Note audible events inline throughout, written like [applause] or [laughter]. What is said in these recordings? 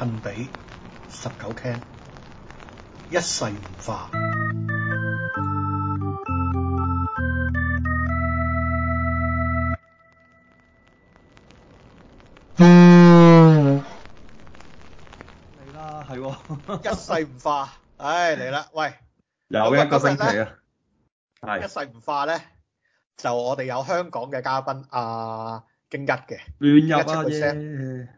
幸比十九 Ken，一世唔化。嚟啦，係喎，一世唔化，唉，嚟啦，喂，有一個星期啦，係一世唔化咧，就我哋有香港嘅嘉賓阿京一嘅，亂入啊耶！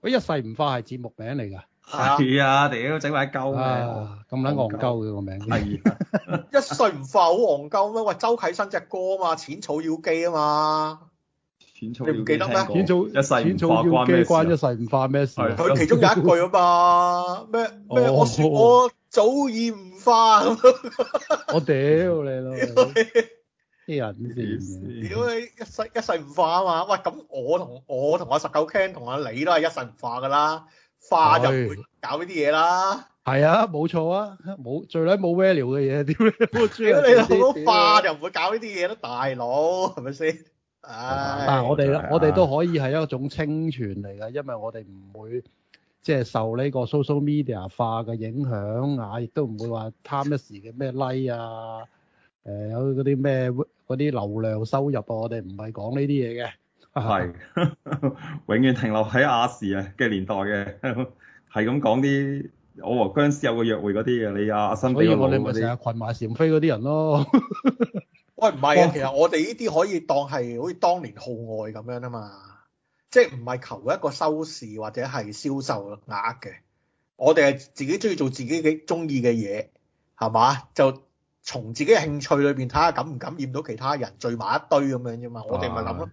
喂，一世唔化係節目名嚟噶，係啊，屌，整埋一嚿名，咁撚戇鳩嘅個名，係一世唔化好戇鳩咩？喂，周啟生隻歌啊嘛，《淺草要記》啊嘛，你唔記得咩？《淺草》一世《淺草要記》關一世唔化咩事？佢其中有一句啊嘛，咩咩我我早已唔化，我屌你囉。啲人點事你一？一世一世唔化啊嘛？喂，咁我同我同阿、啊、十九 Ken 同阿你都係一世唔化噶啦，化就唔會搞呢啲嘢啦。係、哎、啊，冇錯啊，冇最撚冇 value 嘅嘢點？最 [laughs] 你冇得化就唔會搞呢啲嘢啦，大佬係咪先？唉，哎、但係我哋、啊、我哋都可以係一種清泉嚟㗎，因為我哋唔會即係、就是、受呢個 social media 化嘅影響啊，亦都唔會話貪一時嘅咩 like 啊。誒，有嗰啲咩嗰啲流量收入啊？我哋唔係講呢啲嘢嘅，係永遠停留喺亞視啊嘅年代嘅，係咁講啲我和僵屍有個約會嗰啲啊。你阿新比較老，我哋咪成日群埋蟬飛嗰啲人咯。 [laughs] 喂，唔係啊，哇其實我哋呢啲可以當係好似當年號外咁樣啊嘛，即係唔係求一個收視或者係銷售額嘅，我哋係自己中意做自己嘅中意嘅嘢，係嘛就。從自己嘅興趣裏邊睇下感唔感染到其他人，聚埋一堆咁樣啫嘛。哇 我哋咪諗咯。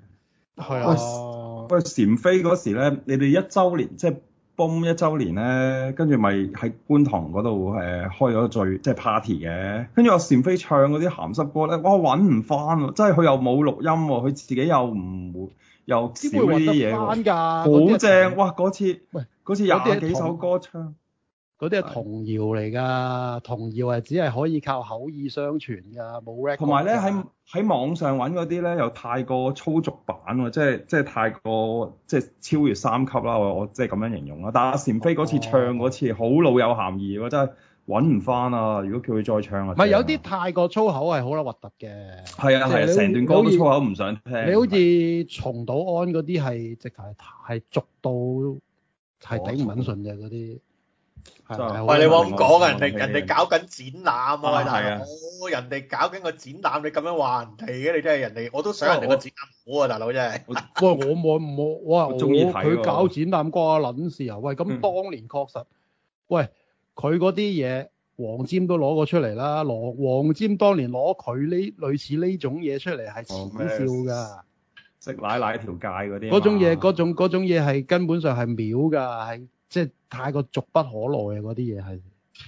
係啊哇。的喂，蟬飛嗰時咧，你哋一週年即係 boom 一週年咧，跟住咪喺觀塘嗰度誒開咗個聚，即係 party 嘅。跟住我蟬飛唱嗰啲鹹濕歌咧，哇揾唔翻喎！即係佢又冇錄音，佢自己又唔會又少啲嘢㗎。好正！棒哇，嗰次嗰喂次有幾首歌唱。嗰啲係童謠嚟㗎，童謠係只係可以靠口耳相傳㗎，冇 record。同埋咧喺喺網上揾嗰啲咧又太過粗俗版喎，即係即係太過即係超越三級啦，我我即係咁樣形容啦。但阿鰲飛嗰次唱嗰次好老有含義喎，真係揾唔翻啊！如果叫佢再唱啊，唔係有啲太過粗口係好撚核突嘅。係啊係啊，成、啊、段歌都粗口唔想聽。你好似松島安嗰啲係直頭係俗到係頂唔順嘅嗰啲。係喂，你冇咁講啊，人哋人哋搞緊展覽啊嘛，但係人哋搞緊個展覽，你咁樣話人哋嘅，你真係人哋，我都想人哋個展覽好啊，大佬真係。喂，我冇冇，我仲要佢搞展覽掛捻事啊！喂，咁當年確實，喂，佢嗰啲嘢，黃霑都攞過出嚟啦，羅黃霑當年攞佢呢類似呢種嘢出嚟係恥笑噶，識奶奶條街嗰啲。嗰種嘢，嗰種種嘢係根本上係秒噶。即係太過俗不可耐啊！嗰啲嘢係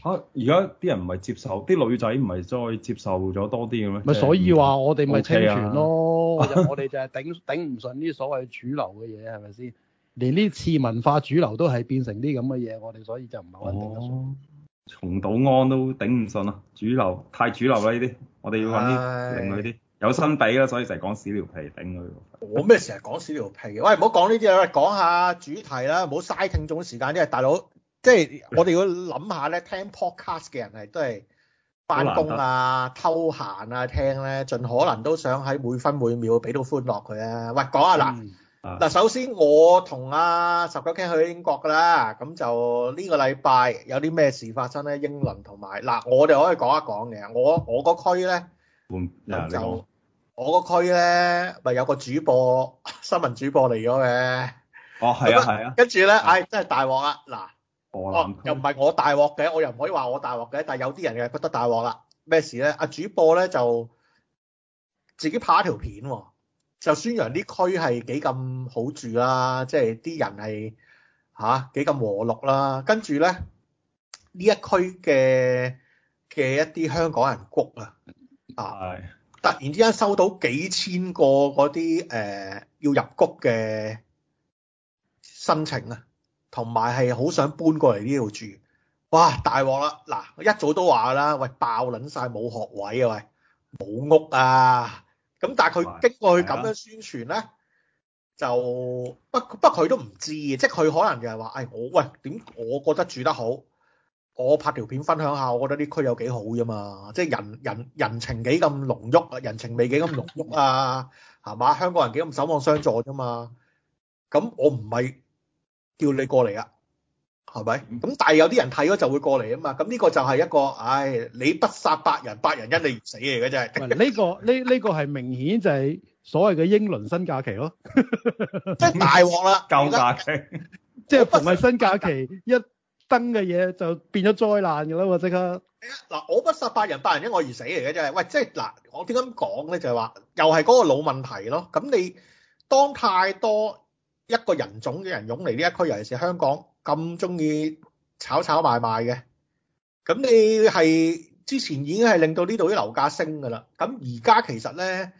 嚇，而家啲人唔係接受，啲女仔唔係再接受咗多啲嘅咩？咪所以話我哋咪清泉咯，Okay 啊、 [laughs] 我哋就係頂頂唔順啲所謂主流嘅嘢，係咪先？連呢次文化主流都係變成啲咁嘅嘢，我哋所以就唔係好頂得順，哦。重島安都頂唔順啊！主流太主流啦，呢啲我哋要揾啲另類啲。有幸比啦，所以就係講屎尿屁頂佢。我咩成日講屎尿屁嘅？喂，唔好講呢啲啦，講下主題啦，唔好嘥聽眾嘅時間。因為大佬，即係我哋要諗下咧，聽 podcast 嘅人係都係翻工啊、偷閒啊聽咧，盡可能都想喺每分每秒俾到歡樂佢啊。喂，講下嗱嗱，嗯啊、首先我同阿十九 Ken 去英國噶啦，咁就呢個禮拜有啲咩事發生咧？英倫同埋嗱，我哋可以講一講嘅，我我個區咧。半、嗯、我個區咧咪有個主播新聞主播嚟咗嘅。哦，係啊，係、 [laughs] 嗯、啊。跟住咧，唉，真係大鑊啊！嗱，又唔係我大鑊嘅，我又唔可以話我大鑊嘅。但係有啲人又覺得大鑊啦。咩事咧？阿主播咧就自己拍一條片，就宣揚啲區係幾咁好住啦、啊，即係啲人係吓，幾咁和睦啦、啊。跟住咧呢一區嘅嘅一啲香港人谷啊。啊，係！突然之間收到幾千個嗰啲誒要入谷嘅申請啊，同埋係好想搬過嚟呢度住，哇！大鑊啦！嗱，我一早都話啦，喂，爆撚晒冇學位啊，喂，冇屋啊！咁但係佢經過佢咁樣宣傳咧，的就不不過佢都唔知嘅，即係佢可能就係話，誒、哎、我喂點我覺得住得好。我拍條片分享下，我覺得呢區有幾好啫嘛，即係人人人情幾咁濃郁啊，人情未幾咁濃郁啊，係嘛？香港人幾咁守望相助啫嘛，咁我唔係叫你過嚟啊，係咪？咁但係有啲人睇咗就會過嚟啊嘛，咁呢個就係一個，唉，你不殺百人，百人因你而死嚟嘅啫。呢個呢呢個係明顯就係所謂嘅英倫新假期咯，即係大鑊啦，舊假期，即係逢係新假期一。燈嘅嘢就變咗災難噶啦！即刻嗱，我不殺伯仁，伯仁因我而死嚟嘅啫。喂，即係嗱，我點解咁講呢？就係話又係嗰個老問題咯。咁你當太多一個人種嘅人湧嚟呢一區，尤其是香港咁中意炒炒賣賣嘅，咁你係之前已經係令到呢度啲樓價升噶啦。咁而家其實呢，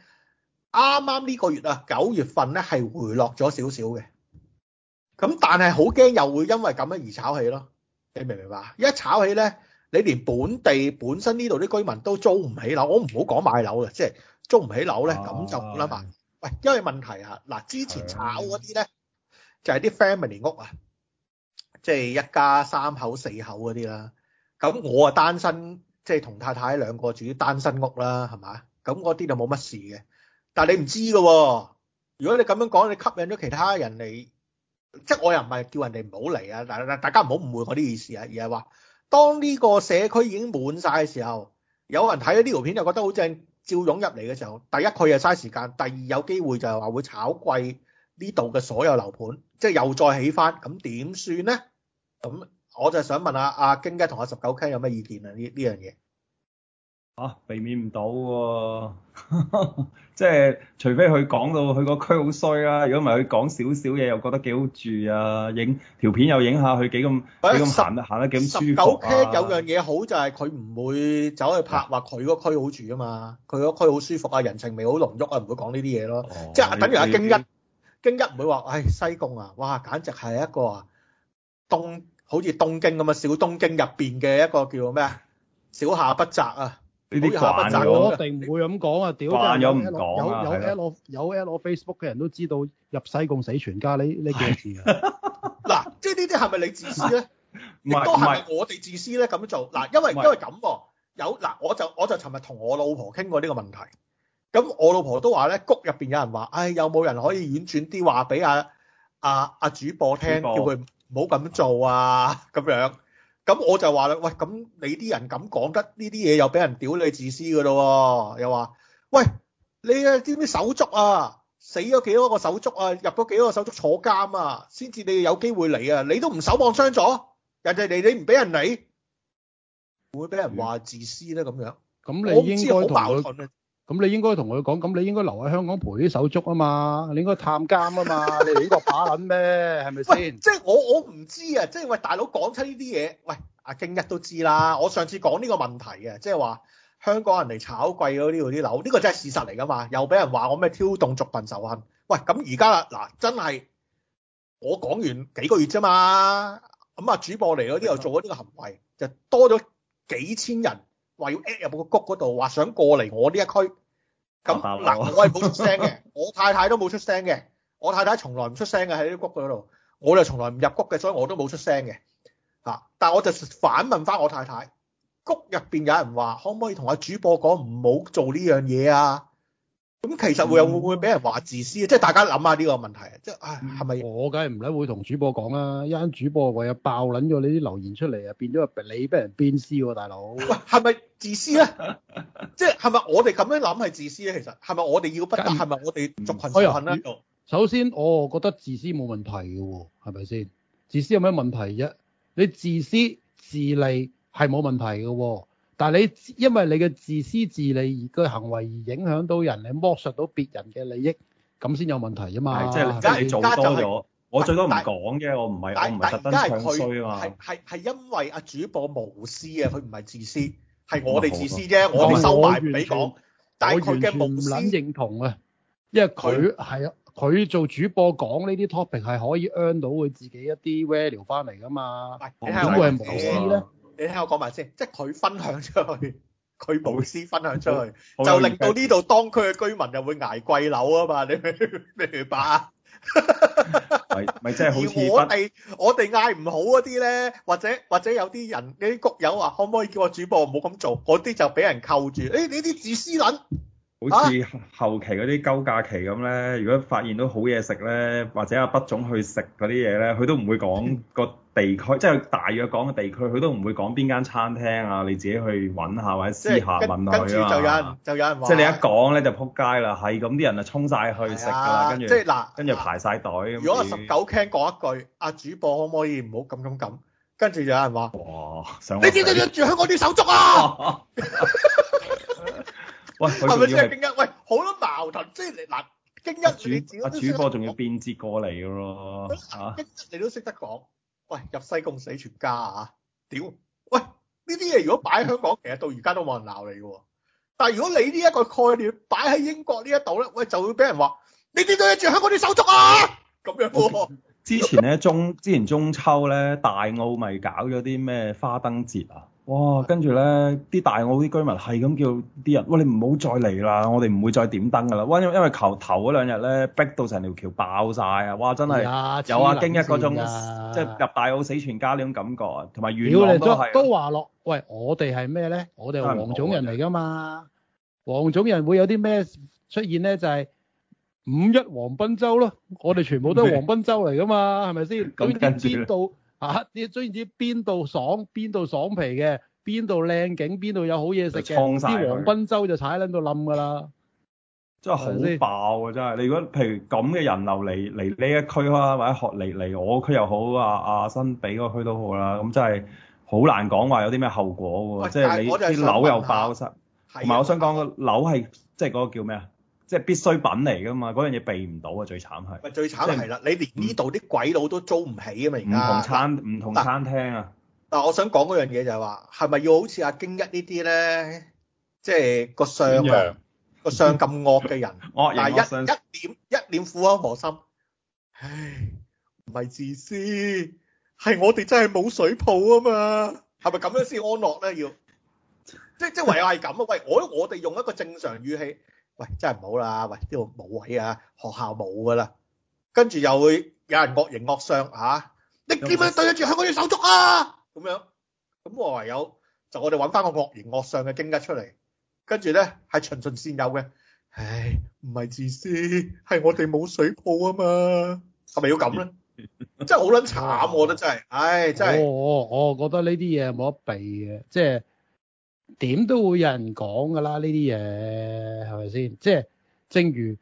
啱啱呢個月啊，九月份呢係回落咗少少嘅。咁但係好驚又會因為咁樣而炒起咯。你明唔明白？一炒起咧，你連本地本身呢度啲居民都租唔起樓，我唔好講買樓啦，即係租唔起樓咧，咁就諗埋。喂、啊，因為問題啊，嗱，之前炒嗰啲咧就係啲 family 屋啊，即係一家三口，四口嗰啲啦。咁我啊單身，即係同太太兩個住啲單身屋啦，係嘛？咁嗰啲就冇乜事嘅。但係你唔知噶、啊，如果你咁樣講，你吸引咗其他人嚟。即係我又唔係叫人哋唔好嚟啊，嗱嗱，大家唔好誤會我啲意思啊，而係話當呢個社區已經滿晒嘅時候，有人睇咗呢條片就覺得好正，照湧入嚟嘅時候，第一佢又嘥時間，第二有機會就係話會炒貴呢度嘅所有樓盤，即係又再起翻，咁點算咧？咁我就想問下阿、啊、京一同阿十九 K 有咩意見啊？呢，呢樣嘢。嚇、啊，避免唔到喎，即係除非佢講到佢個區好衰啦，如果唔係佢講少少嘢又覺得幾好住啊，影條片又影下佢幾咁幾咁行得行得幾咁舒服、啊。十九 K 有樣嘢好就係佢唔會走去拍話佢個區好住啊嘛，佢個區好舒服啊，人情味好濃郁啊，唔會講呢啲嘢咯。哎、即係等於阿京一、哎、京一唔會話，唉、哎、西貢啊，哇簡直係一個東好似東京咁啊，小東京入邊嘅一個叫咩啊，小下北澤啊。呢啲慣咗，定唔會咁講啊！屌，有唔講有 L, 有 a 有 a 我 Facebook 嘅人都知道入世共死全家呢呢幾個字啊！嗱，即係呢啲係咪你自私咧？亦 [laughs] 是都係咪我哋自私咧？咁樣做嗱，因為是因為咁、啊、有嗱，我就我就尋日同我老婆傾過呢個問題，咁我老婆都話咧谷入邊有人話，唉、哎，有冇人可以婉轉啲話俾阿阿阿主播聽，播叫佢唔好咁做啊咁樣。咁我就話啦，喂，咁你啲人咁講得呢啲嘢又俾人屌你自私噶咯？又話，喂，你啊知唔知手足啊？死咗幾多個手足啊？入咗幾多個手足坐監啊？先至你有機會嚟啊！你都唔守望相助，人哋嚟你唔俾人嚟，會俾人話自私咧咁樣。咁你應該好矛盾啊！咁你應該同佢講，咁你應該留喺香港陪啲手足啊嘛，你應該探監啊嘛，你嚟呢個把撚咩？係咪先？即係我我唔知啊，即係喂，大佬講出呢啲嘢，喂，阿京一都知啦，我上次講呢個問題嘅，即係話香港人嚟炒貴咗呢度啲樓，呢個真係事實嚟噶嘛，又俾人話我咩挑動族群仇恨？喂，咁而家啦，嗱真係我講完幾個月啫嘛，咁啊主播嚟嗰啲又做咗呢個行為，就多咗幾千人。話要入入個谷嗰度，話想過嚟我呢一區。咁嗱，我係冇出聲嘅，我太太都冇出聲嘅。我太太從來唔出聲嘅喺呢啲谷嗰度，我就從來唔入谷嘅，所以我都冇出聲嘅。嚇！但係我就反問翻我太太，谷入邊有人話，可唔可以同阿主播講唔好做呢樣嘢啊？咁、嗯、其實會唔會俾人話自私，即係大家諗下呢個問題，即係係咪？我梗係唔使會同主播講啦，一陣主播唯有爆撚咗你啲留言出嚟，啊變咗你俾人鞭屍喎，大佬。喂，係咪自私咧？ [laughs] 即係係咪我哋咁樣諗係自私咧？其實係咪我哋要不？得然？係咪我哋族群仇恨咧？首先，我覺得自私冇問題嘅喎，係咪先？自私有咩問題啫？你自私自利係冇問題嘅喎。但係你因為你嘅自私自利而嘅行為而影響到人，你剝削到別人嘅利益，咁先有問題啊嘛！即係你做多咗，我最多唔講啫，我唔係我唔係特登唱衰啊嘛！係係因為阿主播無私啊，佢唔係自私，係我哋自私啫，我哋收埋唔俾講，我完全唔肯認同啊！因為佢係啊，佢做主播講呢啲 topic 係可以 earn 到佢自己一啲 value 翻嚟噶嘛，點會係無私咧？你聽我講埋先，即係佢分享出去，佢無私分享出去，好就令到呢度當區嘅居民又會捱貴樓啊嘛！你明白？咪咪真係好似我哋，我哋嗌唔好嗰啲咧，或者或者有啲人你啲谷友話，可唔可以叫我主播唔好咁做？嗰啲就俾人扣住，誒、欸、你啲自私撚！好似後期嗰啲溝假期咁咧，如果發現到好嘢食咧，或者阿北總去食嗰啲嘢咧，佢都唔會講個地區， [laughs] 即係大約講個地區，佢都唔會講邊間餐廳啊，你自己去揾下，或者私下問佢啊，跟住就有人就有人話。即係你一講咧就撲街啦，係咁啲人就衝啊衝晒去食㗎啦，跟住即係嗱，啊、跟住排曬隊。如果十九 Ken 講一句，阿、啊、主播可唔可以唔好咁咁咁？跟住就有人話：哇，你知唔知住香港啲手足啊？ [laughs] [laughs] 喂，係咪真係京一？喂，好多矛盾。即係嗱，京一住阿主，主播仲要變節過嚟㗎咯。啊，你都識得講。喂，入西共死全家啊！屌，喂，呢啲嘢如果擺喺香港，其實到而家都冇人鬧你㗎。但係如果你呢一個概念擺喺英國呢一度咧，喂，就會俾人話：你點解要住香港啲手足啊？咁、啊、樣。之前咧中，之前中秋咧，大澳咪搞咗啲咩花燈節啊？哇！跟住咧，啲大澳啲居民係咁叫啲人，喂，你唔好再嚟啦，我哋唔會再點燈噶啦。哇！因為因為球頭嗰兩日咧，逼到成條橋爆晒啊！哇！真係有啊，驚一個鐘，啊、即係入大澳死全家呢種感覺啊，同埋遠望都係。都話落，喂！我哋係咩咧？我哋係黃種人嚟噶嘛？黃種人會有啲咩出現咧？就係、是、五一黃賓州咯，我哋全部都係黃賓州嚟噶嘛？係咪先？咁跟住。吓、啊，你最然知邊度爽，邊度爽皮嘅，邊度靚景，邊度有好嘢食嘅。啲黃濱州就踩喺度冧㗎啦，真係好爆啊！真係，你如果譬如咁嘅人流嚟嚟呢一區啦、啊，或者嚟嚟我區又好，啊，阿、啊、幸比嗰個區都好啦，咁真係好難講話有啲咩後果喎。即係是你啲樓又爆晒，同埋的我想講個樓係即係嗰個叫咩啊？即係必需品嚟㗎嘛，嗰樣嘢避唔到啊！最慘係，咪最慘係啦！你連呢度啲鬼佬都租唔起啊嘛，而家唔同餐唔同餐廳啊。嗱，我想講嗰樣嘢就係話，係咪要好似阿京一呢啲咧，即係個相個相咁惡嘅人，但係一一點一點苦口婆心，唉，唔係自私，係我哋真係冇水泡啊嘛，係咪咁樣先安樂咧？要即即唯有係咁啊！喂，我我哋用一個正常語氣。喂，真係唔好啦！喂，呢度冇位啊，學校冇噶啦，跟住又會有人惡形惡相，嚇、啊，你點樣對得住香港啲手足啊？咁樣，咁我唯有就我哋揾翻個惡形惡相嘅經得出嚟，跟住咧係循循善誘嘅，唉，唔係自私，係我哋冇水泡啊嘛，係咪要咁咧？真係好撚慘，我覺得真係，唉，真係。我我覺得呢啲嘢冇得避嘅，即係。點都會有人講噶啦，呢啲嘢係咪先？即係正如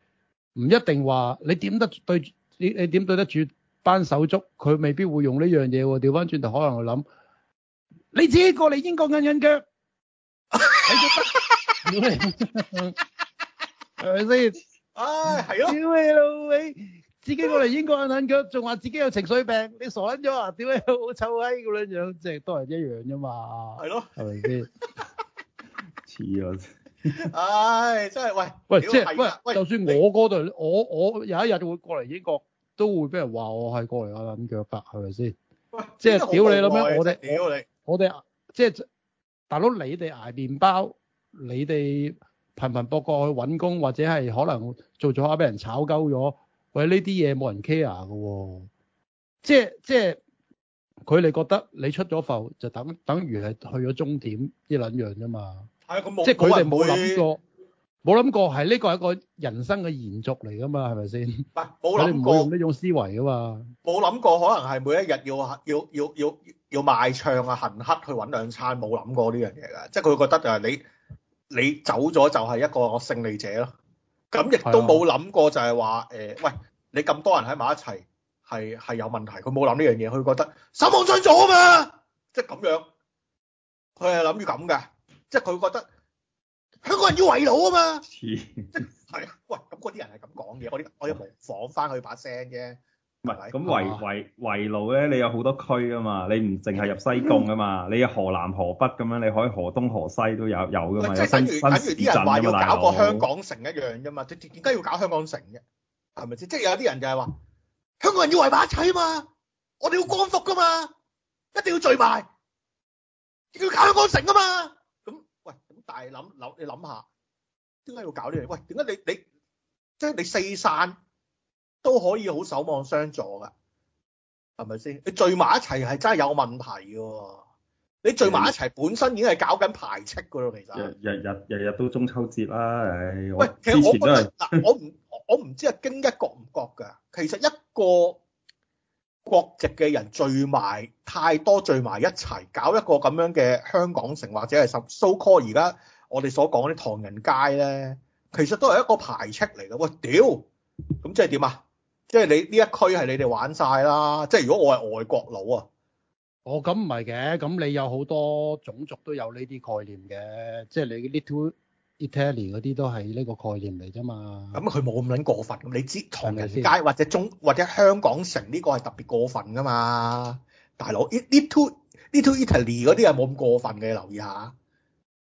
唔一定話你點得對，你對你點對得住班手足，佢未必會用呢樣嘢。調翻轉頭，可能去諗你自己過嚟英國硬硬腳，係咪先？唉，係咯，屌你老味，自己過嚟英國硬硬腳，仲話自己有情緒病，你傻撚咗啊？點解好臭閪咁樣樣？即係都係一樣啫嘛。係咯的，係咪先？ [laughs] 啊！唉，真係喂，喂，即係是喂，就算我嗰度，喂我我有一日會過嚟英國，都會俾人話我係過嚟諗腳法係咪先？即係，屌你啦咩？我哋屌你，我哋即係大佬，你哋捱麵包，你哋頻頻搏過去揾工，或者係可能做做下俾人炒鳩咗，或者呢啲嘢冇人 care 嘅喎。即係即係，佢哋覺得你出咗埠，就等等於係去咗終點一撚樣啫嘛。係啊，佢冇即係佢哋冇諗過，冇諗過係呢個係一個人生嘅延續嚟噶嘛，係咪先？嗱，冇諗過用呢種思維啊嘛，冇諗過可能係每一日要要要要要賣唱啊、行乞去搵兩餐，冇諗過呢樣嘢噶。即係佢覺得誒你你走咗就係一個勝利者咯。咁亦都冇諗過就係話誒喂，你咁多人喺埋一齊係係有問題，佢冇諗呢樣嘢，佢覺得守望相助啊嘛，即係咁樣，佢係諗住咁噶。即係佢覺得香港人要圍佬啊嘛，即係啊，喂，咁嗰啲人係咁講嘢，我啲我一嚟仿翻佢把聲啫。唔係咁圍圍圍路咧，你有好多區啊嘛，你唔淨係入西貢啊嘛，你有河南河北咁樣，你可以河東河西都有有噶嘛。即係等如新等如啲人話市要搞個香港城一樣啫嘛，點點解要搞香港城啫？係咪先？即係有啲人就係話香港人要圍埋一齊啊嘛，我哋要光復噶嘛，一定要聚埋，要搞香港城啊嘛。大諗諗，你諗下，點解要搞呢樣？喂，點解你你即係、就是、你四散都可以好守望相助噶，係咪先？你聚埋一齊係真係有問題嘅。你聚埋一齊本身已經係搞緊排斥噶咯，其實。日日日日，日都中秋節啦，啊，唉。喂，其實我嗰日嗱，我唔我唔知阿京一覺唔覺噶，其實一個。國籍嘅人聚埋太多聚，聚埋一齊搞一個咁樣嘅香港城或者係 so so call，而家我哋所講嗰啲唐人街咧，其實都係一個排斥嚟嘅。喂，屌，咁即係點啊？即係你呢一區係你哋玩晒啦。即係如果我係外國佬啊，哦，咁唔係嘅，咁你有好多種族都有呢啲概念嘅，即係你 l Italy 嗰啲都係呢個概念嚟啫嘛。咁佢冇咁捻過分，你知唐人街是是或者中或者香港城呢個係特別過分噶嘛，大佬。Little Little Italy 嗰啲係冇咁過分嘅，你留意下。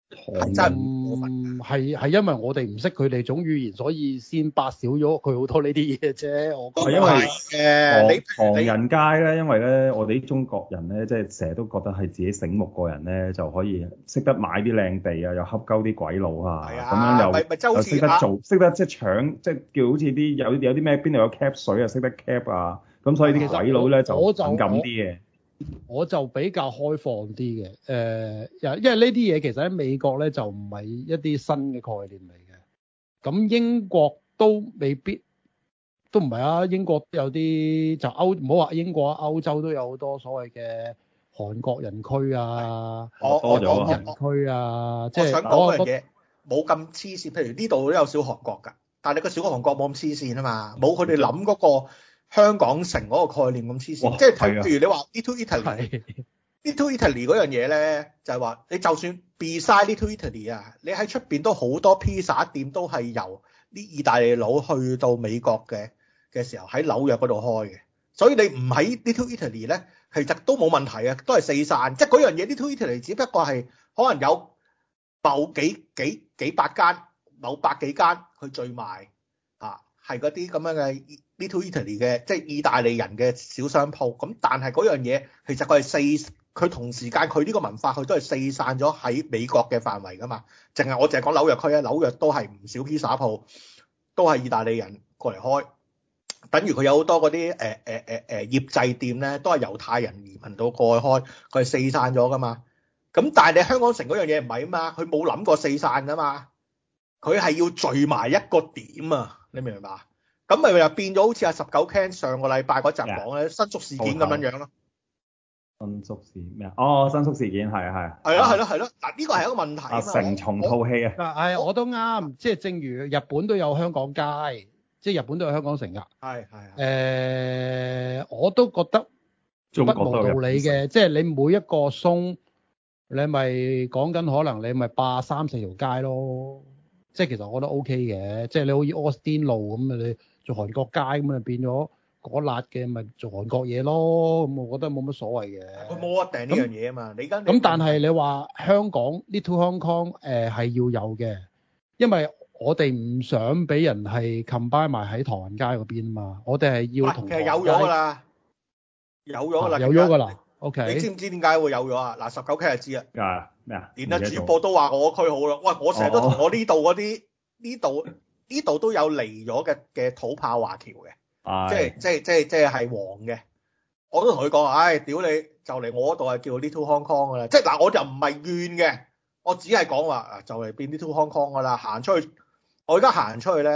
係真係係，因為我哋唔識佢哋種語言，所以先八少咗佢好多呢啲嘢啫。我覺得，係因為誒，唐人街咧，因為咧，我哋啲中國人咧，即係成日都覺得係自己醒目過人咧，就可以識得買啲靚地啊，又恰鳩啲鬼佬啊。係啊，係咪？咪識得做，識得即係搶，即係叫好似啲有有啲咩邊度有 cap 水啊，識得 cap 啊，咁所以啲鬼佬咧就敏感啲嘅。我就比較開放啲嘅，誒、呃，因為呢啲嘢其實喺美國咧就唔係一啲新嘅概念嚟嘅。咁英國都未必，都唔係啊。英國有啲就歐，唔好話英國啊，歐洲都有好多所謂嘅韓國人區啊，韓人區啊。即係、就是、想講嘅嘢冇咁黐線。譬如呢度都有小韓國㗎，但係你個小韓國冇咁黐線啊嘛，冇佢哋諗嗰個。香港城嗰個概念咁黐線，即係譬如你話 Little Italy，Little Italy 嗰樣嘢咧，就係話你就算 beside Little Italy 啊，你喺出邊都好多披薩店都係由啲意大利佬去到美國嘅嘅時候喺紐約嗰度開嘅，所以你唔喺 Little Italy 咧，其實都冇問題啊，都係四散，即係嗰樣嘢 Little Italy 只不過係可能有某幾幾幾百間、某百幾間去聚埋。係嗰啲咁樣嘅 Little Italy 嘅，即係意大利人嘅小商鋪。咁但係嗰樣嘢其實佢係四，佢同時間佢呢個文化佢都係四散咗喺美國嘅範圍㗎嘛。淨係我淨係講紐約區啊，紐約都係唔少披薩鋪都係意大利人過嚟開，等於佢有好多嗰啲誒誒誒誒醃製店咧，都係猶太人移民到過去開，佢係四散咗㗎嘛。咁但係你香港城嗰樣嘢唔係啊嘛，佢冇諗過四散㗎嘛，佢係要聚埋一個點啊！你明唔明白？咁咪又變咗好似係十九 Ken 上個禮拜嗰集講咧，新宿事件咁樣樣咯。新宿事咩啊？哦，新宿事件係係。係咯係咯係咯，嗱呢個係一個問題啊。成重套戲啊！嗱，係我都啱，即係正如日本都有香港街，即係日本都有香港城㗎。係係。誒，我都覺得做不無道理嘅，即係你每一個松，你咪講緊可能你咪霸三四條街咯。即係其實我覺得 O K 嘅，即係你好似 Austin 路咁啊，你做韓國街咁啊，變咗嗰辣嘅咪做韓國嘢咯，咁我覺得冇乜所謂嘅。佢冇一定呢樣嘢啊嘛，嗯、你跟、嗯、你咁但係你話香港呢 Little Hong Kong 誒、呃、係要有嘅，因為我哋唔想俾人係 combine 埋喺唐人街嗰邊啊嘛，我哋係要同其實有咗啦，有咗啦，有咗㗎啦。O.K. 你知唔知點解會有咗啊？嗱，19Ken 就知啦。啊，咩啊？連啊，主播都話我區好咯。喂，我成日都同我呢度嗰啲呢度呢度都有嚟咗嘅嘅土炮華僑嘅、哎，即係即係即係即係係黃嘅。我都同佢講，唉、哎，屌你，就嚟我嗰度係叫啲 Little Hong Kong 噶啦。即係嗱、呃，我就唔係怨嘅，我只係講話啊，就嚟變啲 Little Hong Kong 噶啦。行出去，我而家行出去咧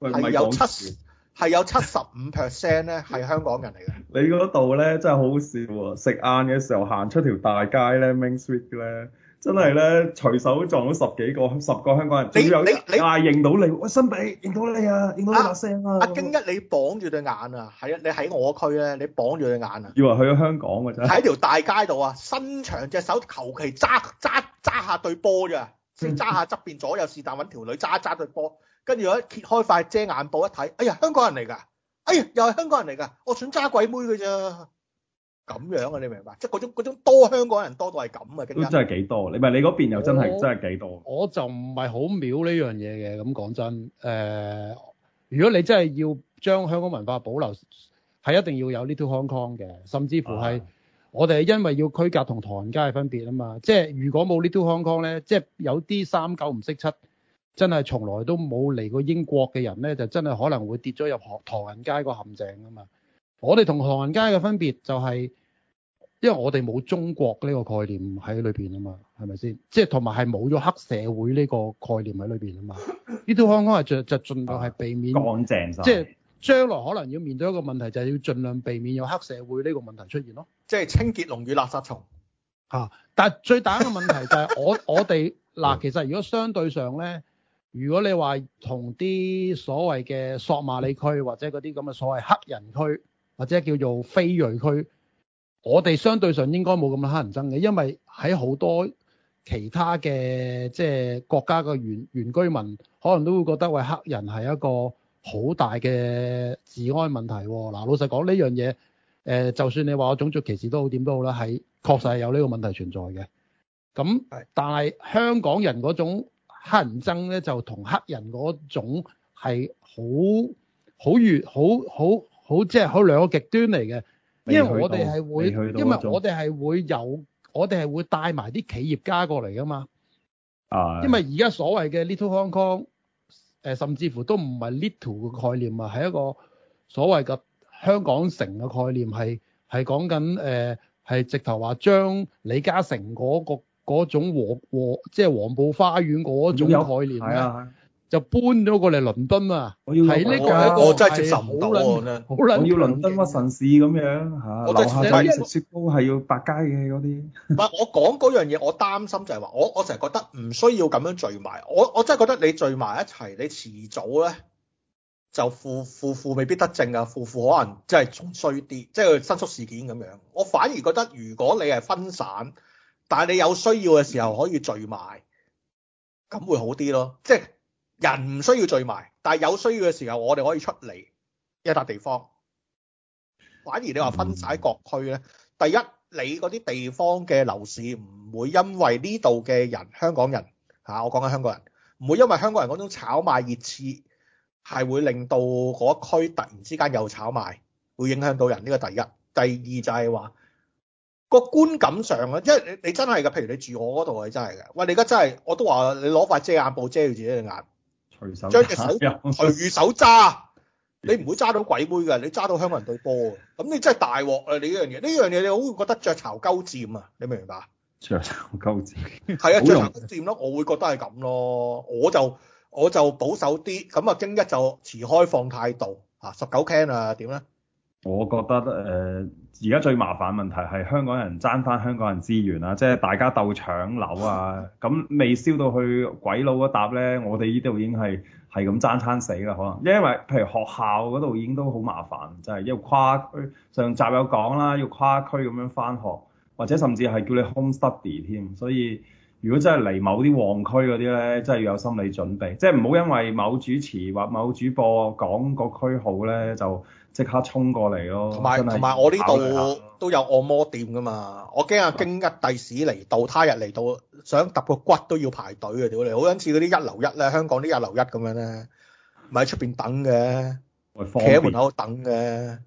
係喂有七係有七十五 percent 咧，係香港人嚟嘅。你嗰度咧真係好笑啊、哦！食晏嘅時候行出條大街咧，Main Street 咧，真係咧隨手撞到十幾個十個香港人，你有啲你你啊認到你，喂，幸比，認到你啊，認到你把聲啊！阿京、啊啊、一，你綁住對眼啊！係啊，你喺我區咧，你綁住對眼啊！以為去咗香港嘅、啊、啫？喺條大街度啊，伸長隻手求其揸揸揸下對波㗎，先揸下側邊左右是但揾條女揸揸對波。跟住我一揭開塊遮眼布一睇，哎呀香港人嚟噶，哎呀又係香港人嚟噶，我想揸鬼妹嘅啫，咁樣啊你明白？即係嗰種，嗰種多香港人多到係咁啊，真係幾多？你咪你嗰邊又真係我真係幾多？我就唔係好秒呢樣嘢嘅，咁講真，誒、呃，如果你真係要將香港文化保留，係一定要有 Little Hong Kong 嘅，甚至乎係、啊、我哋因為要區隔同唐人街嘅分別啊嘛，即係如果冇呢 Little Hong Kong 咧，即係有啲三九唔識七。真係從來都冇嚟過英國嘅人呢，就真係可能會跌咗入唐人街個陷阱啊嘛。我哋同唐人街嘅分別就係，因為我哋冇中國呢個概念喺裏邊啊嘛，係咪先？即係同埋係冇咗黑社會呢個概念喺裏邊啊嘛。呢套香港係盡就盡量係避免乾淨、啊就是、即係將來可能要面對一個問題，就係、是、要盡量避免有黑社會呢個問題出現咯。即係清潔龍與垃圾蟲吓、啊，但係最大一個問題就係我 [laughs] 我哋嗱，其實如果相對上呢。如果你話同啲所謂嘅索馬里區或者嗰啲咁嘅所謂黑人區或者叫做非裔區，我哋相對上應該冇咁嘅黑人憎嘅，因為喺好多其他嘅即係國家嘅原原居民，可能都會覺得喂黑人係一個好大嘅治安問題啊。嗱，老實講呢樣嘢，誒，這個呃，就算你話我種族歧視都好，點都好啦，係確實係有呢個問題存在嘅。咁但係香港人嗰種。黑人憎咧就同黑人嗰種係好好越好好好即係好兩個極端嚟嘅，因為我哋係會因為我哋係會有，我哋係會帶埋啲企業家過嚟㗎嘛。啊、哎！因為而家所謂嘅 Little Hong Kong，誒、呃、甚至乎都唔係 Little 嘅概念啊，係一個所謂嘅香港城嘅概念，係係講緊誒係直頭話將李嘉誠嗰個。嗰種黃即係黃埔花園嗰種概念有啊，啊啊就搬咗過嚟倫敦啊！我要個個、嗰個、我真係接受唔到啊！我要倫敦屈臣氏咁樣嚇，樓、就係、下就要食雪糕，係要百佳嘅嗰啲。唔係我講嗰樣嘢，我擔心就係話，我我成日覺得唔需要咁樣聚埋。我我真係覺得你聚埋一齊，你遲早咧就負負負未必得正啊！負負可能真係仲衰啲，即係新宿事件咁樣。我反而覺得如果你係分散。但係你有需要嘅時候可以聚埋，咁會好啲咯。即係人唔需要聚埋，但係有需要嘅時候我哋可以出嚟一笪地方。反而你話分晒各區呢。第一你嗰啲地方嘅樓市唔會因為呢度嘅人香港人嚇，我講緊香港人，唔會因為香港人嗰種炒賣熱刺，係會令到嗰區突然之間又炒賣，會影響到人。呢個第一。第二就係話。個觀感上啊，因為你你真係噶，譬如你住我嗰度，你真係噶。喂，你而家真係我都話你攞塊遮眼布遮住自己隻眼隨，隨手將隻手隨手揸，你唔會揸到鬼妹㗎，你揸到香港人對波㗎。咁你真係大鑊啊！你呢樣嘢，呢樣嘢你好會覺得雀巢鳩佔啊？你明唔明白？雀巢鳩佔係啊，雀巢鳩佔咯，我會覺得係咁咯。我就我就保守啲，咁啊，京一就持開放態度啊。十九 Ken 啊，點咧？我覺得誒。呃而家最麻煩問題係香港人爭返香港人資源啊，即係大家鬥搶樓啊！咁未燒到去鬼佬嗰搭呢，我哋呢度已經係係咁爭餐死啦，可能因為譬如學校嗰度已經都好麻煩，就係要跨區。上集有講啦，要跨區咁樣返學，或者甚至係叫你 home study 添。所以如果真係嚟某啲旺區嗰啲呢，真係要有心理準備，即係唔好因為某主持或某主播講個區好呢就。即刻衝過嚟咯！同埋同埋，我呢度都有按摩店噶嘛。我驚阿京一第時嚟到，他日嚟到想揼個骨都要排隊啊！屌你，好想似嗰啲一樓一咧，香港啲一樓一咁樣咧，咪喺出邊等嘅，企喺門口等嘅，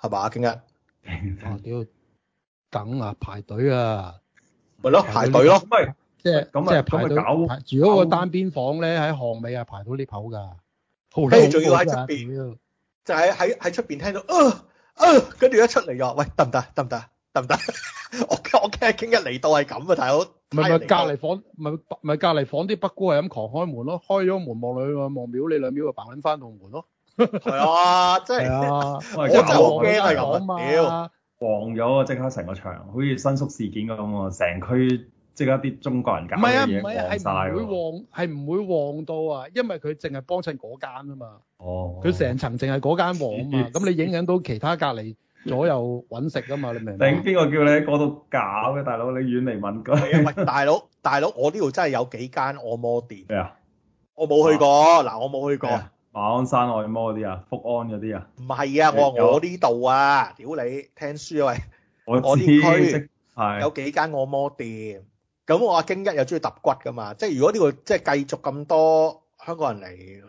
係嘛？京一，哇屌！等啊，排隊啊，咪咯排隊咯，即係即係排隊。住嗰個單邊房咧，喺巷尾啊，排到裂口㗎，好老嘅。跟住仲要喺出邊。就喺喺喺出邊聽到、呃，啊、呃、啊，跟住一出嚟又，喂，得唔得？得唔得？得唔得？我我驚一嚟到係咁啊，大佬！唔係唔係隔離房，唔係隔離房啲北姑係咁狂開門咯，開咗門望你喎，望秒你兩秒就白揾翻到門咯。係啊，真係，我就驚係咁啊！屌 [laughs] ，黃咗啊！即刻成個場，好似新宿事件咁啊！成區。即係一啲中國人搞嘅嘢旺曬，係唔會旺，係唔會旺到啊！因為佢淨係幫襯嗰間啊嘛，佢成層淨係嗰間旺啊嘛，咁你影響到其他隔離左右揾食啊嘛，你明唔明？頂邊個叫你喺度搞嘅大佬？你遠離敏感。唔係大佬，大佬，我呢度真係有幾間按摩店咩啊？我冇去過嗱，我冇去過馬鞍山按摩嗰啲啊，福安嗰啲啊，唔係啊，我我呢度啊，屌你聽書啊喂，我呢區有幾間按摩店。咁我阿京一又中意揼骨噶嘛，即係如果呢個即係繼續咁多香港人嚟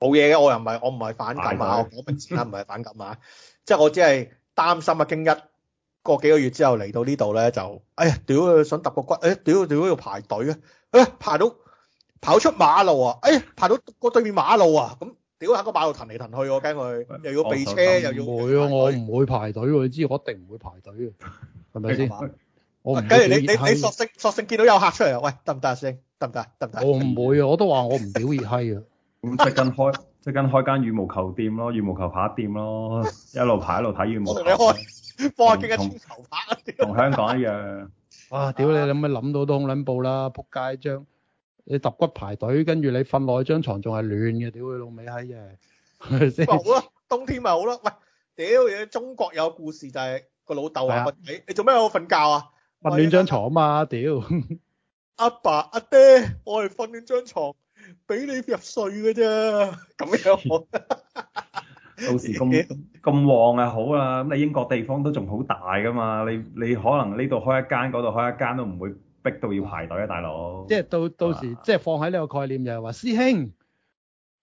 冇嘢嘅，我又唔係我唔係反撚啊，我講明唔係反撚啊，即係我只係擔心啊，京一過幾個月之後嚟到呢度咧就，哎呀，屌佢，想揼個骨，哎屌屌要排隊啊，啊排到跑出馬路啊，哎排到個對面馬路啊，咁屌喺個馬路騰嚟騰去，我驚佢又要避車又要唔會啊，我唔會排隊喎，你知我一定唔會排隊啊。係咪先？我唔屌熱閪。假如、啊、你你你索性索性見到有客出嚟啊？喂，得唔得先？得唔得？得唔得？行行啊、我唔會啊！我都話我唔屌熱閪啊！ [laughs] [laughs] 即刻開即刻開間羽毛球店咯，羽毛球拍店咯，一路排一路睇羽毛球。我同你開幫阿京一挑球拍同香港一樣、啊。哇、 [laughs] 啊！屌你，有咩諗到都好卵步啦！撲街張你揼骨排隊，跟住你瞓落內張床仲係暖嘅。屌你老尾閪嘅。好咯， [laughs] 冬天咪好咯。喂，屌嘢！中國有故事就係、是、個老豆話個仔：你做咩喺度瞓覺啊？瞓暖張床啊嘛，啊，屌！阿爸阿爹，我係瞓暖張床，俾你入睡嘅啫。咁樣我 [laughs] 到時咁咁旺啊好啊！咁你英國地方都仲好大噶嘛？你你可能呢度開一間，嗰度開一間都唔會逼到要排隊啊，大佬。即係到到時，啊、即係放喺呢個概念就，就係話師兄，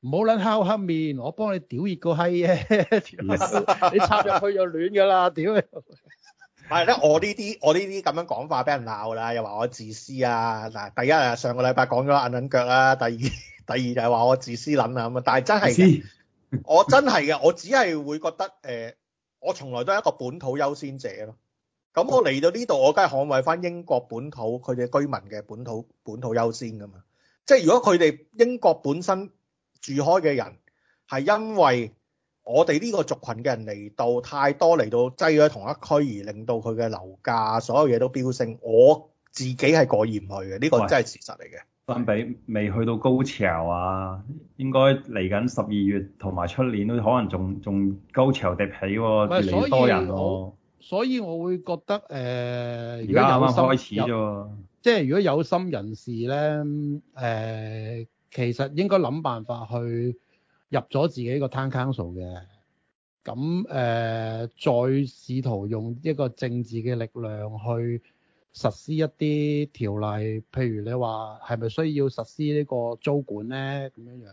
唔好撚烤黑面，我幫你屌熱個閪嘅， [laughs] [laughs] 你插入去又暖噶啦，屌！ [laughs] 係咧，我呢啲我呢啲咁樣講法俾人鬧啦，又話我自私啊！嗱，第一啊，上個禮拜講咗眼撚腳啦、啊，第二第二就係話我自私捻啊咁啊！但係真係嘅， [laughs] 我真係嘅，我只係會覺得誒、呃，我從來都係一個本土優先者咯。咁我嚟到呢度，我梗係捍衞翻英國本土佢哋居民嘅本土本土優先噶嘛。即係如果佢哋英國本身住開嘅人係因為我哋呢個族群嘅人嚟到太多，嚟到擠喺同一區而令到佢嘅樓價所有嘢都飆升。我自己係過意唔去嘅，呢、這個真係事實嚟嘅。分比喂是未去到高潮啊，應該嚟緊十二月同埋出年都可能仲仲高潮迭起喎、哦，嚟是多人咯。所以，我會覺得誒，而家啱啱開始啫喎。即係如果有心人士咧，誒、呃，其實應該諗辦法去。入咗自己呢個 Town Council 嘅，咁誒、呃、再試圖用一個政治嘅力量去實施一啲條例，譬如你話係咪需要實施呢個租管呢？咁樣樣，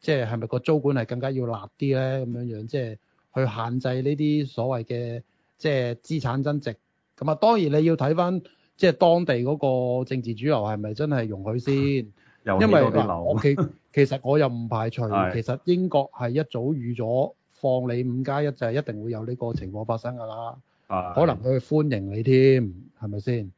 即係係咪個租管係更加要辣啲呢？咁樣樣，即係去限制呢啲所謂嘅即係資產增值。咁啊，當然你要睇翻即係當地嗰個政治主流係咪真係容許先？嗯因為我其其實我又唔排除， [laughs] 的其實英國係一早預咗放你五加一就係一定會有呢個情況發生㗎啦。的可能佢歡迎你添，係咪先？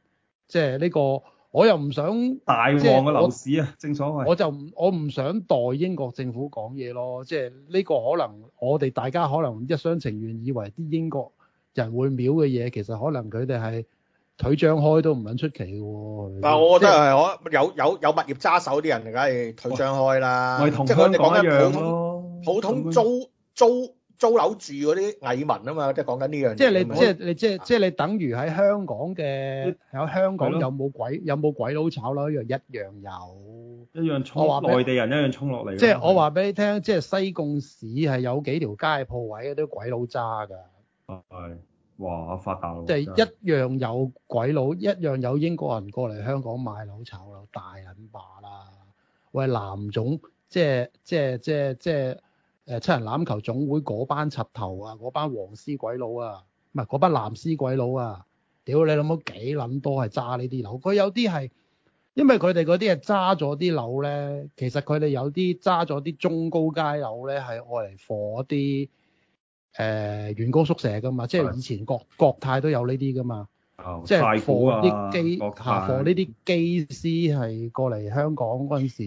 即係呢個，我又唔想大旺嘅樓市啊。正所謂，我就我唔想代英國政府講嘢咯。即係呢個可能，我哋大家可能一廂情願以為啲英國人會秒嘅嘢，其實可能佢哋係。腿張開都唔肯出奇嘅喎。但係我覺得係，我有有有物業揸手啲人，梗係腿張開啦。咪同即係你講緊普普通租租租樓住嗰啲蟻民啊嘛，即係講緊呢樣嘢。即係你即係你即係即係你等於喺香港嘅喺香港有冇鬼有冇鬼佬炒樓一樣一樣有。一樣衝，內地人一樣衝落嚟。即係我話俾你聽，即係西貢市係有幾條街鋪位啲鬼佬揸㗎。係。哇！發達咯，即係一樣有鬼佬，一樣有英國人過嚟香港買樓炒樓，大隱霸啦。喂，南總，即係即係即係即係誒七人欖球總會嗰班柒頭啊，嗰班黃絲鬼佬啊，唔係嗰班藍絲鬼佬啊，屌你諗到幾撚多係揸呢啲樓？佢有啲係因為佢哋嗰啲係揸咗啲樓咧，其實佢哋有啲揸咗啲中高階樓咧，係愛嚟火啲。誒，員工宿舍噶嘛，即係以前國國泰都有呢啲噶嘛，即係貨啲機下貨呢啲機師係過嚟香港嗰陣時，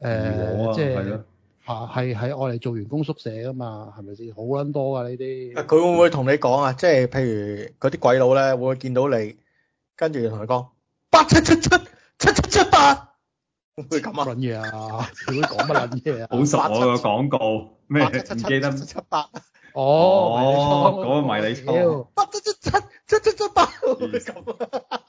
誒，即係啊，係喺我哋做員工宿舍噶嘛，係咪先？好捻多啊呢啲。啊，佢會唔會同你講啊？即係譬如佢啲鬼佬咧，會唔會見到你，跟住同佢講八七七七七七七八，會咁啊？捻嘢啊！屌，講乜捻嘢啊？好熟我個廣告咩？唔記得七七八。哦，迷你嗰、哦、個迷你倉，七七七七七七咁啊！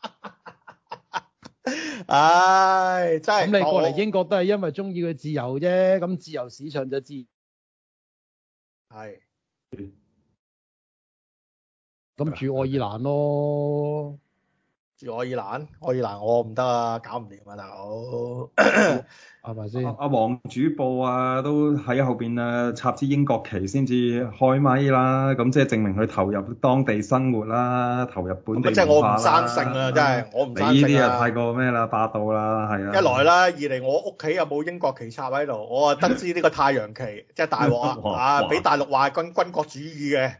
唉 [laughs] [laughs] 哎，真係咁你過嚟英國都係因為鍾意佢自由啫，咁自由市場就自由，係咁是住愛爾蘭咯。愛爾蘭？愛爾蘭我唔得 [coughs] 啊，搞唔掂啊，大佬，係咪先？阿黃主播啊，都喺後邊啊插支英國旗先至開咪啦，咁即係證明佢投入當地生活啦，投入本地，即係我唔生性啊，真係我唔生性啊！你呢啲係太過咩啦？霸道啦，係啊！一來啦，二嚟我屋企有冇英國旗插喺度？我啊得知呢個太陽旗即係、就是、大鑊啊！俾 [laughs] [laughs] 大陸話軍軍國主義嘅。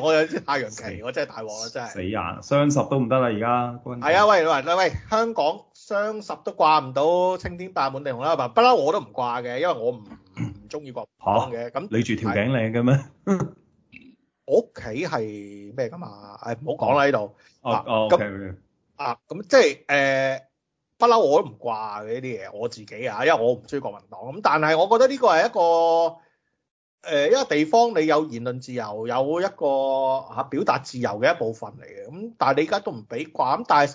我有支太陽旗，我真係大鑊啦，真係。死人，雙十都唔得啦，而家。係啊，喂喂喂，香港雙十都掛唔到青天大滿地紅啦，唔不嬲我都唔掛嘅，因為我唔唔中意國嘅。咁你住條頸靚嘅咩？我屋企係咩㗎嘛？誒唔好講啦，呢度。哦咁啊，咁即係誒，不嬲我都唔掛嘅呢啲嘢，我自己啊，因為我唔中意國民黨。咁但係我覺得呢個係一個。誒，一個地方你有言論自由，有一個吓表達自由嘅一部分嚟嘅。咁但係你而家都唔俾掛咁，但係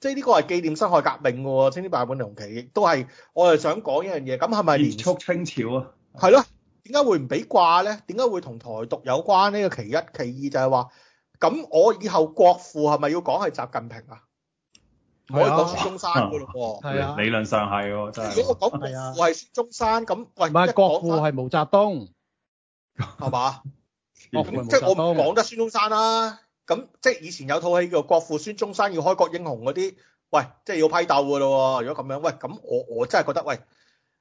即係呢個係紀念辛亥革命嘅青天白日滿地紅旗，亦都係我係想講一樣嘢。咁係咪延續清朝啊？係咯？點解會唔俾掛咧？點解會同台獨有關呢？個其一其二就係話咁我以後國父係咪要講係習近平啊？可以講孫中山噶咯喎。係啊，理論上係。如果我講國父係孫中山咁，喂，唔係國父係毛澤東。係嘛？即係我唔講得孫中山啦，咁即係以前有套戲叫《國父孫中山》要開國英雄嗰啲，喂，即係要批鬥噶咯。如果咁樣，喂，咁我我真係覺得，喂，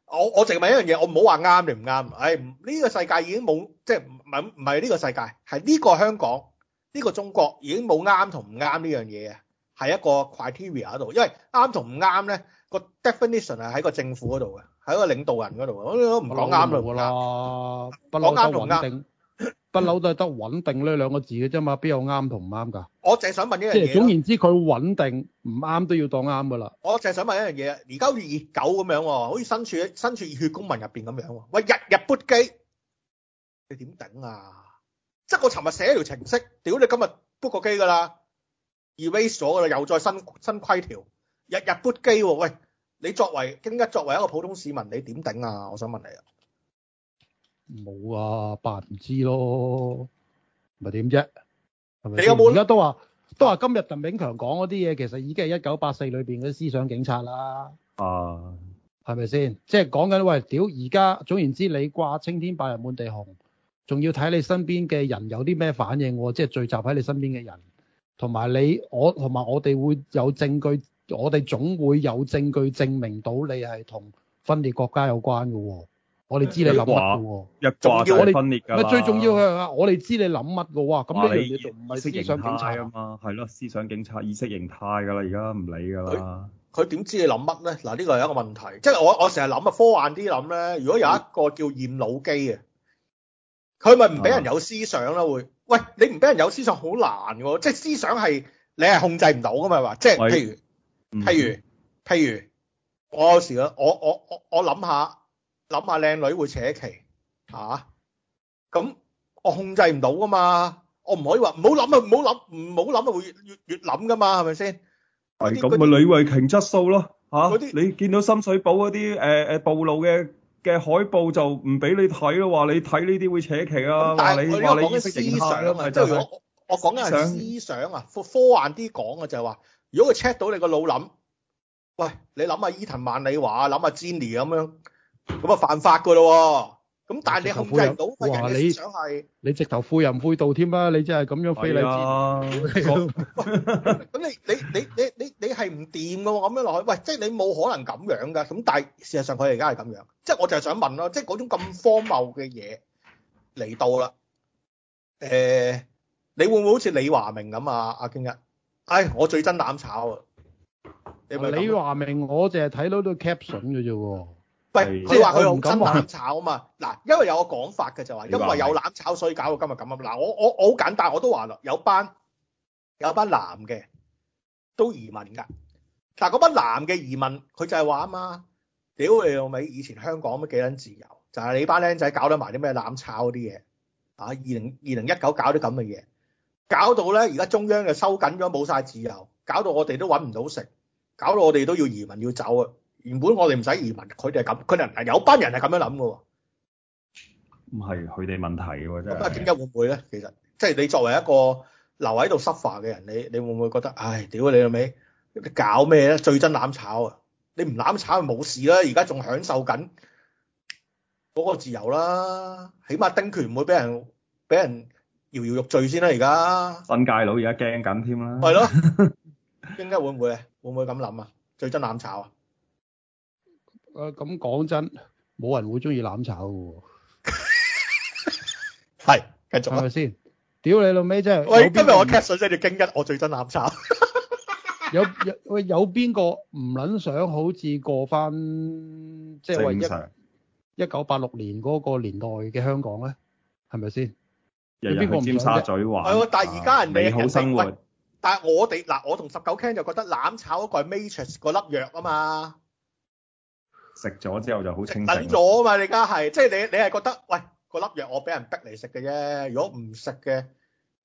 我我淨係問一樣嘢，我唔好話啱你唔啱，唉、哎，呢、這個世界已經冇，即係唔唔唔係呢個世界，係呢個香港，呢、這個中國已經冇啱同唔啱呢樣嘢嘅，係一個 criteria 喺度，因為啱同唔啱咧個 definition 係喺個政府嗰度嘅。喺個領導人嗰度，我我唔講啱啦。講啱同唔啱，不嬲都係得穩定呢兩個字嘅啫嘛，邊有啱同唔啱㗎？我淨係想問一樣嘢。即係總言之，佢穩定唔啱都要當啱㗎啦。我淨係想問一樣嘢，而家好似熱狗咁樣，好似身處身處熱血公民入邊咁樣，喂，日日 boot 機，你點頂啊？即係我尋日寫一條程式，屌你今日 boot 個機㗎啦，erase 咗啦，又再新新規條，日日 boot 機喎，喂！你作為今日作為一個普通市民，你點頂啊？我想問你啊，冇啊，扮唔知咯，咪點啫？係咪你有冇？而家都話都話今日鄧炳強講嗰啲嘢，其實已經係一九八四裏邊嗰啲思想警察啦。啊，係咪先？即係講緊，喂，屌而家總言之，你掛青天白日滿地紅，仲要睇你身邊嘅人有啲咩反應，即係聚集喺你身邊嘅人，同埋你我同埋我哋會有證據。我哋總會有證據證明到你係同分裂國家有關嘅喎。我哋知你諗乜嘅喎，仲要我哋分裂㗎啦。最重要係我哋知你諗乜嘅喎。咁呢樣嘢就唔係思想警察啊嘛。係咯，思想警察意識形態㗎啦，而家唔理㗎啦。佢點知你諗乜咧？嗱，呢個係一個問題。即係我我成日諗啊，科幻啲諗咧。如果有一個叫驗腦機嘅，佢咪唔俾人有思想咯？會喂，你唔俾人有思想好難嘅喎。即係思想係你係控制唔到㗎嘛？係咪？即係譬如。譬如譬如，我有時我我我我諗下諗下，靚女會扯旗吓，咁我控制唔到噶嘛，我唔可以話唔好諗啊，唔好諗唔好諗啊，會越越諗噶嘛，係咪先？係咁啊，李慧瓊質素咯吓，你見到深水埗嗰啲誒誒暴露嘅嘅海報就唔俾你睇咯，話你睇呢啲會扯旗啊，話你話你思想啊嘛，即係我我講緊係思想啊，科科幻啲講啊，就係話。如果佢 check 到你個腦諗，喂，你諗下伊藤萬里華啊，諗下 Jenny 咁樣，咁啊犯法噶咯，咁但係你控制唔到，哇，你你直頭悔人悔到添啦，你真係咁樣非禮啊，咁你你你你你你係唔掂噶，咁樣落去，喂，即係你冇可能咁樣噶，咁但係事實上佢哋而家係咁樣，即係我就係想問咯，即係嗰種咁荒謬嘅嘢嚟到啦，誒，你會唔會好似李華明咁啊，阿京一？唉、哎，我最憎攬炒是是啊！你話明我淨係睇到都 caption 嘅啫喎。喂，佢話佢好憎攬炒啊嘛。嗱， [laughs] 因為有個講法嘅就話，因為有攬炒，所以搞到今日咁啊。嗱，我我我好簡單，我都話啦，有班有班男嘅都移民㗎。嗱，嗰班男嘅移民，佢就係話啊嘛，屌你老味！以前香港幾撚自由，就係、是、你班僆仔搞得埋啲咩攬炒啲嘢啊！二零二零一九搞啲咁嘅嘢。搞到咧，而家中央就收緊咗，冇晒自由，搞到我哋都揾唔到食，搞到我哋都要移民要走啊！原本我哋唔使移民，佢哋咁，佢哋有班人係咁樣諗噶。唔係佢哋問題喎，真係點解會唔會咧？其實即係你作為一個留喺度濕化嘅人，你你會唔會覺得唉，屌你老味，你搞咩咧？最憎攬炒啊！你唔攬炒，炒就冇事啦，而家仲享受緊嗰個自由啦，起碼丁權唔會俾人俾人。搖搖欲墜先啦，而家瞓街佬而家驚緊添啦。係咯，驚一會唔會，會唔會咁諗啊？最憎攬炒啊！誒，咁講真，冇人會中意攬炒嘅。係，繼續係咪先？屌你老味真係。喂，今日我 caption 真係驚一，我最憎攬炒。有有喂，有邊個唔捻想好似過翻即係話一九八六年嗰個年代嘅香港咧？係咪先？有邊條尖沙咀玩？係玩但係而家、啊、人家美好生活。但係我哋嗱，我同 19Ken 就覺得攬炒嗰個係 matrix 個粒藥啊嘛，食咗之後就好清醒。等咗嘛？你而家係即係你，你係覺得喂個粒藥我俾人逼嚟食嘅啫，如果唔食嘅，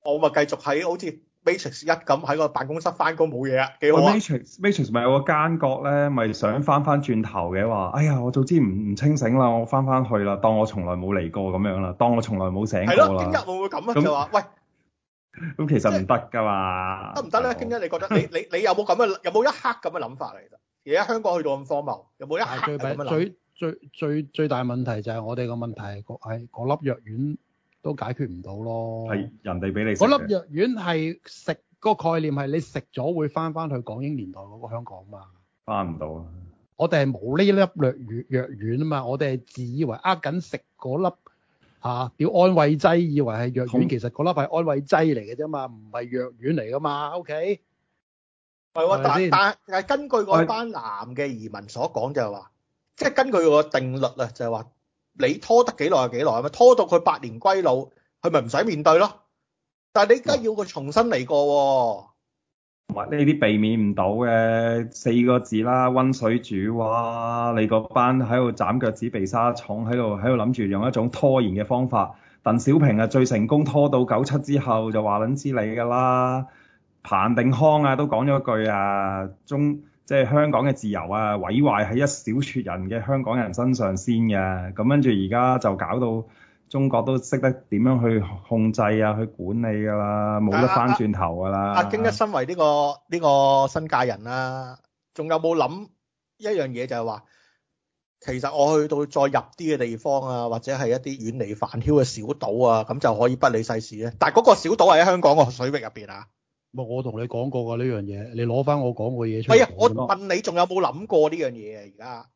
我咪繼續喺好似。1 Matrix 一咁喺個辦公室翻工冇嘢啊，幾好啊！Matrix Matrix 咪有個間角咧，咪的想翻翻轉頭嘅話，哎呀，我早知唔唔清醒啦，我翻翻去啦，當我從來冇嚟過咁樣啦，當我從來冇醒過啦。係咯，京一會唔會咁啊？就話、嗯、實喂，咁其實唔得噶嘛，得唔得咧？京一、啊、你覺得？你你你有冇咁嘅有冇一刻咁嘅諗法嚟？其實而家香港去到咁荒謬，有冇一刻最最最最，最，最大問題就係我哋個問題係係嗰粒藥丸。都解決唔到咯。係人哋俾你食。嗰粒藥丸係食個概念係你食咗會返返去港英年代嗰個香港嘛？返唔到啊！我哋係冇呢粒藥丸藥丸啊嘛！我哋係自以為呃緊食嗰粒嚇、啊、叫安慰劑，以為係藥丸，同其實嗰粒係安慰劑嚟嘅啫嘛，唔係藥丸嚟噶嘛，OK？係喎，但但係根據嗰班男嘅移民所講就係話，是即係根據個定律啊，就係話。你拖得幾耐係幾耐，咪拖到佢百年歸老，佢咪唔使面對咯？但係你而家要佢重新嚟過，唔係呢啲避免唔到嘅。四個字啦，溫水煮蛙！你嗰班喺度斬腳趾、避沙蟲，喺度喺度諗住用一種拖延嘅方法。鄧小平啊，最成功拖到九七之後就話撚知你㗎啦。彭定康啊，都講咗一句啊，中。即係香港嘅自由啊，毀壞喺一小撮人嘅香港人身上先嘅。咁跟住而家就搞到中國都識得點樣去控制啊，去管理㗎啦，冇得翻轉頭㗎啦。阿、啊啊啊啊、京一身為呢、這個呢、這個新界人啦、啊，仲有冇諗一樣嘢就係話，其實我去到再入啲嘅地方啊，或者係一啲遠離煩囂嘅小島啊，咁就可以不理世事咧、啊。但係嗰個小島係喺香港嘅水域入邊啊。唔，我同你講過㗎呢樣嘢，你攞翻我講嘅嘢出嚟。啊，我問你仲有冇諗過呢樣嘢啊？而家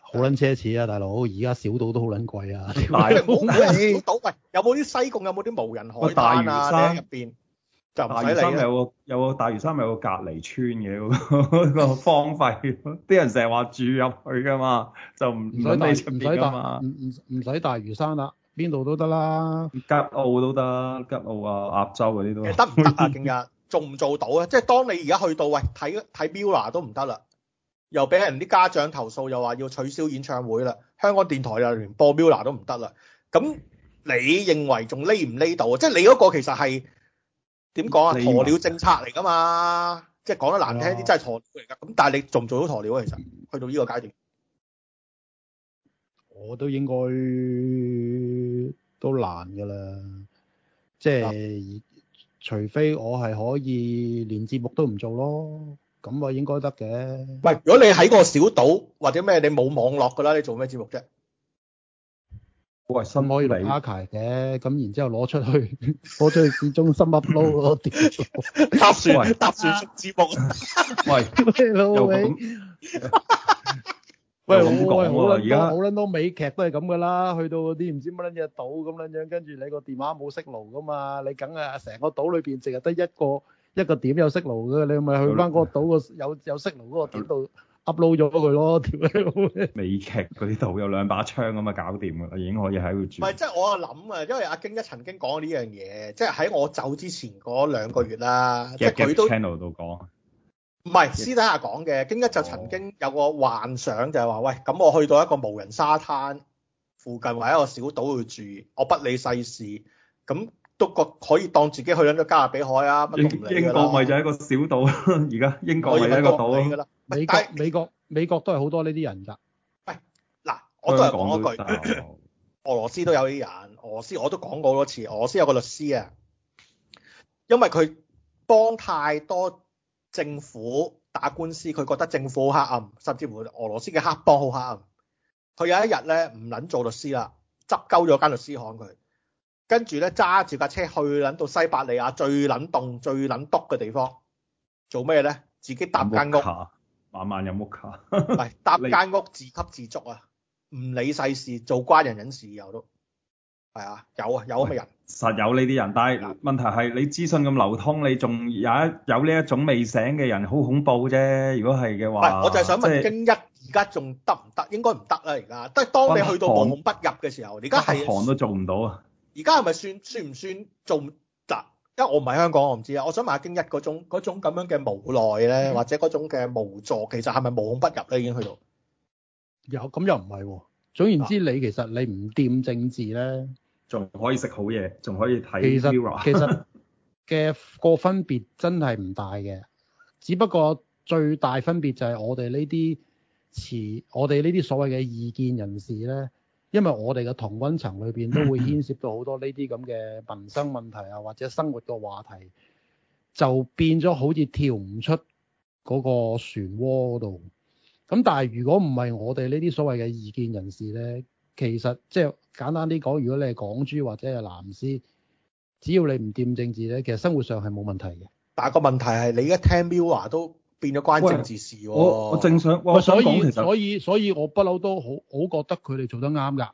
好撚奢侈啊，大佬！而家小島都好撚貴啊，啲 [laughs] [laughs] 大島。小島喂，有冇啲西貢？有冇啲無人海灘、啊啊、大嶼山入邊。你面就大嶼山有個有個大嶼山有個隔離村嘅個 [laughs] 荒廢，啲人成日話住入去㗎嘛，就唔唔撚俾出㗎嘛，唔唔使大嶼山啦。邊度都得啦、啊，吉澳都得，吉澳啊亞洲嗰啲都得。得唔得啊？今日做唔做到啊？即係當你而家去到，喂，睇睇 MIRROR 都唔得啦，又俾人啲家長投訴，又話要取消演唱會啦。香港電台又連播 MIRROR 都唔得啦。咁你認為仲匿唔匿到啊？即係你嗰個其實係點講啊？駝鳥政策嚟㗎嘛，即係講得難聽啲，Yeah. 真係駝鳥嚟㗎。咁但係你做唔做到駝鳥啊？其實去到呢個階段。我都應該都難嘅啦，即係、啊、除非我係可以連節目都唔做咯，咁我應該得嘅。喂，如果你喺個小島或者咩，你冇網絡嘅啦，你做咩節目啫？喂，新開嘅 a r c h i 嘅，咁然之後攞出去，攞出去至 [laughs] 中心 upload 嗰個電腦，搭船搭船出節目。喂，有冇？ [laughs] 喂，好啊，好啦喂，而家好撚多美劇都係咁噶啦，去到嗰啲唔知乜撚嘢島咁撚樣，跟住你個電話冇 signal 噶嘛，你梗係成個島裏邊淨係得一個一個點有 signal 嘅，你咪去翻嗰個島有 有 signal 嗰個點度 upload 咗佢咯，屌有！ [laughs] 美劇嗰啲度有兩把槍咁啊，搞掂啦，已經可以喺度住。唔係，即係我啊諗啊，因為阿京一曾經講過呢樣嘢，即係喺我走之前嗰兩個月啦，即係佢都 g ap, g ap channel 度講。唔係私底下講嘅，京一就曾經有個幻想，就係話：喂，咁我去到一個無人沙灘附近或者一個小島去住，我不理世事，咁都覺可以當自己去緊個加勒比海啊，乜都唔理啦。英國咪就係一個小島，而家英國就係一個島啦。美國、美國、美國都係好多呢啲人㗎。喂，嗱，我都係講嗰句，俄羅斯都有啲人。俄羅斯我都講過好多次，俄羅斯有個律師啊，因為佢幫太多政府打官司，佢覺得政府好黑暗，甚至乎俄羅斯嘅黑幫好黑暗。佢有一日咧，唔撚做律師啦，執鳩咗間律師行佢，跟住咧，揸住架車去撚到西伯利亞最撚凍、最撚篤嘅地方，做咩咧？自己搭間屋，晚晚有屋卡，唔 [laughs] 搭間屋自給自足啊，唔理世事，做關人隱事又都。係啊，有啊，有咁嘅人，實有呢啲人。但係問題係你資訊咁流通，你仲有一有呢一種未醒嘅人，好恐怖啫。如果係嘅話，啊，我就係想問京一，而家仲得唔得？應該唔得啦，而家。但係當你去到無孔不入嘅時候，而家係，行都做唔到啊。而家係咪算算唔算仲得，因為我唔喺香港，我唔知啊。我想問下京一嗰種嗰種咁樣嘅無奈咧，嗯、或者嗰種嘅無助，其實係咪無孔不入咧？已經去到有咁又唔係喎。總言之你，你其實你唔掂政治咧。啊仲可以食好嘢，仲可以睇。其實其實嘅個分別真係唔大嘅，只不過最大分別就係我哋呢啲詞，我哋呢啲所謂嘅異見人士咧，因為我哋嘅同溫層裏邊都會牽涉到好多呢啲咁嘅民生問題啊，或者生活嘅話題，就變咗好似跳唔出嗰個漩渦度。咁但係如果唔係我哋呢啲所謂嘅異見人士咧？其實即係簡單啲講，如果你係港豬或者係藍絲，只要你唔掂政治咧，其實生活上係冇問題嘅。但係個問題係你一聽 Mirror 都變咗關政治事喎，啊。我我正想，所以所以所以，所以我不嬲都好好覺得佢哋做得啱㗎。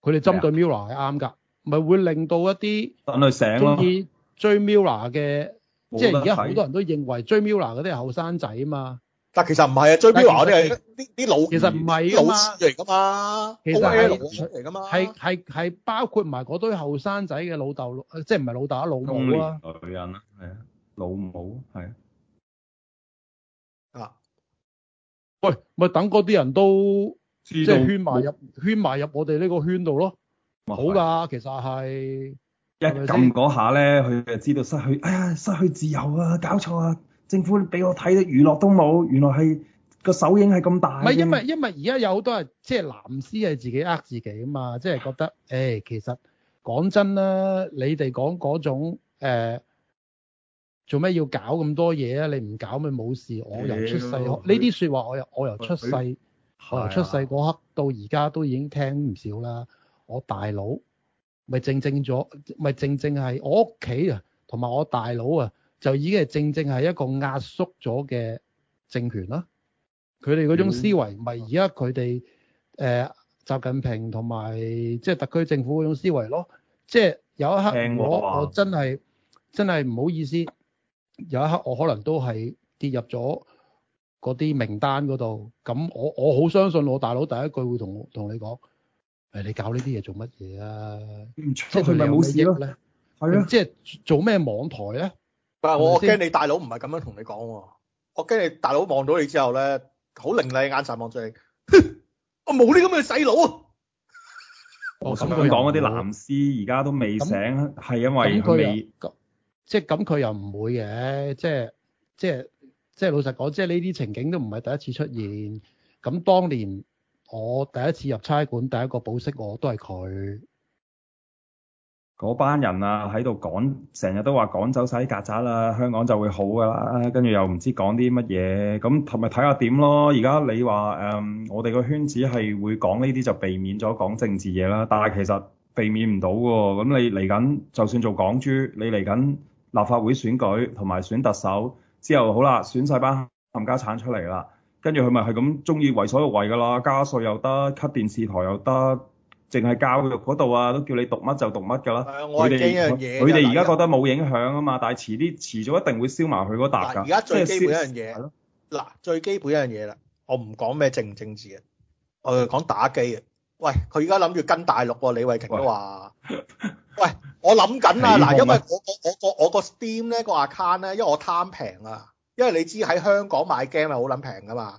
佢哋針對 Mirror 係啱㗎，咪的會令到一啲等佢醒咯。中意追 Mirror 嘅，即係而家好多人都認為追 Mirror 嗰啲後生仔嘛。但其實唔係啊，追蹤華人啲啲啲老，其實唔係啊老出嚟噶嘛，O.K. 其實係老出嚟噶嘛，係係係包括埋嗰堆後生仔嘅老豆，即係唔係老豆老母啊？女人啊，係啊，老母係啊，啊，喂，咪等嗰啲人都即係圈埋入圈埋入我哋呢個圈度咯，好噶，其實係，一咁嗰下咧，佢就知道失去，哎呀，失去自由啊，搞錯啊！政府俾我睇嘅娛樂都冇，原來係個手影係咁大。唔係因為因為而家有好多人即係藍絲係自己呃自己啊嘛，即、就、係、是、覺得誒、欸、其實講真啦，你哋講嗰種誒、呃、做咩要搞咁多嘢啊？你唔搞咪冇事。我由出世呢啲説話，我由的我由出世我由出世嗰刻到而家都已經聽唔少啦。我大佬咪正正咗，咪正正係我屋企啊，同埋我大佬啊。就已經係正正係一個壓縮咗嘅政權啦。佢哋嗰種思維，咪而家佢哋誒習近平同埋即係特區政府嗰種思維咯。即係有一刻我我，我真係真係唔好意思，有一刻我可能都係跌入咗嗰啲名單嗰度。咁我我好相信我大佬第一句會同同你講：誒、哎，你搞呢啲嘢做乜嘢啊？即係佢咪冇事咯，係咯？即係做咩網台咧？但係我驚你大佬唔係咁樣同你講。啊，我驚你大佬望到你之後咧，好伶厲眼神望住你， [laughs] 我冇呢咁嘅細佬。啊、哦。我先講嗰啲藍絲而家都未醒，係那因為佢未，即係咁佢又唔會嘅，即係即係即係老實講，即係呢啲情景都唔係第一次出現。咁當年我第一次入差館，第一個保釋我都係佢。嗰班人啊，喺度講，成日都話趕走晒啲曱甴啦，香港就會好噶啦。跟住又唔知講啲乜嘢，咁同埋睇下點咯。而家你話誒、嗯，我哋個圈子係會講呢啲就避免咗講政治嘢啦，但係其實避免唔到喎。咁你嚟緊就算做港豬，你嚟緊立法會選舉同埋選特首之後，好啦，選晒班冚家產出嚟啦，跟住佢咪係咁中意為所欲為噶啦，加稅又得，cut 電視台又得。淨係教育嗰度啊，都叫你讀乜就讀乜㗎啦。佢哋佢哋而家覺得冇影響啊嘛， [noise] 但係遲啲遲早一定會燒埋佢嗰笪㗎。而家最基本一樣嘢，嗱， [noise] 最基本一樣嘢啦，我唔講咩政唔政治嘅，我講打機啊。喂，佢而家諗住跟大陸喎、啊，李慧瓊都話。喂， [laughs] 我諗緊啊，嗱，因為我我我個我個 Steam 咧個 account 咧，因為我貪平啊，因為你知喺香港買 game 係好撚平㗎嘛。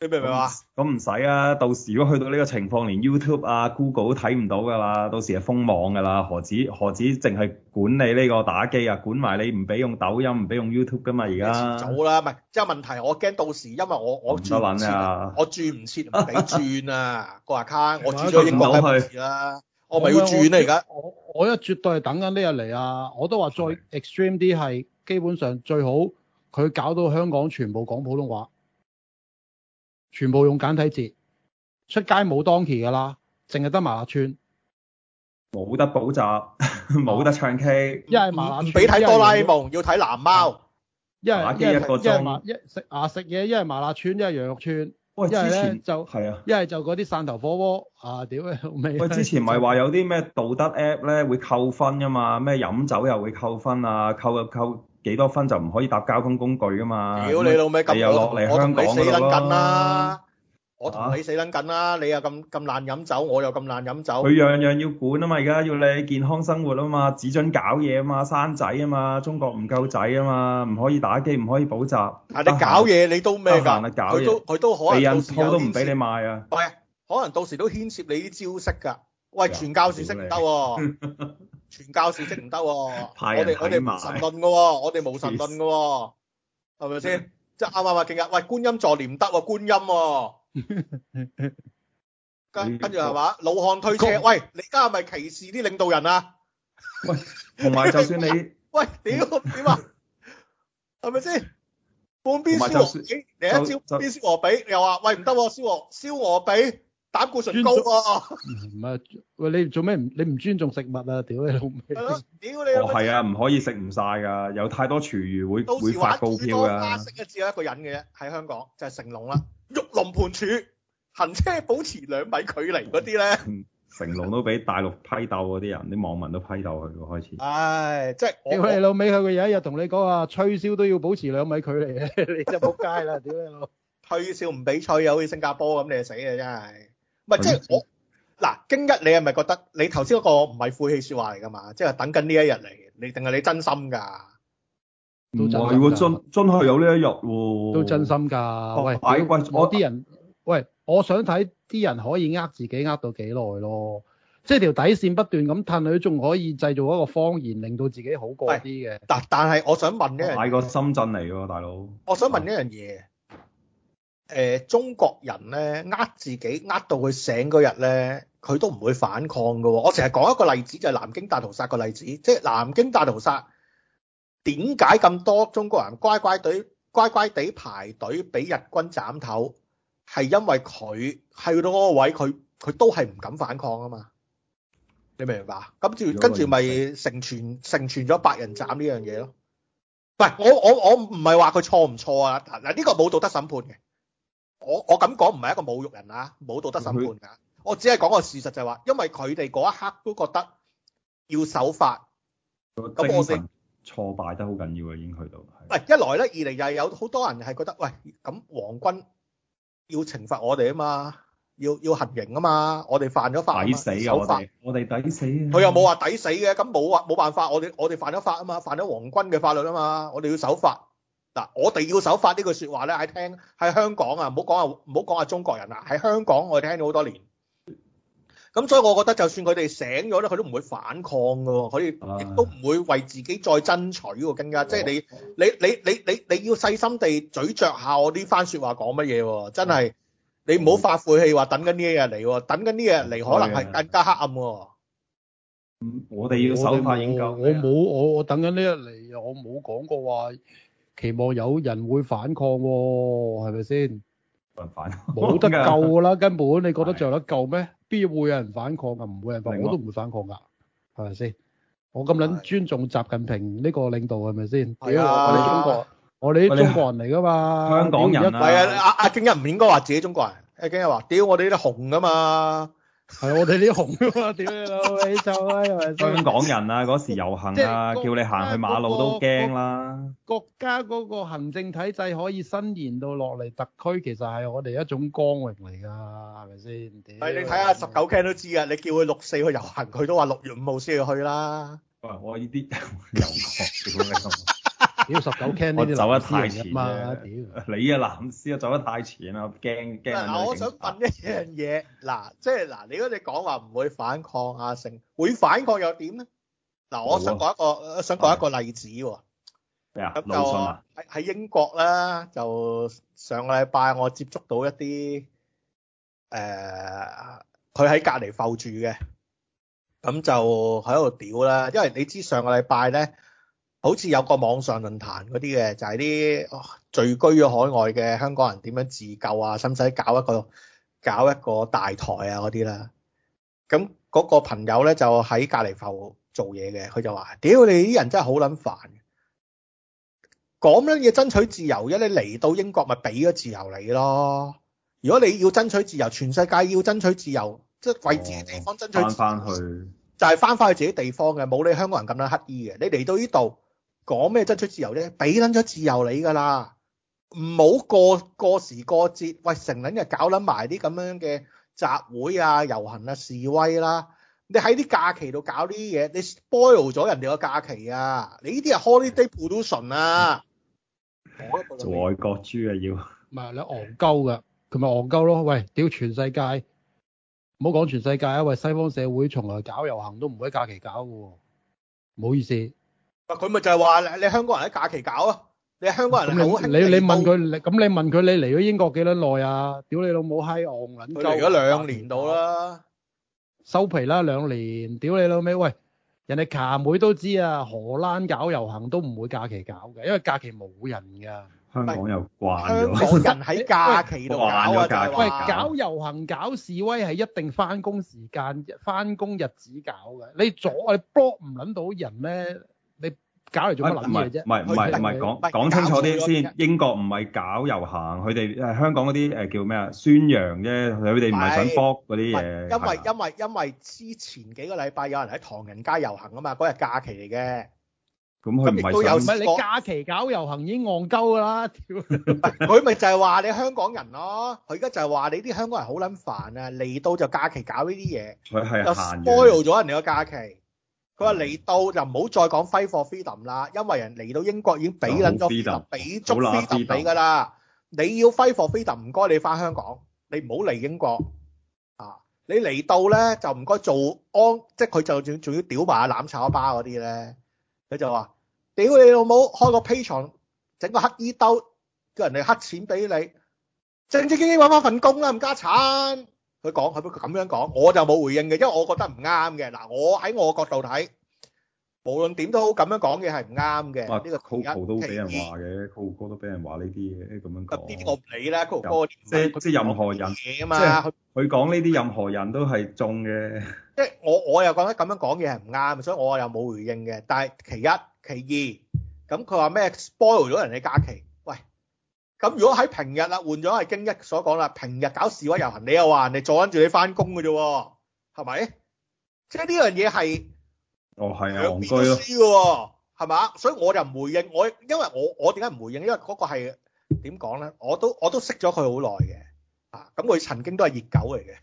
你明唔明啊？咁唔使啊！到時如果去到呢個情況，連 YouTube 啊、Google 都睇唔到噶啦，到時係封網噶啦，何止何止淨係管理呢個打機啊？管埋你唔俾用抖音，唔俾用 YouTube 噶嘛，而家。早啦，唔係即係問題，我驚到時，因為我我轉唔切，我轉唔切唔俾轉啊個 account 我轉咗英國去啦，我咪要轉而家，我我一絕對係等緊呢日嚟啊！我都話再 extreme 啲係，基本上最好佢搞到香港全部講普通話。全部用簡體字，出街冇當期嘅啦，淨係得麻辣串，冇得補習，冇得唱 K、啊。一係麻辣串，唔俾睇哆啦 A 夢，要睇藍貓。一係打機一個鐘。一係一一食啊食嘢，一係麻辣串，一係羊肉串。喂、哎，之前就係啊，一係、哎、就嗰啲汕頭火鍋啊，屌你老味？喂就，之前咪話有啲咩道德 app 咧會扣分㗎嘛？咩飲酒又會扣分啊，扣一扣。扣幾多分就唔可以搭交通工，工具噶嘛？屌你老味咁，又落嚟我死香港啦！啊啊、我同你死捻緊啦！你又咁咁爛飲酒，我又咁爛飲酒。佢樣樣要管啊嘛！而家要你健康生活啊嘛，只准搞嘢啊嘛，生仔啊嘛，中國唔夠仔啊嘛，唔可以打機，唔可以補習。啊！你搞嘢你都咩㗎？佢、啊、都佢都可能到時，避孕套都唔俾你賣啊！喂，可能到時都牽涉你啲招式㗎。喂，全教士識唔得喎？ [laughs] 全教士即唔得，我哋我哋神論嘅、哦，我哋冇神論嘅、哦，係咪先？即係啱啱話勁日，喂，觀音助念唔得喎，觀音、哦。跟跟住係嘛？老漢推車，哥喂，你家下係咪歧視啲領導人啊？同埋就算你，喂，屌點啊？係咪先？半邊燒鵝髀、欸、你一招，半邊燒鵝髀又話喂唔得喎，燒鵝燒鵝髀。膽固醇高啊，唔係，喂，你做咩你唔尊重食物啊？屌你老味！屌你老！哦係啊，唔可以食唔晒㗎，有太多廚餘會會發高燒啊！最多一隻有一個人嘅啫，喺香港就係成龍啦，玉林盤柱，行車保持兩米距離嗰啲咧，成龍都俾大陸批鬥嗰啲人，啲網民都批鬥佢開始。唉，即係屌你老味佢佢有一日同你講啊，吹簫都要保持兩米距離嘅，你就仆街啦！屌你老，吹簫唔俾吹嘅，好似新加坡咁你就死啊，真係。唔係即係我嗱，京一你係咪覺得你頭先嗰個唔係晦氣説話嚟㗎嘛？即係等緊呢一日嚟，你定係你真心㗎？唔係喎，真真係有呢一日喎。都真心㗎，喂！啊哎、喂，果我啲我人，喂，我想睇啲人可以呃自己呃到幾耐咯？即係條底線不斷咁褪去，仲可以製造一個謊言，令到自己好過啲嘅。嗱、哎，但係我，、啊、我想問一樣，買個深圳嚟喎，大佬。我想問一樣嘢。誒、呃，中國人咧，呃自己呃到佢醒嗰日咧，佢都唔會反抗嘅，哦。我成日講一個例子就係、是、南京大屠殺個例子，即係南京大屠殺點解咁多中國人乖乖地乖乖地排隊俾日軍斬頭，係因為佢去到嗰個位，佢佢都係唔敢反抗啊嘛。你明唔明白？跟住有跟住咪成全有成全咗白人斬呢樣嘢咯。唔係我我我唔係話佢錯唔錯啊。嗱呢個冇道德審判嘅。我我咁講唔係一個侮辱人啊，冇道德審判噶，他們 我只係講個事實就係話，因為佢哋嗰一刻都覺得要守法，咁我哋挫敗得好緊要啊，已經去到。係，一來咧，二嚟又係有好多人係覺得喂，咁皇軍要懲罰我哋啊嘛，要要行刑啊嘛，我哋犯咗法啊嘛，抵死啊，守法，我哋、啊、抵死啊。佢又冇話抵死嘅，咁冇話冇辦法，我哋我哋犯咗法啊嘛，犯咗皇軍嘅法律啊嘛，我哋要守法。嗱，我哋要守法呢句説話咧，喺聽喺香港啊，唔好講下唔好講下中國人啊，喺香港我哋聽咗好多年。咁所以我覺得，就算佢哋醒咗咧，佢都唔會反抗嘅喎，佢亦都唔會為自己再爭取喎，更加即係你你你你你你要細心地咀嚼下我呢番説話講乜嘢喎，真係你唔好發晦氣話等緊呢日嚟，等緊呢日嚟可能係更加黑暗喎。嗯，我哋要守法應該。我冇我我等緊呢日嚟，我冇講過話。期望有人會反抗喎，哦，係咪先？冇人反抗，冇得救㗎啦， [laughs] 根本。你覺得仲是的 有得救咩？邊會有人反抗啊？唔會人反，我都唔會反抗㗎。係咪先？是的 我咁撚尊重習近平呢個領導係咪先？屌是的 我哋中國，我哋啲中國人嚟㗎嘛。香港人啊一人，唔係啊，阿阿京一唔應該話自己中國人，阿京一話：屌我哋呢啲紅㗎嘛。係我哋啲紅噶嘛，屌你老味臭啊，又係香港人啊！嗰 [laughs] 時遊行啊，家叫你行去馬路都驚啦國。國家嗰個行政體制可以伸延到落嚟特區，其實係我哋一種光榮嚟㗎，係咪先？係你睇下十九 Ken 都知啊！你叫佢六四去遊行，佢都話六月五號先去啦。啊！我呢啲遊行，你屌十九 Ken 呢走得太前屌！你啊，你男司啊，走得太前啦，驚驚。嗱、哎，我想問一樣嘢，嗱， [laughs] 即係嗱，如果你講話唔會反抗阿、啊、成會反抗又點咧？嗱，我想講一個，啊、想講一個、哎、例子喎、哦。咩、嗯、就啊？老實喺喺英國啦，就上個禮拜我接觸到一啲誒，佢、呃、喺隔離浮住嘅，咁就喺度屌啦。因為你知，因為你知上個禮拜咧。好似有個網上論壇嗰啲嘅，就係、是、啲、哦、聚居咗海外嘅香港人點樣自救啊？使唔使搞一個搞一個大台啊？嗰啲啦，咁、那、嗰個朋友咧就喺隔離埠做嘢嘅，佢就話：屌、哎、你啲人真係好撚煩，講乜嘢爭取自由？一你嚟到英國咪俾咗自由你咯。如果你要爭取自由，全世界要爭取自由，即係、哦、為自己地方爭取自由，去就係翻返去自己地方嘅，冇你香港人咁樣乞衣嘅。你嚟到呢度。講咩爭取自由咧？俾捻咗自由你噶啦！唔好過過時過節，喂成就搞捻埋啲咁樣嘅集會啊、遊行啊、示威啦、啊！你喺啲假期度搞呢啲嘢，你 spoil 咗人哋個假期啊！你呢啲係 holiday pollution 啊！做外國豬啊要？唔係你戇鳩噶，佢咪戇鳩咯？喂，屌全世界！唔好講全世界啊！喂，西方社會從來搞遊行都唔會喺假期搞噶，唔好意思。佢咪就係話你香港人喺假期搞啊？你香港人好興。你你問佢，咁你問佢你嚟咗英國幾多耐啊？屌你老母閪戇捻。佢嚟咗兩年度啦，收皮啦兩年。屌你老味喂，人哋卡妹都知啊，荷蘭搞遊行都唔會假期搞嘅，因為假期冇人噶。香港又慣，香港人喺假期度搞。喂，搞遊行搞示威係一定翻工時間、翻工日子搞嘅。你阻你 block 唔捻到人咧？搞嚟做乜撚嘅啫？唔係唔係唔係唔係，講講清楚啲先。英國唔係搞遊行，佢哋係香港嗰啲誒叫咩啊？宣揚啫，佢哋唔係想反駁嗰啲嘢。因為因為因為之前幾個禮拜有人喺唐人街遊行啊嘛，嗰日假期嚟嘅。咁佢咁亦都有咩假期搞遊行已經戇鳩㗎啦。佢咪就係話你香港人咯。佢而家就係話你啲香港人好撚煩啊！嚟到就假期搞呢啲嘢，又 spoil 咗人哋個假期。佢話嚟到就唔好再講 fight for freedom 啦，因為人嚟到英國已經俾緊咗，俾足了、啊、freedom 俾㗎啦。你要 fight for freedom 唔該你翻香港，你唔好嚟英國啊！你嚟到咧就唔該做安，即係佢就仲仲要屌埋攬炒巴嗰啲咧，佢就話：屌你老母！開個 Patreon，整個乞衣兜，叫人哋黑錢俾你，正正經經揾翻份工啦，唔加產。佢講係咁樣講？我就冇回應嘅，因為我覺得唔啱嘅。嗱，我喺我角度睇，無論點都好，咁樣講嘅係唔啱嘅。哇！呢個 Coco 都俾人話嘅，Coco 都俾人話呢啲嘢咁樣講。啲我唔理啦，Coco 即係即係任何人嘅嘛。即係佢講呢啲，任何人都係中嘅。即係我我又覺得咁樣講嘢係唔啱，所以我又冇回應嘅。但係其一其二，咁佢話咩？spoil 咗人哋假期。咁如果喺平日啦，換咗係京一所講啦，平日搞示威遊行，你又話人哋阻撚住你翻工嘅啫，係咪？即係呢樣嘢係，哦係啊，兩邊都輸嘅喎，係咪啊？所以我就唔回應我，因為我我點解唔回應？因為嗰個係點講咧？我都我都識咗佢好耐嘅，啊，咁佢曾經都係熱狗嚟嘅，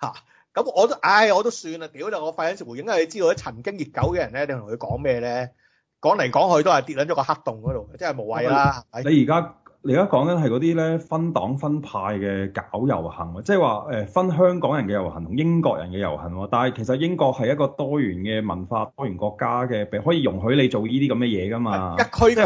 嚇咁我都唉我都算啦，屌你，我費緊事回應啊！你知道啲曾經熱狗嘅人咧，你同佢講咩咧？講嚟講去都係跌撚咗個黑洞嗰度，即係無謂啦！你而家。你而家講緊係嗰啲咧，分黨分派嘅搞遊行，即係話誒分香港人嘅遊行同英國人嘅遊行。但係其實英國係一個多元嘅文化、多元國家嘅，可以容許你做呢啲咁嘅嘢㗎嘛？一區區，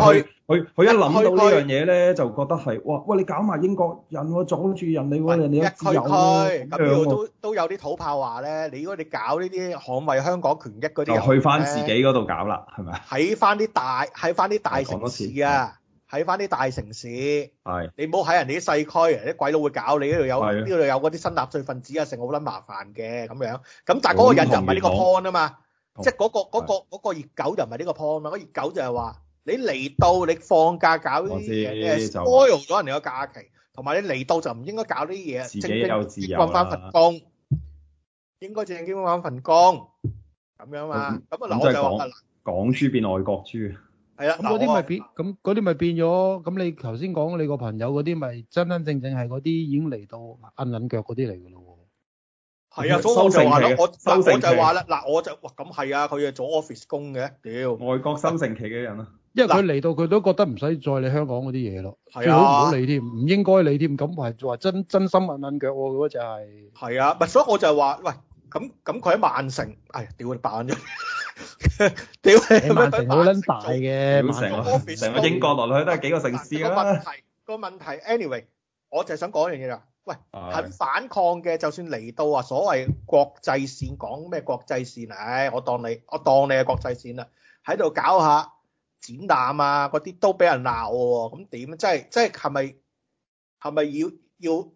佢佢一諗到呢樣嘢咧，區區就覺得係哇！喂，你搞埋英國人，阻住人哋，是人哋一區區，咁樣都都有啲土炮話咧，你如果你搞呢啲捍衞香港權益嗰啲，去翻自己嗰度搞啦，係咪？喺翻啲大喺翻啲大城市啊！ [laughs] 睇翻啲大城市，係你唔好喺人哋啲細區，啲鬼佬會搞你嗰度有，呢度有嗰啲新納粹分子啊，成好撚麻煩嘅咁樣。咁但嗰個人就唔係呢個 point 啊嘛，即係嗰個嗰個熱狗就唔係呢個 point 啊，嗰熱狗就係話你嚟到你放假搞啲嘢，spoil 咗人哋個假期，同埋你嚟到就唔應該搞呢啲嘢，自己有自由啊，翻份工，應該正正揾翻份工，咁樣嘛，咁啊，真係講講豬變外國豬。係啊，咁嗰啲咪變，咁嗰啲咪變咗。咁你頭先講你個朋友嗰啲，咪真真正正係嗰啲已經嚟到硬撚腳嗰啲嚟㗎咯喎。係啊，所以我就話啦，我我就話啦，嗱，我就哇，咁係啊，佢係做 office 工嘅，屌。外國收成期嘅人啊。因為佢嚟到佢都覺得唔使再理香港嗰啲嘢咯，最好唔好理添，唔應該理添，咁係話真真心硬撚腳喎，嗰就係。係啊，咪所以我就話，喂，咁咁佢喺曼城，哎呀，屌你白眼啫。屌 [laughs] 你要，問題好卵大嘅，成個成個英國落去都係幾個城市咁啦。個問題個問題，anyway，我就係想講一樣嘢啦。喂，肯、哎、反抗嘅，就算嚟到啊，所謂國際線講咩國際線啊，我當你我當你係國際線啦，喺度搞下展覽啊，嗰啲都俾人鬧嘅、啊，咁點？即係即係係咪係咪要要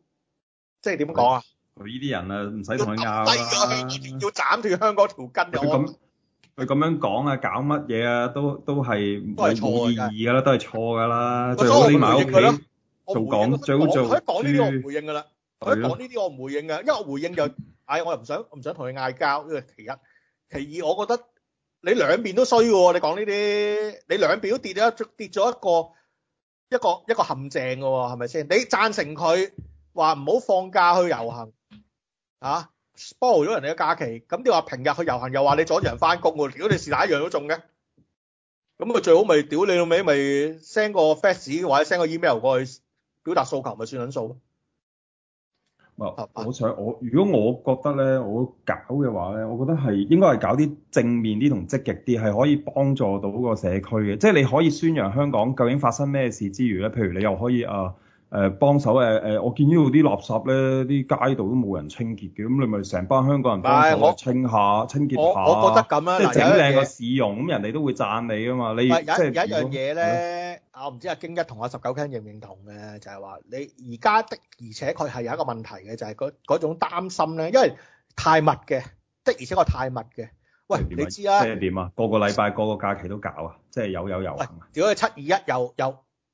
即係點講啊？呢啲、哎、人啊，唔使同佢拗要斬斷、啊、香港條根啊！ [laughs] 佢咁樣講啊，搞乜嘢啊，都都係冇意義㗎啦，都係錯㗎啦。最好匿埋喺屋企做講，最好做。佢講呢啲我唔回應㗎啦。佢講呢啲我唔回應㗎，因為我回應就，唉，我又唔想唔想同佢嗌交。因為其一，其二，我覺得你兩邊都衰嘅喎。你講呢啲，你兩邊都跌咗，跌咗一個一個一個陷阱㗎喎，係咪先？你贊成佢話唔好放假去遊行，嚇？spoil 咗人哋嘅假期，咁你話平日去遊行又話你阻住人翻工喎，如果你是但一樣都中嘅，咁佢最好咪屌你老味咪 send 個 fax 或者 send 個 email 過去表達訴求，咪算撚數咯。唔，我想我如果我覺得咧，我搞嘅話咧，我覺得係應該係搞啲正面啲同積極啲，係可以幫助到個社區嘅，即係你可以宣揚香港究竟發生咩事之餘咧，譬如你又可以啊。誒幫手誒誒，我見呢度啲垃圾咧，啲街度都冇人清潔嘅，咁你咪成班香港人幫我清下、清潔下。我我覺得咁樣，即係整靚個市容，咁人哋都會讚你㗎嘛。你有一樣嘢咧，我唔知阿京一同阿十九 Ken 認唔認同嘅，就係話你而家的，而且確係有一個問題嘅，就係嗰嗰種擔心咧，因為太密嘅，的而且確太密嘅。喂，你知啦，即係點啊？個個禮拜、個個假期都搞啊，即係有有有。如果你七二一又有。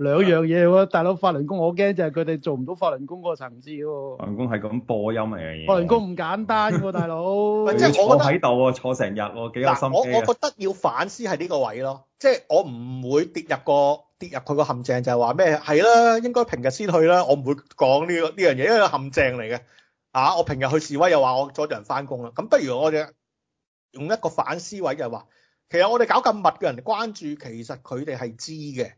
兩樣嘢喎，大佬法輪功我驚就係佢哋做唔到法輪功嗰個層次喎。法輪功係咁播音嚟嘅嘢，法輪功唔簡單嘅喎，大佬。 [laughs] 即係我喺度喎，坐成日喎，幾有心機啊！嗱，我我覺得要反思係呢個位咯，即係我唔會跌入個跌入佢個陷阱，就係話咩係啦，應該平日先去啦，我唔會講呢個呢樣嘢，因為個陷阱嚟嘅啊，我平日去示威又話我阻住人翻工啦，咁不如我哋用一個反思位就係話，其實我哋搞咁密嘅人關注，其實佢哋係知嘅。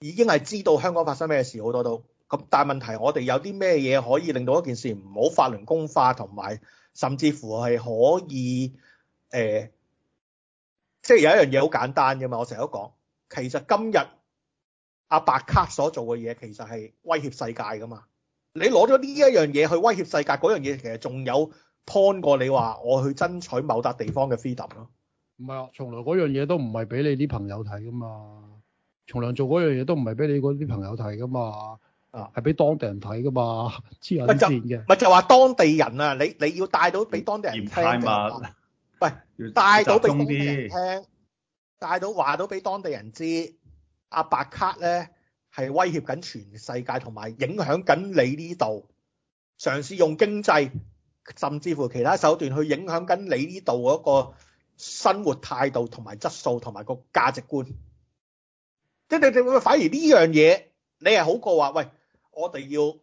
已經係知道香港發生咩事好多都咁，但係問題我哋有啲咩嘢可以令到件以、呃、一件事唔好法輪功化，同埋甚至乎係可以誒，即係有一樣嘢好簡單嘅嘛。我成日都講，其實今日阿伯卡所做嘅嘢其實係威脅世界噶嘛。你攞咗呢一樣嘢去威脅世界，嗰樣嘢其實仲有 point 過你話我去爭取某笪地方嘅 freedom 咯。唔係啊，從來嗰樣嘢都唔係俾你啲朋友睇噶嘛。從良做嗰樣嘢都唔係俾你嗰啲朋友睇噶嘛，係俾、啊、當地人睇噶嘛，黐緊線嘅。咪就話當地人啊，你你要帶到俾當地人聽。唔太密。喂是，帶到俾當地人聽，帶到話到俾當地人知，阿白卡咧係威脅緊全世界，同埋影響緊你呢度，嘗試用經濟甚至乎其他手段去影響緊你呢度嗰個生活態度同埋質素同埋個價值觀。即你你會反而呢樣嘢，你係好過話，喂，我哋要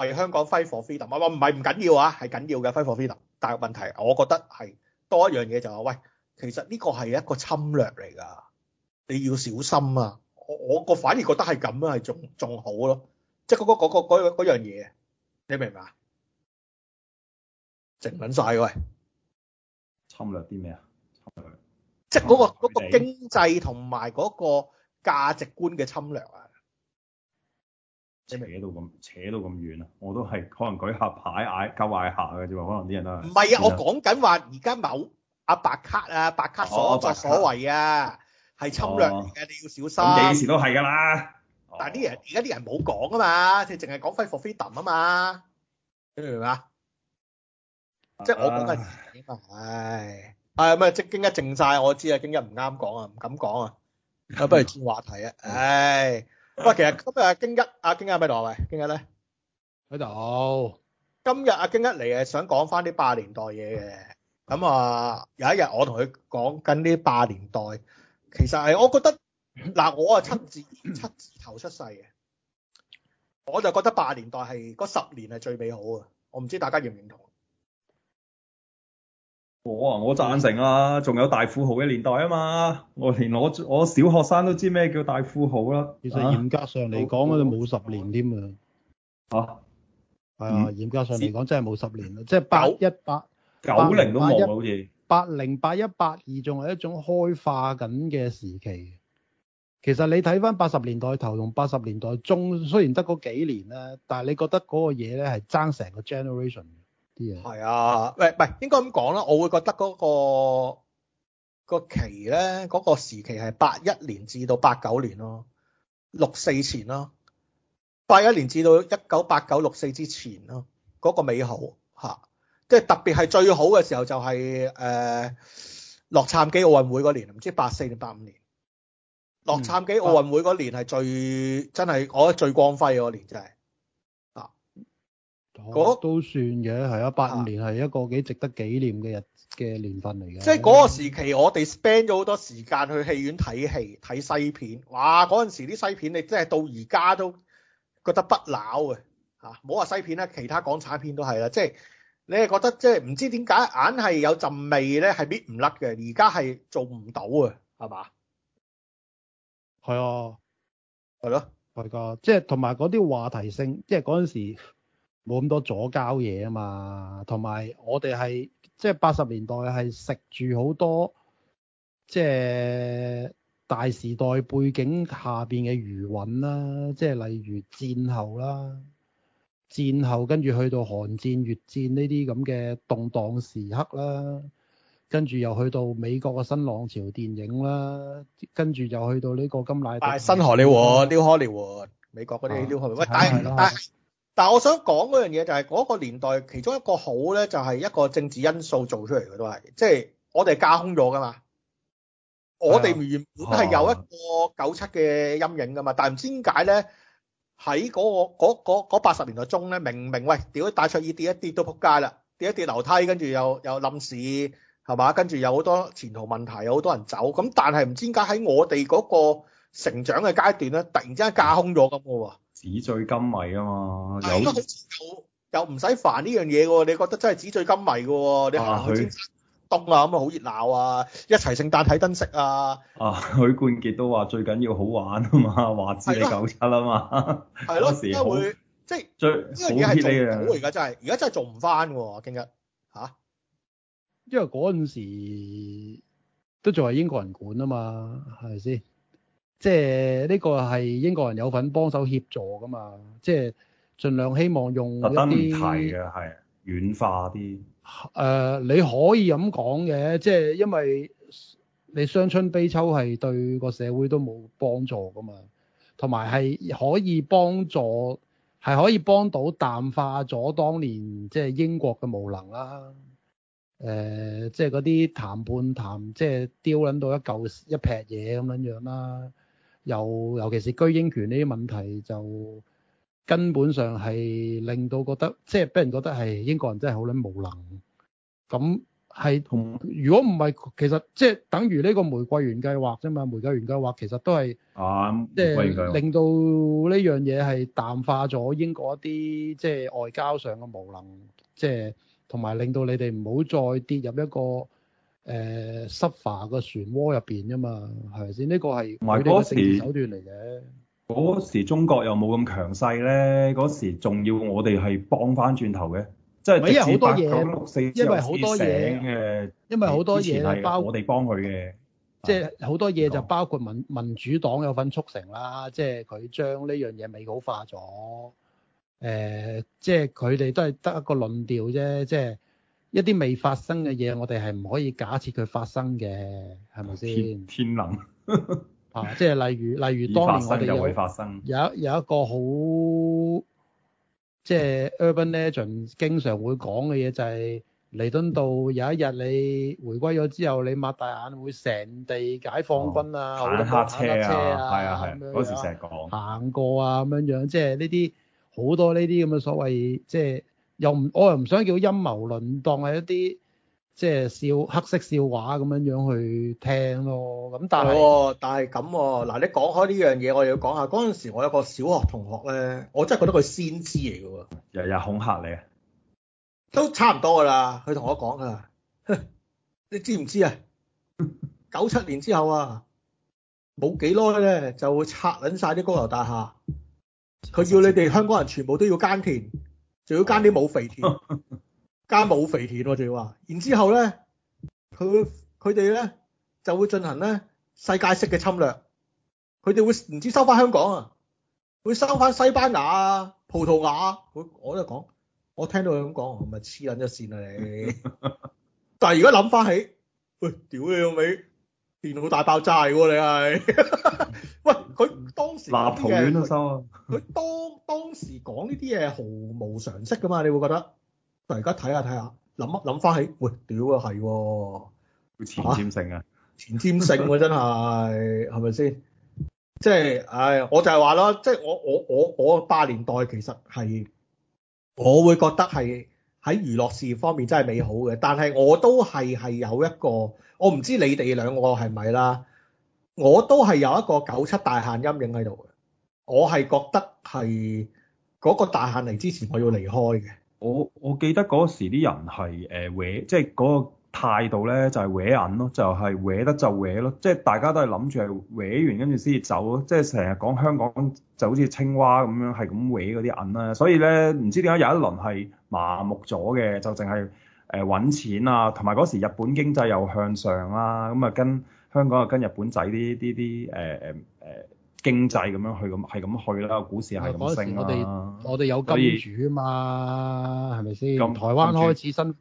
為香港 fight for freedom 唔係唔緊要啊，係緊要嘅 fight for freedom 但係問題，我覺得係多一樣嘢就係話，喂，其實呢個係一個侵略嚟噶，你要小心啊！我我我反而覺得係咁樣係仲仲好咯，即係嗰嗰嗰樣嘢，你明唔明啊？靜撚曬嘅喂，侵，侵略啲咩啊？嗰個、侵略，即係嗰個嗰個經濟同埋嗰個。價值觀嘅侵略啊！即喺度咁扯到咁遠啊！我都係可能舉下牌嗌交嗌下嘅啫喎，可能啲人都係啊，唔係啊！我講緊話而家某阿白卡啊，白卡所作所為啊，係侵略嚟嘅，哦、你要小心。哦、幾時都係㗎啦，哦、但係啲人而家啲人冇講啊嘛，即係淨係講返 Fight for freedom 啊嘛，你明啊？即係我講緊唉，啊、哎？唉、哎，咪即係京一靜晒。我知啊，京一唔啱講啊，唔敢講啊。咁不如轉話題啊！唉，喂，其實今日阿京一，阿京一喺咪度啊？喂，京一咧喺度。今日阿京一嚟，啊，想講翻啲八年代嘢嘅。咁啊，有一日我同佢講緊啲八年代，其實係我覺得嗱，我啊七字七字頭出世嘅，我就覺得八年代係嗰十年係最美好嘅。我唔知大家認唔認同？我啊，我贊成啊！仲有大富豪嘅年代啊嘛！我連我我小學生都知咩叫大富豪啦。其實嚴格上嚟講，咧冇、啊、十年添啊。吓、哎呀？係啊、嗯，嚴格上嚟講、嗯、真係冇十年啦，九即係八一八九零都冇啊，80, 好似八零八一八二仲係一種開化緊嘅時期。其實你睇翻八十年代頭同八十年代中，雖然得嗰幾年咧，但係你覺得嗰個嘢咧係爭成個 generation。係啊，喂，唔係應該咁講啦，我會覺得嗰、嗰個、嗰個期咧，嗰、嗰個時期係八一年至到八九年咯，六四前咯，八一年至到一九八九六四之前咯，嗰、嗰個美好吓、啊，即係特別係最好嘅時候就係、是、誒、呃、洛杉磯奧運會嗰年，唔知八四定八五年，洛杉磯奧運會嗰年係最、嗯、真係，我覺得最光輝嗰年真、就、係、是。那個哦、都算嘅，係啊，八五年係一個幾值得紀念嘅日嘅年份嚟嘅。即係嗰個時期，我哋 spend 咗好多時間去戲院睇戲、睇西片。哇，嗰陣時啲西片，你真係到而家都覺得不朽啊！吓，唔好話西片啦，其他港產片都係啦、就是。即係你係覺得即係唔知點解，硬係有陣味咧，係搣唔甩嘅。而家係做唔到啊，係嘛？係啊，係咯，係個，即係同埋嗰啲話題性，即係嗰陣時。冇咁多左膠嘢啊嘛，同埋我哋係即係八十年代係食住好多即係、就是、大時代背景下邊嘅餘韻啦，即係例如戰後啦，戰後跟住去到韓戰、越戰呢啲咁嘅動盪時刻啦，跟住又去到美國嘅新浪潮電影啦，跟住又去到呢個金乃，係、啊、新荷里活、New Hollywood，美國嗰啲 New Hollywood，喂，打但係我想講嗰樣嘢就係嗰個年代，其中一個好咧，就係一個政治因素做出嚟嘅都係，即係我哋架空咗噶嘛。我哋原本係有一個九七嘅陰影噶嘛，但係唔知點解咧，喺嗰個嗰嗰嗰八十年代中咧，明唔明？喂，屌，戴卓爾跌一跌都仆街啦，跌一跌樓梯，跟住又又冧市，係嘛？跟住又好多前途問題，有好多人走。咁但係唔知點解喺我哋嗰個成長嘅階段咧，突然之間架空咗咁嘅喎。紙醉金迷啊嘛，有又又唔使煩呢樣嘢喎，你覺得真係紙醉金迷嘅喎，你行去凍啊，咁啊好熱鬧啊，一齊聖誕睇燈飾啊。啊，許冠傑都話最緊要好玩啊嘛，話知你九七啊嘛，嗰時好即係呢個嘢係做唔到嘅，而家真係，而家真係做唔翻嘅喎，今日吓？因為嗰陣最、啊、時都仲係英國人管啊嘛，係咪先？即係呢個係英國人有份幫手協助噶嘛，即係盡量希望用特登提嘅係軟化啲。誒、呃，你可以咁講嘅，即係因為你傷春悲秋係對個社會都冇幫助噶嘛，同埋係可以幫助係可以幫到淡化咗當年即係英國嘅無能啦。誒、呃，即係嗰啲談判談即係丟撚到一嚿一劈嘢咁撚樣啦。有，尤其是居英權呢啲問題，就根本上係令到覺得，即係俾人覺得係、哎、英國人真係好撚無能。咁係，嗯、如果唔係，其實即係等於呢個玫瑰園計劃啫嘛。玫瑰園計劃其實都係啊，即係令到呢樣嘢係淡化咗英國一啲即係外交上嘅無能，即係同埋令到你哋唔好再跌入一個。誒，濕化、呃、漩渦入邊噶嘛，係咪先？呢、這個係佢哋嘅政治手段嚟嘅。嗰時，時中國又冇咁強勢咧，嗰時仲要我哋係幫翻轉頭嘅，即係。唔係因為好多嘢，因為好多嘢，因為好多嘢係包我哋幫佢嘅，即係好多嘢就包括民民主黨有份促成啦，即係佢將呢樣嘢美好化咗。誒、呃，即係佢哋都係得一個論調啫，即係。一啲未發生嘅嘢，我哋係唔可以假設佢發生嘅，係咪先？天吧天能啊！即係例如，例如當年我哋有有生，生，有一個好即係 Urban Legend 經常會講嘅嘢，就係、是、彌敦道有一日你回歸咗之後，你擘大眼會成地解放軍啊，好、哦、行黑車啊，係啊係，嗰時成日講行過啊咁樣樣，即係呢啲好多呢啲咁嘅所謂即係。又唔，我又唔想叫陰謀論當係一啲即係笑黑色笑話咁樣樣去聽咯。咁但係、哦哦，但係咁嗱，你講開呢樣嘢，我又要講下嗰陣時，我有個小學同學咧，我真係覺得佢先知嚟嘅。日日恐嚇你，都差唔多啦。佢同我講啊，你知唔知啊？九七 [laughs] 年之後啊，冇幾耐咧就會拆撚晒啲高樓大廈。佢要你哋香港人全部都要耕田。仲要耕啲冇肥田，耕冇肥田、啊，我仲要話，然之後咧，佢佢哋咧就會進行咧世界式嘅侵略，佢哋會唔知收翻香港啊，會收翻西班牙啊、葡萄牙啊，我我都講，我聽到佢咁講，我咪黐撚咗線啊你。但係而家諗翻起，喂，屌你老味，電腦大爆炸喎，你係。喂佢當時嗰啲嘅，佢當當時講呢啲嘢毫無常識噶嘛？你會覺得，突然間睇下睇下，諗一諗翻起，喎屌啊，係喎、啊啊，前瞻性啊，前瞻性喎真係，係咪先？即係，唉，我就係話啦，即係我我我我八年代其實係，我會覺得係喺娛樂事業方面真係美好嘅，但係我都係係有一個，我唔知你哋兩個係咪啦。我都係有一個九七大限陰影喺度嘅，我係覺得係嗰個大限嚟，之前我要離開嘅。我我記得嗰時啲人係誒搲，即係嗰個態度咧就係搲銀咯，就係搲得就搲咯，即係大家都係諗住係搲完跟住先至走，即係成日講香港就好似青蛙咁樣係咁搲嗰啲銀啦。所以咧唔知點解有一輪係麻木咗嘅，就淨係誒搵錢啊，同埋嗰時日本經濟又向上啦，啊，咁啊跟。香港又跟日本仔啲啲啲誒誒誒經濟咁樣去咁係咁去啦，股市係咁升啦。嗰陣時我哋我哋有金主啊嘛，係咪先？從金台灣開始新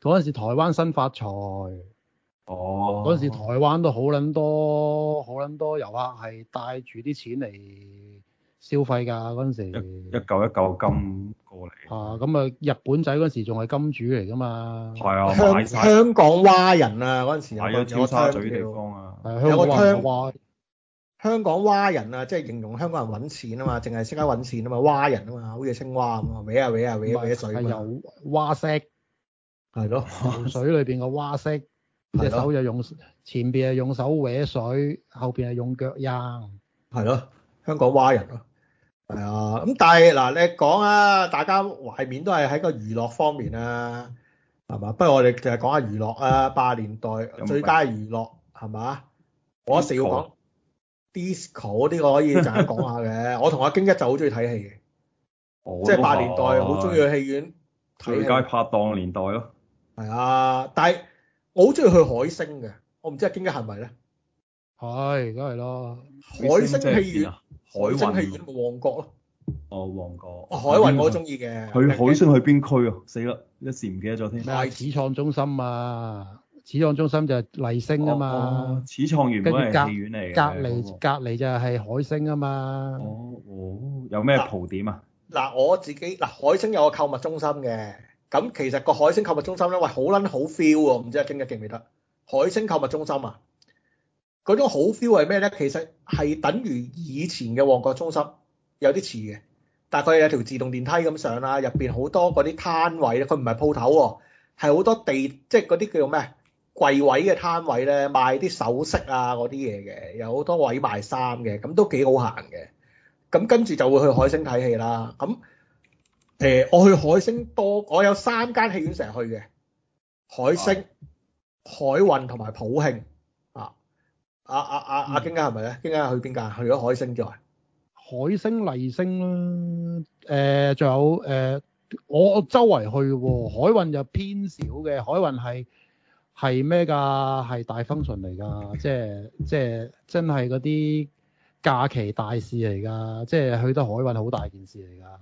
嗰陣主時，台灣新發財。哦。嗰陣時台灣都好撚多好撚多遊客係帶住啲錢嚟消費㗎，嗰陣時。一一嚿一嚿金。啊，咁啊，日本仔嗰時仲係金主嚟㗎嘛？係啊，香港，香港蛙人啊，嗰陣時有個有個尖沙咀香港蛙人啊，即係形容香港人揾錢啊嘛，淨係識得揾錢啊嘛，蛙人啊嘛，好似青蛙咁，尾啊尾啊搲搲水啊，啊啊啊嗯、有蛙式。係咯。水裏邊個蛙式，隻手就用前邊係用手搲水，後邊係用腳蹬。係咯，香港蛙人咯。係啊，咁但係嗱，你講啊，大家懷緬都係喺個娛樂方面啊，係嘛？不如我哋淨係講下娛樂啊，八年代最佳娛樂係嘛？我成日要講 disco 啲我可以陣間講下嘅。我同阿京一就好中意睇戲嘅，即係八年代好中意去戲院。最佳拍檔年代咯。係啊，但係我好中意去海星嘅，我唔知阿京一係咪咧？係，梗係啦。海星戲院。海星係旺角咯，哦旺角，哦，海雲我都中意嘅，佢海星去邊區啊？死啦！一時唔記得咗添。係始創中心啊，始創中心就係麗星啊嘛、哦哦，始創原本係戲院嚟嘅，隔籬、嗯、隔籬就係海星啊嘛、哦。哦，有咩鋪點啊？嗱，我自己嗱海星有個購物中心嘅，咁其實個海星購物中心咧，喂好撚好 feel 喎，唔知阿經嘅記唔記得？海星購物中心啊？嗰種好 feel 係咩呢？其實係等於以前嘅旺角中心，有啲似嘅。但係佢有條自動電梯咁上啦，入邊好多嗰啲攤位佢唔係鋪頭、哦，係好多地，即係嗰啲叫咩櫃位嘅攤位呢，賣啲首飾啊嗰啲嘢嘅，有好多位賣衫嘅，咁都幾好行嘅。咁跟住就會去海星睇戲啦。咁誒、呃，我去海星多，我有三間戲院成日去嘅，海星、海運同埋普慶。阿阿阿阿，京、啊啊啊、家係咪咧？京家去邊間？去咗海星再海星、麗星啦，誒、呃，仲有誒、呃，我我周圍去，海運就偏少嘅。海運係係咩噶？係大風船嚟噶，即係即係真係嗰啲假期大事嚟噶，即係去得海運好大件事嚟噶。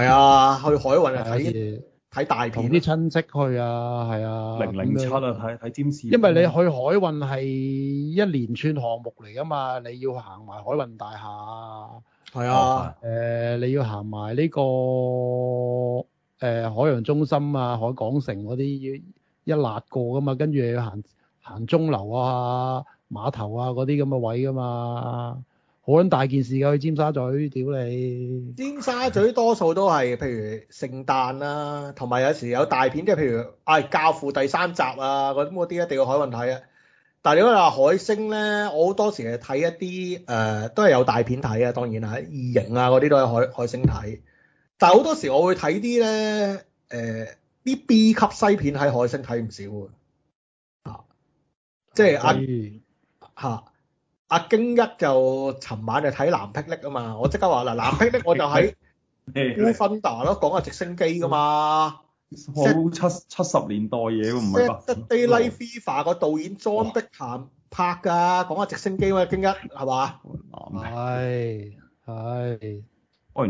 係啊，去海運啊， [laughs] 睇住。喺大同啲親戚去啊，係啊，零零七啊，喺喺尖士，因為你去海運係一連串項目嚟噶嘛，你要行埋海運大廈，係啊，誒、呃，你要行埋呢、這個誒、呃、海洋中心啊、海港城嗰啲一揦過噶嘛，跟住要行行鐘樓啊、碼頭啊嗰啲咁嘅位噶嘛。好撚大件事㗎，去尖沙咀屌你！尖沙咀多數都係譬如聖誕啦、啊，同埋有，有時有大片，即係譬如《愛、哎、教父》第三集啊，嗰啲一定要海運睇啊。但如果你講話海星咧，我好多時係睇一啲誒、呃，都係有大片睇啊。當然啦、啊，異形啊嗰啲都係海海星睇。但係好多時我會睇啲咧誒，啲、呃、B 級西片喺海星睇唔少啊。即係阿嚇。啊啊阿京一就尋晚就睇《藍霹靂》啊嘛，我即刻話嗱，《藍霹靂》我就喺芬達咯，講下直升機噶嘛，好七七十年代嘢唔係吧？得 Daily Fever 個導演莊碧咸拍㗎，講下直升機嘛，京一係嘛？係係。我唔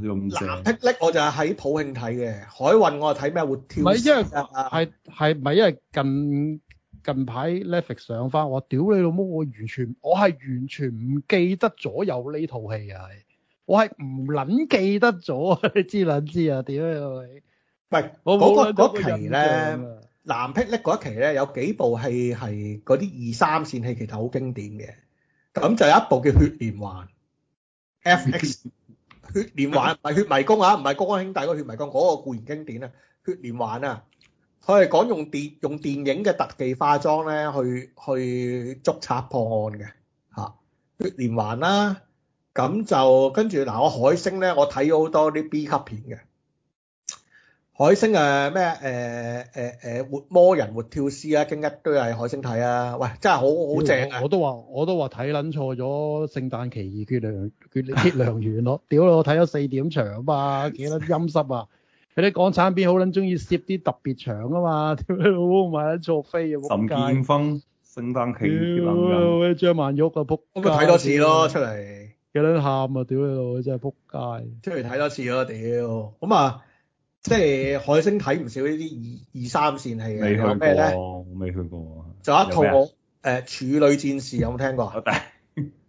咁藍霹靂我就係喺普慶睇嘅，海運我係睇咩活跳？唔係因為係係唔係因為近？近排 Netflix 上翻，我屌你老母！我完全，我係完全唔記得咗有呢套戲啊！我係唔撚記得咗啊！你知唔知啊？點啊？你唔係我冇撚記得嗰期咧，藍霹靂嗰一期咧，有幾部戲係嗰啲二三線戲，其實好經典嘅。咁就有一部叫《血連環》。FX《血連環》唔係《血迷宮》啊，唔係《高安兄弟》嗰個《血迷宮》，嗰個固然經典啊，《血連環》啊。佢係講用電用電影嘅特技化妝咧，去去捉賊破案嘅血、啊、連環啦、啊，咁就跟住嗱、啊，我海星咧，我睇咗好多啲 B 級片嘅。海星誒咩誒誒誒活魔人、活跳屍啊，京一都係海星睇啊。喂，真係好好正啊我！我都話我都話睇撚錯咗《聖誕奇異決良決烈鐵良緣》咯，屌咯，我睇咗四點長啊，幾多陰濕啊！ [laughs] 佢啲港產片好撚中意攝啲特別長啊嘛，屌你老母，埋喺度飛啊撲街！陳建峰升班起，屌啊！張曼玉啊撲，咁佢睇多次咯出嚟，有撚喊啊屌你老真係撲街！出嚟睇多次咯屌，咁啊，即係海星睇唔少呢啲二二三線戲嘅，咩咧？我未去過，就一套我誒《處女戰士》有冇聽過啊？好睇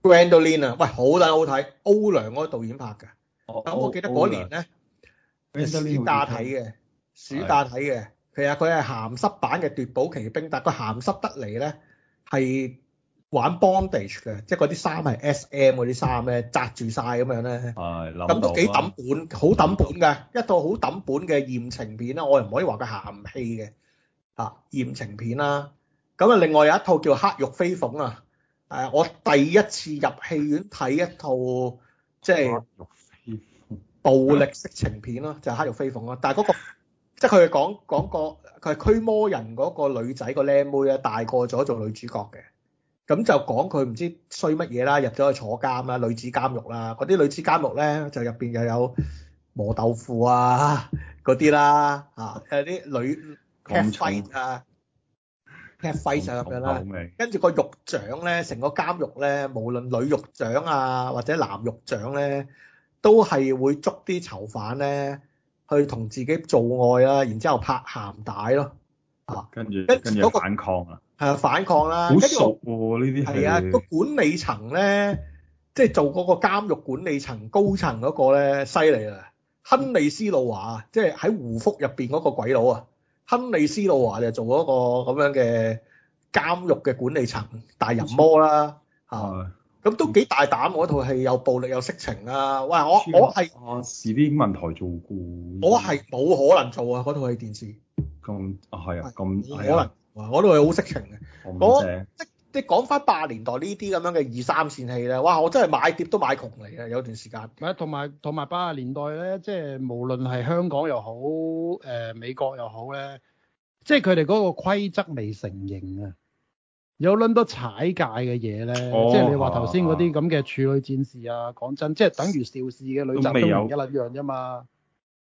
Grandoline 啊，喂，好睇好睇，歐良嗰個導演拍嘅，咁我記得嗰年咧。係暑假睇嘅。暑假睇嘅，其實佢係鹹濕版嘅奪寶奇兵，但係佢鹹濕得嚟咧係玩 bondage 嘅，即係嗰啲衫係 S.M. 嗰啲衫咧，紮住晒咁的樣咧。係咁都。咁幾抌本，好抌的本嘅一套好抌本嘅艷情片啦，我又唔可以話佢鹹戲嘅吓，啊，艷情片啦。咁啊，另外有一套叫黑玉飛鳳啊，誒，我第一次入戲院睇一套即係。 [laughs] 暴力色情片咯，就係黑獄飛鳳咯。但係嗰個，即係佢係講講個佢係驅魔人嗰個女仔個靚妹啊，大個咗做女主角嘅。咁就講佢唔知衰乜嘢啦，入咗去坐監啦，女子監獄啦。嗰啲女子監獄咧，就入邊又有磨豆腐啊嗰啲啦，嚇有啲女劈廢啊劈廢上嘅啦。跟住個獄長咧，成個監獄咧，無論女獄長啊或者男獄長咧。都係會捉啲囚犯咧，去同自己做愛啦，然之後拍鹹帶咯。啊着，跟住跟住反抗啊，係啊，反抗啦。好熟喎，呢啲係。啊，着啊嗰個管理層咧，即係做嗰個監獄管理層高層嗰個咧，犀利啊！亨利斯路華、嗯、即係喺胡福入邊嗰個鬼佬啊，亨利斯路華就做嗰個咁樣嘅監獄嘅管理層大淫魔啦。係、嗯。嗯。咁都幾大膽，嗰套戲有暴力有色情啊！哇，我我係啊，是啲英文台做過，我係冇可能做啊，嗰套戲電視。咁啊係啊，咁、啊、冇可能，我都係好色情嘅。我、嗯那個、即即講翻八十年代呢啲咁樣嘅二三線戲咧，哇！我真係買碟都買窮嚟嘅，有段時間。同埋同埋八十年代咧，即係無論係香港又好，誒、呃、美國又好咧，即係佢哋嗰個規則未成型啊。有撚多踩界嘅嘢咧，即係你話頭先嗰啲咁嘅處女戰士啊，講真，即係等於邵氏嘅女集中營唔一撚樣啫嘛。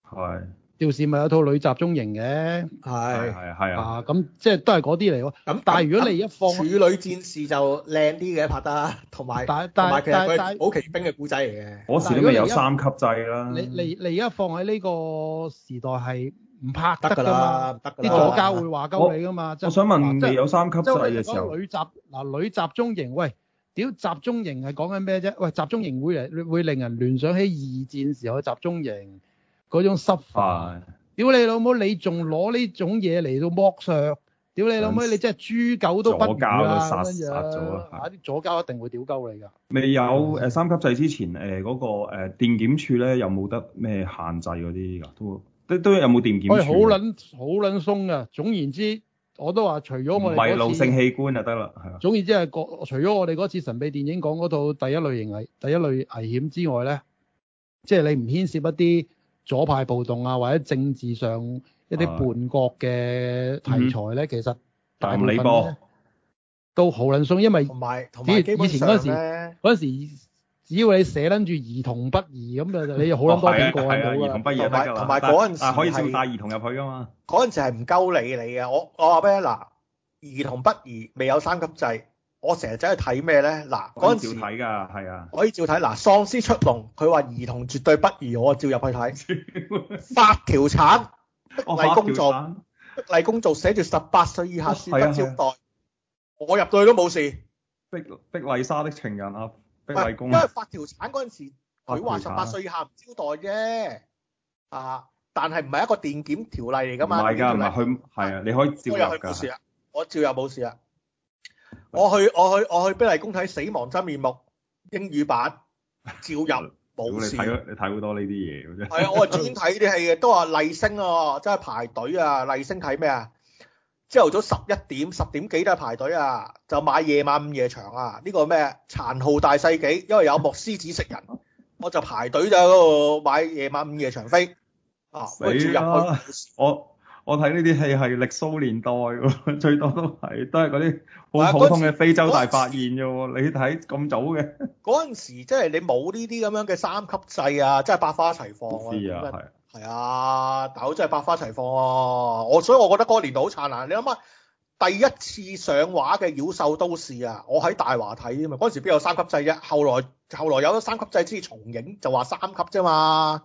係。邵氏咪有套女集中營嘅。係係係啊。啊，咁即係都係嗰啲嚟喎。咁，但係如果你一放處女戰士就靚啲嘅拍得，同埋同埋其實佢係保奇兵嘅古仔嚟嘅。嗰時都未有三級制啦。你你你而家放喺呢個時代係？唔拍得㗎啦，得㗎。啲左膠會話鳩你㗎嘛。Woah, sí. 我想問、呃、你，有三級制嘅時候，女集嗱女集中營喂，屌集中營係講緊咩啫？喂，集中營會嚟會令人聯想起二戰時候嘅集中營嗰種濕飯。屌你老母，你仲攞呢種嘢嚟到剝削？屌你老母，你真係豬狗都不如啊！咁樣，啲左膠一定會屌鳩你㗎。未有誒三級制之前誒嗰個誒電檢處咧有冇得咩限制嗰啲㗎？都。都，都有冇掂掂佢，好撚好撚鬆㗎。總言之，我都話除咗我哋嗰次，迷路性器官就得啦，係啊。總言之係個除咗我哋嗰次神秘電影講嗰套第一類型危第一類危險之外咧，即係你唔牽涉一啲左派暴動啊，或者政治上一啲叛國嘅題材咧，嗯、其實大唔理噃。都好撚鬆，因為只以前嗰時嗰時。只要你寫得住兒童不宜咁就你就好諗多幾個兒童不宜。同埋嗰陣時可以照帶兒童入去㗎嘛？嗰陣時係唔夠你嚟㗎，我我話俾你聽嗱，兒童不宜未有三級制，我成日走去睇咩咧？嗱，嗰陣時可以照睇。嗱、啊，喪屍出籠，佢話兒童絕對不宜，我照入去睇。 [laughs] 發條橙碧麗宮做，哦、碧麗宮寫住十八歲以下恕不招待，哦啊啊、我入到去都冇事。碧碧麗莎的情人啊！因為發條產嗰陣時，佢話十八歲以下唔招待啫。啊，但係唔係一個電檢條例嚟㗎嘛？唔係唔係去，係啊，你可以照入，我去我照入冇事啊！我照入冇事啊！我去我去我去碧麗宮睇死亡真面目，英語版照入冇事 [laughs] 你。你睇好多呢啲嘢嘅啫。係 [laughs] 啊，我係專睇呢啲戲嘅，都話麗星啊，即係排隊啊，麗星睇咩啊？朝頭早十一點十點幾都係排隊啊！就買夜晚午夜場啊！呢個咩殘酷大世紀，因為有幕獅子食人， [laughs] 我就排隊就喺嗰度買夜晚午夜場飛啊！死啦了！我我睇呢啲戲係歷蘇年代最多都係都係嗰啲好普通嘅非洲大發現啫。你睇咁早嘅嗰陣時，即係你冇呢啲咁樣嘅三級制啊！即係百花齊放啊！係。的係啊、哎，但我真係百花齊放啊。我所以我覺得嗰年度好燦爛。你諗下，第一次上畫嘅《妖獸都市》啊，我喺大華睇啊嘛，嗰時邊有三級制啫？後來後來有咗三級制先重映，就話三級啫嘛。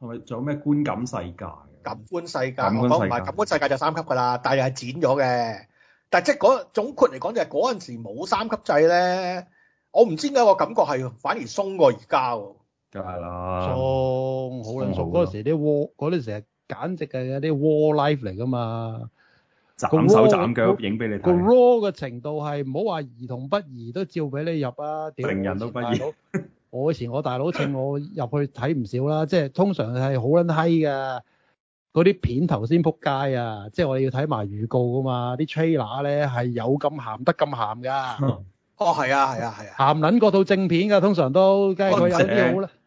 係咪仲有咩觀感世界？感官世界，世界我講唔係感官世界就三級㗎啦，但係係剪咗嘅。但係即係嗰總括嚟講、就係，就係嗰陣時冇三級制咧，我唔知點解個感覺係反而鬆過而家喎。梗係啦，熟好卵熟嗰時啲窩嗰時係，簡直係嗰啲窩 life 嚟㗎嘛，斬手斬腳影俾你睇。個 raw 嘅程度係唔好話兒童不宜都照俾你入啊！成人都不宜我以前我大佬請 [laughs] 我入去睇唔少啦，即係通常係好卵閪㗎。嗰啲片頭先撲街啊！即係我哋要睇埋預告㗎嘛，啲 trailer 咧係有咁鹹得咁鹹㗎。 [laughs] 哦，係啊，係啊，係啊，鹹卵嗰套正片㗎，通常都，梗係佢有啲好啦。 [laughs] [laughs]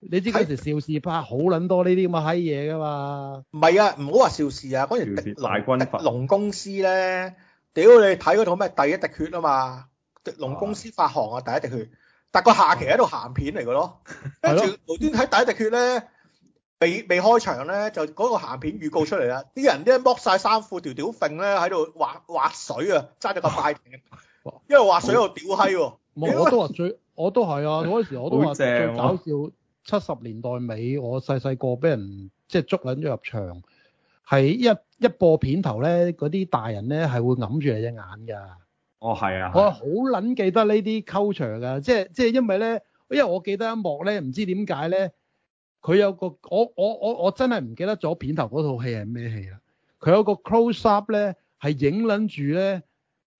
你知嗰時邵氏拍好撚多呢啲咁嘅閪嘢噶嘛？唔係啊，唔好話邵氏啊，嗰時迪龍公司咧，屌你睇嗰套咩《第一滴血》啊嘛，迪龍公司發行啊《第一滴血》，但個下期喺度鹹片嚟噶咯，跟住無端睇《第一滴血》咧，未未開場咧就嗰個鹹片預告出嚟啦，啲人啲剝晒衫褲條屌揈咧喺度滑滑水啊，揸住個快艇因為滑水喺度屌閪喎。我都話水，我都係啊，嗰時我都話正搞笑。七十年代尾，我細細個俾人即係捉捻咗入場，係一一播片頭咧，嗰啲大人咧係會揞住你隻眼噶。哦，係啊，啊我好捻記得呢啲 culture 噶，即係即係因為咧，因為我記得一幕咧，唔知點解咧，佢有個我我我我真係唔記得咗片頭嗰套戲係咩戲啦。佢有個 close up 咧，係影捻住咧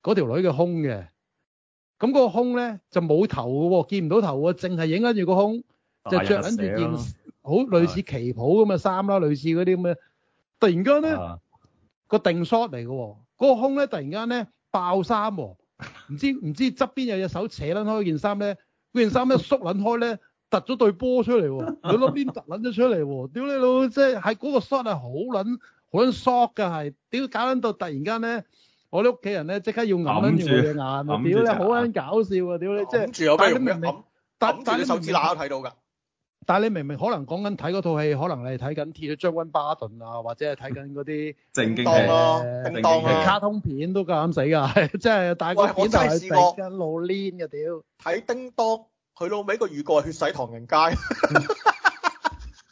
嗰條女嘅胸嘅，咁、嗯、嗰、嗰個胸咧就冇頭嘅，見唔到頭嘅，淨係影捻住個胸。就着緊住件好類似旗袍咁嘅衫啦，類似嗰啲咁嘅。突然間咧，個定 shot 嚟嘅喎，嗰個胸咧突然間咧爆衫喎，唔知唔知側邊有隻手扯撚開件衫咧，嗰件衫一縮撚開咧，突咗對波出嚟喎，佢攞邊突撚咗出嚟喎，屌你老即係喺嗰個 shot 係好撚好撚 shot 㗎係，屌搞撚到突然間咧，我啲屋企人咧即刻要咬撚住佢隻眼，屌你！好撚搞笑啊，屌你！即係但係啲手指乸都睇到㗎。但係你明明可能講緊睇嗰套戲，可能你係睇緊《鐵將軍巴頓》啊，或者係睇緊嗰啲正經戲咯。叮當，卡通片都夠啱睇㗎，即係大個片就係睇。我係我真係試過 lien》屌，睇《叮當》佢老尾個預告係血洗唐人街，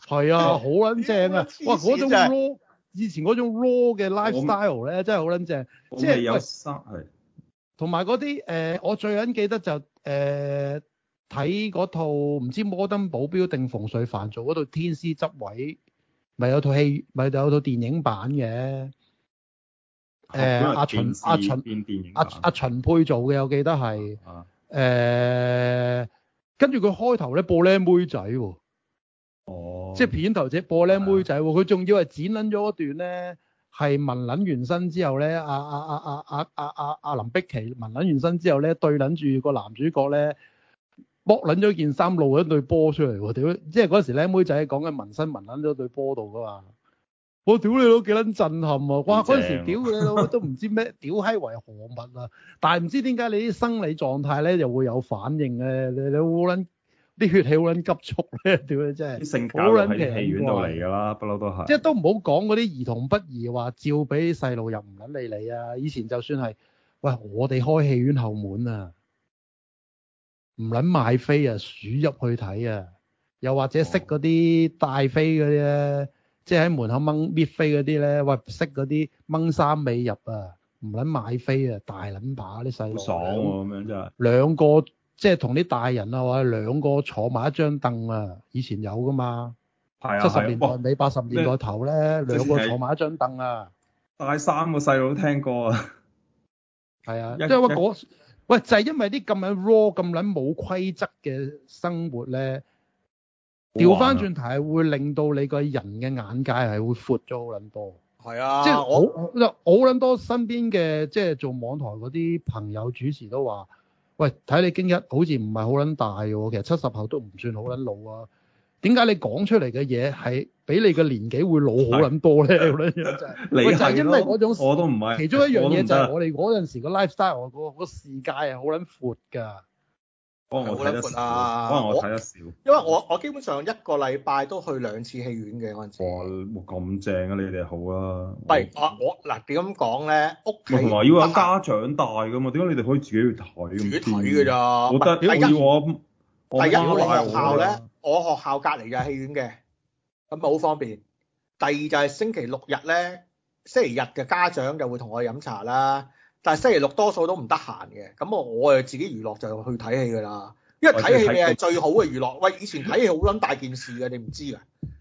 係啊，好撚正啊！哇，嗰種 raw 以前嗰種 raw 嘅 lifestyle 咧，真係好撚正，即係有生係。同埋嗰啲誒，我最撚記得就誒。睇嗰套唔知摩登保鏢定馮淬帆做嗰套天師執位，咪有套戲，咪有套電影版嘅。誒，阿秦阿秦阿阿秦沛做嘅，我記得係。啊。誒，跟住佢開頭咧，播靚妹仔喎。哦。即係片頭只播靚妹仔喎，佢仲要係剪捻咗一段咧，係文捻完身之後咧，阿阿阿阿阿阿阿林碧琪文捻完身之後咧，對捻住個男主角咧。剝捻咗件衫，露咗對波出嚟喎！屌，即係嗰時靚妹仔講緊紋身，紋捻咗對波度噶嘛？我屌你都幾捻震撼啊！哇，嗰時屌你都唔知咩屌閪為何物啊！但係唔知點解你啲生理狀態咧又會有反應咧，啊？你你好捻啲血氣好捻急促咧，啊？屌你真係，好捻奇喎！喺戲院度嚟噶啦，不嬲都係。即係都唔好講嗰啲兒童不宜，話照俾細路又唔捻理你啊！以前就算係喂，我哋開戲院後門啊！唔撚買飛啊，鼠入去睇啊，又或者識嗰啲帶飛嗰啲咧，嗯、即係喺門口掹搣飛嗰啲咧，喂識嗰啲掹衫尾入、這個、啊，唔撚買飛啊，大撚把啲細佬爽喎，咁樣真係。兩個即係同啲大人啊，話兩個坐埋一張凳啊，以前有噶嘛。係啊。七十年代尾八十年代頭咧，兩哇個坐埋一張凳啊，帶三個細佬聽歌啊。係啊一。因為嗰。喂，就係因為啲咁樣 raw 咁撚冇規則嘅生活咧，調翻轉頭係會令到你個人嘅眼界係會闊咗好撚多。係啊，即係我我好撚多身邊嘅即係做網台嗰啲朋友主持都話，喂，睇你京一好似唔係好撚大㗎喎，其實七十後都唔算好撚老啊。嗯點解你講出嚟嘅嘢係比你嘅年紀會老好撚多咧？咁樣就係，喂，就係因為嗰種，其中一樣嘢就係我哋嗰陣時嘅 lifestyle，我個嗰視界係好撚闊㗎。可能我睇得少，可能我睇得少。因為我我基本上一個禮拜都去兩次戲院嘅嗰陣時。哇，咁正啊！你哋好啦。唔，我嗱點講咧？屋企，同埋要有家長帶㗎嘛？點解你哋可以自己去睇咁？短途㗎咋？我覺得，第一我，第一我係靠咧。我學校隔籬就係戲院嘅，咁啊好方便。第二就係星期六日咧，星期日嘅家長就會同我飲茶啦。但係星期六多數都唔得閒嘅，咁我我啊自己娛樂就去睇戲噶啦。因為睇戲嘅係最好嘅娛樂。喂，以前睇戲好捻大件事嘅，你唔知噶？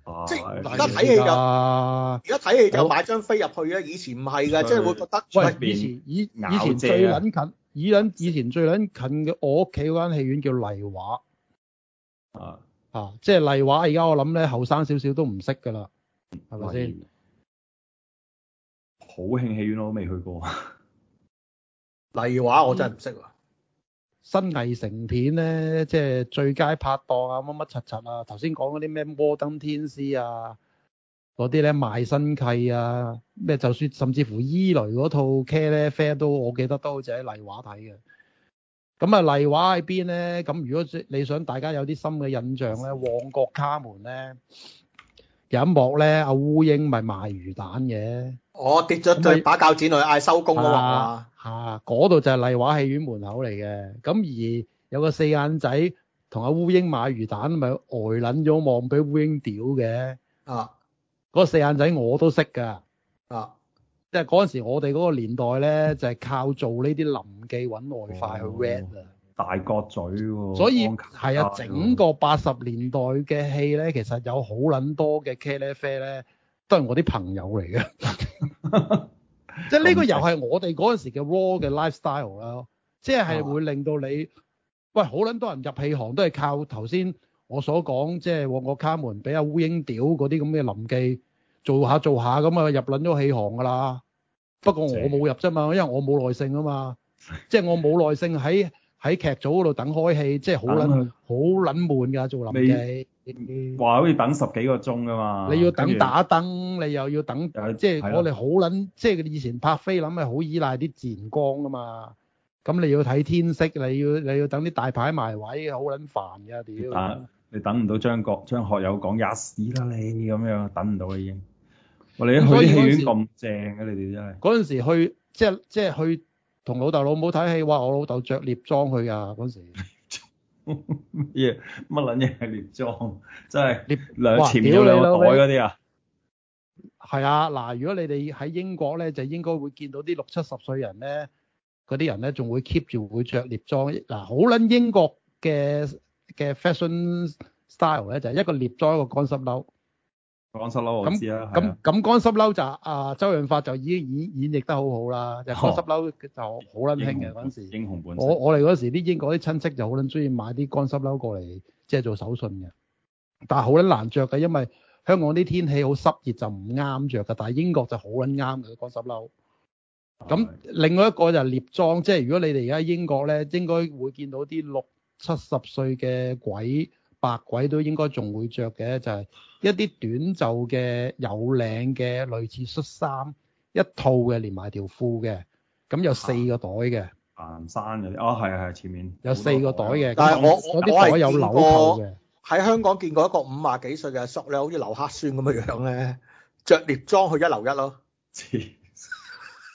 啊、即係而家睇戲就而家睇戲就買張飛入去啦。以前唔係噶，以即係會覺得喂，以前咬以前以前最捻近,、啊、近，以捻以前最捻近嘅我屋企嗰間戲院叫麗華。啊。啊！即係麗華，而家我諗咧，後生少少都唔識㗎啦，係咪先？好吧興戲院我都未去過， [laughs] 麗華我真係唔識。嗯、新藝城片咧，即係最佳拍檔啊，乜乜柒柒啊，頭先講嗰啲咩摩登天師啊，嗰啲咧賣身契啊，咩就算甚至乎伊雷嗰套 Careless Fair 都我記得都好似喺麗華睇嘅。咁啊，麗華喺邊咧？咁如果你想大家有啲深嘅印象咧，《旺角卡門》咧有一幕咧，阿烏蠅咪賣魚蛋嘅。我、哦、跌咗對把鉸剪去嗌收工嗰幕啊！嚇、啊，嗰度就係麗華戲院門口嚟嘅。咁而有個四眼仔同阿烏蠅賣魚蛋，咪呆撚咗望俾烏蠅屌嘅。啊，嗰四眼仔我都識㗎。即係嗰陣時，我哋嗰個年代咧，就係、是、靠做呢啲臨記揾外快去 rap 啊！大角嘴喎，所以係啊，嗯、的整個八十年代嘅戲咧，其實有好撚多嘅茄哩啡咧，都係我啲朋友嚟嘅。 [laughs] [laughs] [laughs] 即係呢個又係我哋嗰陣時嘅 raw 嘅 lifestyle 啦，即係 [laughs] 會令到你喂好撚多人入戲行都係靠頭先我所講，即係旺角卡門、俾阿烏蠅屌嗰啲咁嘅臨記，做下做下咁啊，入撚咗戲行噶啦。不過我冇入啫嘛，因為我冇耐性啊嘛。即係我冇耐性喺喺劇組嗰度等開戲，即係好撚好撚悶㗎。做臨記，話好似等十幾個鐘㗎嘛。你要等打燈，你又要等，即係我哋好撚，即係佢以前拍菲林係好依賴啲自然光啊嘛。咁你要睇天色，你要你要等啲大牌埋位，好撚煩㗎。屌，你等唔到張國張學友講吔屎啦你咁樣，等唔到啦已經。我哋去戲院咁正嘅，你哋真係嗰陣時去，即係即係去同老豆老母睇戲。哇！我老豆着獵裝去啊。嗰陣時，乜嘢乜撚嘢係獵裝？真係兩纏咗兩個袋嗰啲啊！係啊，嗱，如果你哋喺英國咧，就應該會見到啲六七十歲人咧，嗰啲人咧仲會 keep 住會着獵裝。嗱，好撚英國嘅嘅 fashion style 咧，就係一個獵裝一個乾濕褸。乾濕褸我知啦，咁咁乾濕褸就阿、呃、周潤發就已經演演繹得好好啦，又乾濕褸就好撚興嘅嗰時，英雄本，英雄本色。我我哋嗰時啲英國啲親戚就好撚中意買啲乾濕褸過嚟即係做手信嘅，但係好撚難着嘅，因為香港啲天氣好濕熱就唔啱着噶，但係英國就好撚啱嘅乾濕褸。咁另外一個就係獵裝，即係如果你哋而家英國咧，應該會見到啲六七十歲嘅鬼。白鬼都應該仲會着嘅，就係、是、一啲短袖嘅有領嘅，類似恤衫，一套嘅連埋條褲嘅，咁有四個袋嘅。行山嗰啲啊，係係、哦、前面有四個袋嘅，但係我我袋有樓我我見嘅。喺香港見過一個五十幾歲嘅叔咧，好似劉克孫咁嘅樣咧，著獵裝去一樓一咯、啊。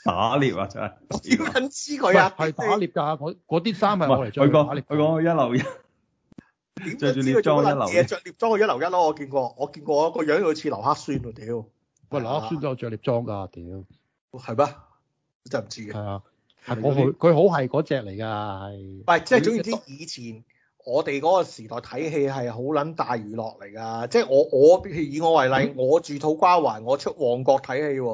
打獵啊真係，點敢誰 知佢啊？係打獵㗎，嗰啲衫係我嚟再打佢講一樓一。着住獵裝一流一，着獵裝佢一流一咯，我見過，我見過啊，個樣好似劉克孫喎屌。喂，劉克孫都着獵裝噶屌。係咩？真係唔知嘅。係啊，我佢佢好係嗰隻嚟㗎係。唔係，即係你知唔知以前我哋嗰個時代睇戲係好撚大娛樂嚟㗎？即係我我以我為例，嗯、我住土瓜灣，我出旺角睇戲喎，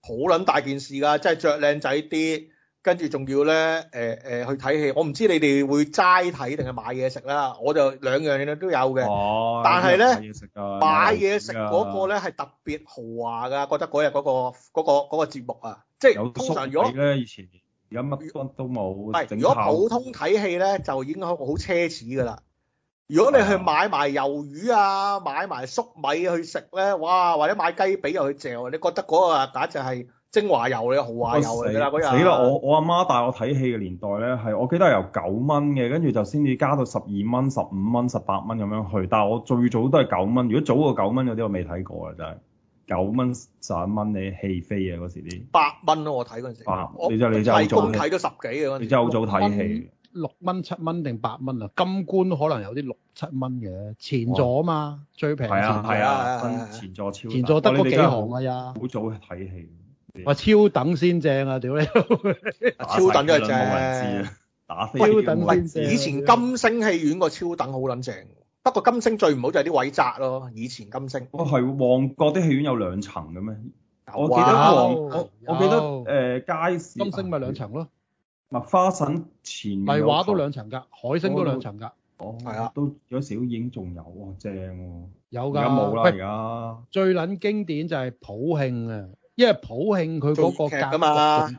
好撚大件事㗎，即係着靚仔啲。跟住仲要咧，誒、呃、誒、呃、去睇戲，我唔知你哋會齋睇定係買嘢食啦。我就兩樣嘢都有嘅。哦。但係咧，買嘢食嗰個咧係特別豪華㗎，啊、覺得嗰日嗰個嗰、嗰個嗰個嗰個節目啊，即係通常如果咧以前而家乜都冇。如果普通睇戲咧就已經好奢侈㗎啦。如果你去買埋魷魚啊，買埋粟米去食咧，哇！或者買雞髀入去嚼，你覺得嗰個啊打就係？精華油你豪華油嗰啦。日死啦！我我阿媽帶我睇戲嘅年代咧，係我記得係由九蚊嘅，跟住就先至加到十二蚊、十五蚊、十八蚊咁樣去。但係我最早都係九蚊。如果早過九蚊嗰啲，我未睇過，過啊！真係九蚊、十一蚊你戲飛啊！嗰時啲八蚊咯，我睇嗰陣時。我你真係你真係過早。睇都十幾嘅，你真係好早睇戲。六蚊七蚊定八蚊啊？金冠可能有啲六七蚊嘅前座啊嘛，哇最平前座。係啊係啊，啊啊啊前座超。啊啊啊啊、前座得嗰幾行啊。咋、啊。好早去睇戲。話超等先正啊！屌你，超等都係正啊，打飛。超等先，以前金星戲院個超等好撚正，不過金星最唔好就係啲位窄咯。以前金星。哦，係旺角啲戲院有兩層嘅咩？我記得旺，我我記得誒街市。金星咪兩層咯。咪花神前咪畫都兩層噶，海星都兩層噶。哦，係啊，到咗小影仲有，哇，正喎。有噶。而家冇啦，而家。最捻經典就係普慶啊！因為普慶佢嗰個格局，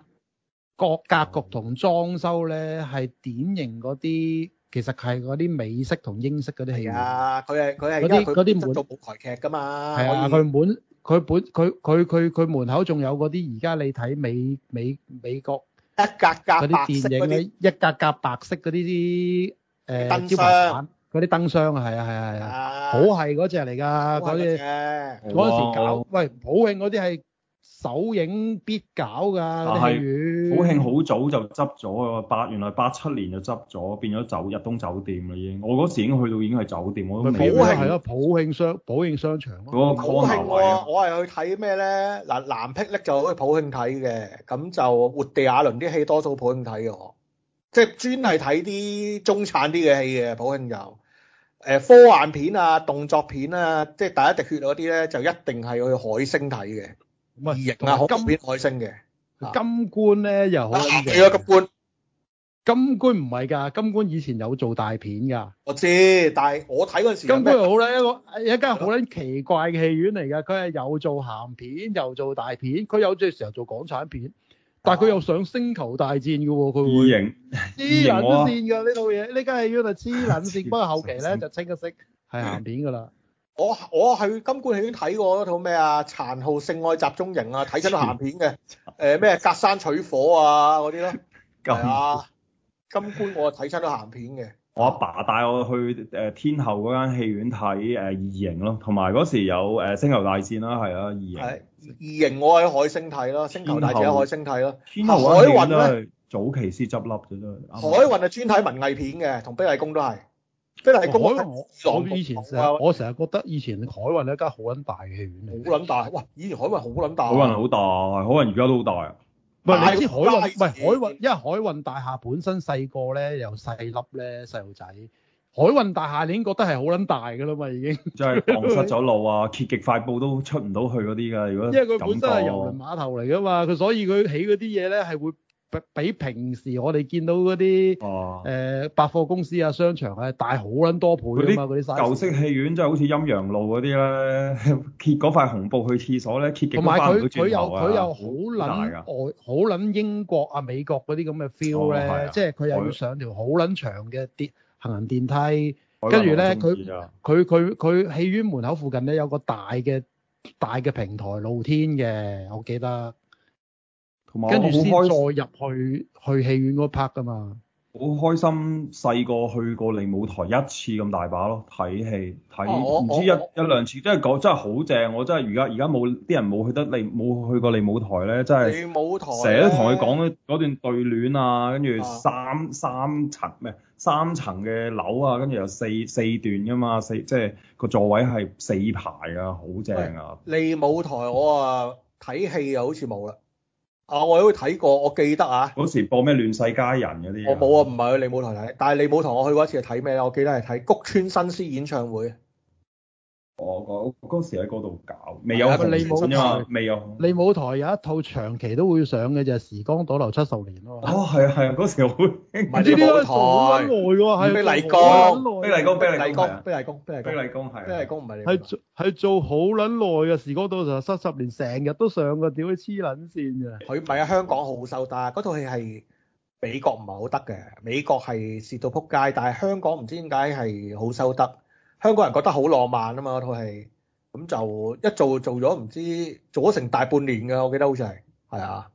格格局同裝修咧係典型嗰啲，其實係嗰啲美式同英式嗰啲戲院。係啊，佢係佢係，因為佢執到舞台劇噶嘛。係啊，佢以本佢本佢佢佢佢門口仲有嗰啲，而家你睇美美美國一格格嗰啲電影咧，一格格白色嗰啲誒燈箱，嗰啲燈箱係啊係啊係啊，好、啊啊、係嗰隻嚟噶嗰隻，嗰陣時搞喂普慶嗰啲係。首映必搞噶，但係，普慶好早就執咗啊，八原來八七年就執咗，變咗酒日東酒店啦已經。我嗰時已經去到已經係酒店，我都未。普慶係咯，普慶商普慶商場咯、啊。我係去睇咩咧？嗱，藍霹靂就去普慶睇嘅，咁就活地亞倫啲戲多數普慶睇嘅，即係專係睇啲中產啲嘅戲嘅普慶就。誒、呃，科幻片啊，動作片啊，即係第一滴血嗰啲咧，就一定係去海星睇嘅。唔係異形啊，金片海星嘅金官咧，又好。以、啊。我金官金官唔係噶，金官以前有做大片噶。我知，但係我睇嗰陣時。金官。又好咧，的一個一間好捻奇怪嘅戲院嚟噶，佢係有做鹹片又做大片，佢有嘅時候做港產片，但係佢又上《星球大戰》噶喎，佢。異形。黐捻、啊、線噶呢套嘢，呢間戲院就黐捻線，形不過後期咧就清一色，係鹹、嗯、片噶啦。我我喺金冠戲院睇過嗰套咩啊？殘酷性愛集中營啊，睇親都鹹片嘅。誒咩？隔山取火啊嗰啲咯。係啊，金冠我睇親都鹹片嘅。我阿爸帶我去誒天后嗰間戲院睇誒異形咯，同埋嗰時有誒星球大戰啦，係啊異形。係異形我喺海星睇啦，星球大戰喺海星睇啦。天后海運咧，早期先執笠嘅啫。海運係專睇文藝片嘅，同碧麗宮都係。即係海，我以前成日、啊、我成日覺得以前海運係一間好撚大嘅戲院，好撚大。哇！以前海運好撚大，啊、大。海運好大，海運而家都好大。唔係你知海運，唔係海運，因為海運大廈本身細個咧，又細粒咧，細路仔。海運大廈你已經覺得係好撚大㗎啦嘛，已經。即係蕩失咗路啊！攰極快步都出唔到去嗰啲㗎，如果因為佢本身係郵輪碼頭嚟㗎嘛，佢所以佢起嗰啲嘢咧係會。比平時我哋見到嗰啲哦，誒、呃、百貨公司啊、商場啊大好撚多倍啊，啲舊式戲院真係好似陰陽路嗰啲咧，揭 [laughs] 嗰塊紅布去廁所咧，揭極都翻唔到轉頭好大㗎，外好撚英國啊、美國嗰啲咁嘅 feel 咧，哦，即係佢又要上條好撚長嘅電行人電梯，跟住咧佢佢佢佢戲院門口附近咧有個大嘅大嘅平台露天嘅，我記得。同埋我好開再入去去戲院嗰 part 噶嘛，好開心！細個去過利舞台一次咁大把咯，睇戲睇唔、啊、知一我一我兩次，真係講真係好正。我真係而家而家冇啲人冇去得利冇去過利舞台咧，真係利舞台成、啊、日都同佢講嗰段對聯啊，跟住三、啊、三,三層咩三層嘅樓啊，跟住有四四,四段㗎嘛，四即係個座位係四排啊，好正啊！利舞台我啊睇戲又好似冇啦～啊！我去睇過，我記得啊。嗰時播咩《亂世佳人》嗰啲。我冇啊，唔係去利舞台睇，但係利舞台我去過一次係睇咩咧？我記得係睇谷村新司演唱會。我嗰嗰時喺嗰度搞，未有紅。你舞台未有？你舞台有一套長期都會上嘅，就係《時光倒流七十年》咯。哦，係啊，係啊，嗰時會唔知點解做好撚耐嘅喎，喺碧麗宮，碧麗宮，碧麗宮，碧麗宮，碧麗宮，碧麗宮係。碧麗宮唔係。係係做好撚耐啊！《時光倒流七十年》成日都上嘅，屌你黐撚線啊！佢唔係啊，香港好收得，嗰套戲係美國唔係好得嘅，美國係蝕到撲街，但係香港唔知點解係好收得。香港人覺得好浪漫啊嘛，套戲咁就一做就做咗唔知做咗成大半年㗎，我記得好似係，係啊，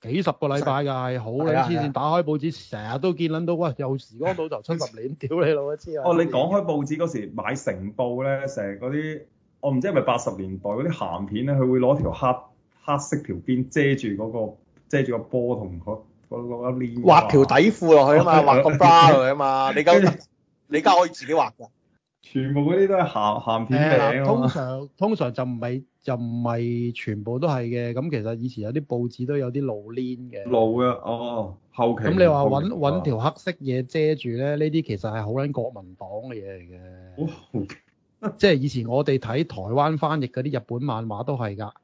幾十個禮拜㗎，係好你黐線！打開報紙，成日都見撚到喂，有、哎、時嗰個報頭七十年，屌你老母知啊！哦，你講開報紙嗰時買成報咧，成日嗰啲我唔知係咪八十年代嗰啲鹹片咧，佢會攞條黑黑色條邊遮住嗰、嗰個遮住個波同、嗰個個、嗰個鏈畫，畫條底褲落去啊嘛，畫個 bra 落 [laughs] 去啊嘛，你家你家可以自己畫㗎。全部嗰啲都係咸咸片地通常通常就唔係就唔係全部都係嘅，咁其實以前有啲報紙都有啲露鏈嘅，露嘅、啊、哦，後期咁、嗯、你話搵搵條黑色嘢遮住咧，呢啲其實係好捻國民黨嘅嘢嚟嘅，哦、呵呵即係以前我哋睇台灣翻譯嗰啲日本漫畫都係噶，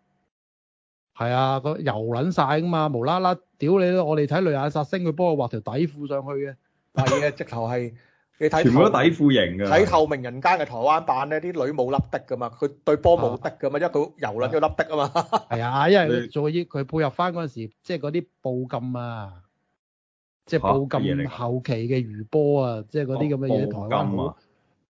係啊，個油捻晒噶嘛，無啦啦，屌你我哋睇雷亞薩星，佢幫我畫條底褲上去嘅，係嘅，直頭係。你睇全部都底褲型嘅，睇透明人間嘅台灣版咧，啲女冇粒的噶嘛，佢對波冇的噶嘛，因為佢油撚要粒的啊嘛。係啊，因為佢做佢配合翻嗰陣時，即係嗰啲報禁啊，即係報禁後期嘅餘波啊，即係嗰啲咁嘅嘢，台灣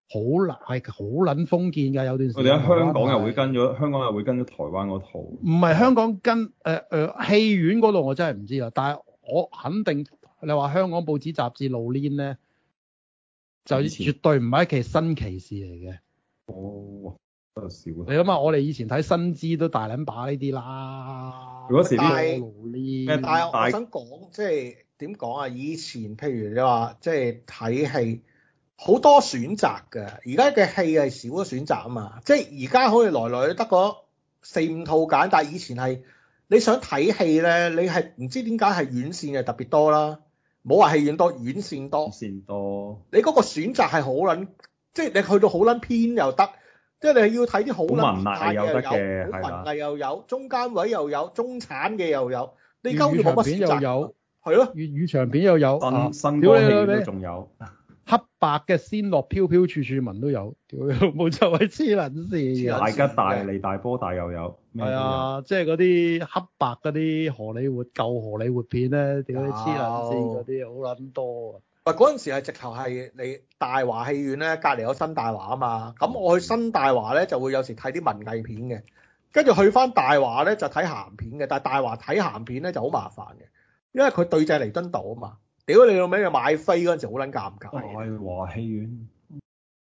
好難係好撚封建㗎，有段時間。我哋喺香港又會跟咗，香港又會跟咗台灣嗰套。唔係香港跟誒誒戲院嗰度，我真係唔知啊。但係我肯定你話香港報紙雜誌露 link 咧。以前就絕對唔係一期新奇事嚟嘅。哦，都少，你諗下，我哋以前睇新資都大撚把呢啲啦。嗰時啲老，但係是麼我想講，即係點講啊？以前譬如你話，即係睇戲好多選擇㗎。而家嘅戲係少咗選擇啊嘛。即係而家可以來來去得嗰四五套揀，但係以前係你想睇戲咧，你係唔知點解係院線係特別多啦。冇話戲院多，院線多。院線多，你嗰個選擇係好撚，即係你去到好撚偏又得，即係你係要睇啲好文藝又有，有，好文藝又有，的中間位又有，中產嘅又有，你交換乜選擇？係咯的，粵語長片又有，屌你老味都仲有。黑白嘅仙樂飄飄處處聞都有，屌冇就係，黐撚線。大吉大利大波大又有，係啊，即係嗰啲黑白嗰啲荷里活舊荷里活片咧，屌黐撚線嗰啲，好撚多啊！嗱，嗰 [noise] 陣時係直頭係嚟大華戲院咧，隔離有新大華啊嘛，咁我去新大華咧就會有時睇啲文藝片嘅，跟住去翻大華咧就睇鹹片嘅，但係大華睇鹹片咧就好麻煩嘅，因為佢對正彌敦道啊嘛。屌你老味！買飛嗰陣時好撚尷尬。華啊、大華戲院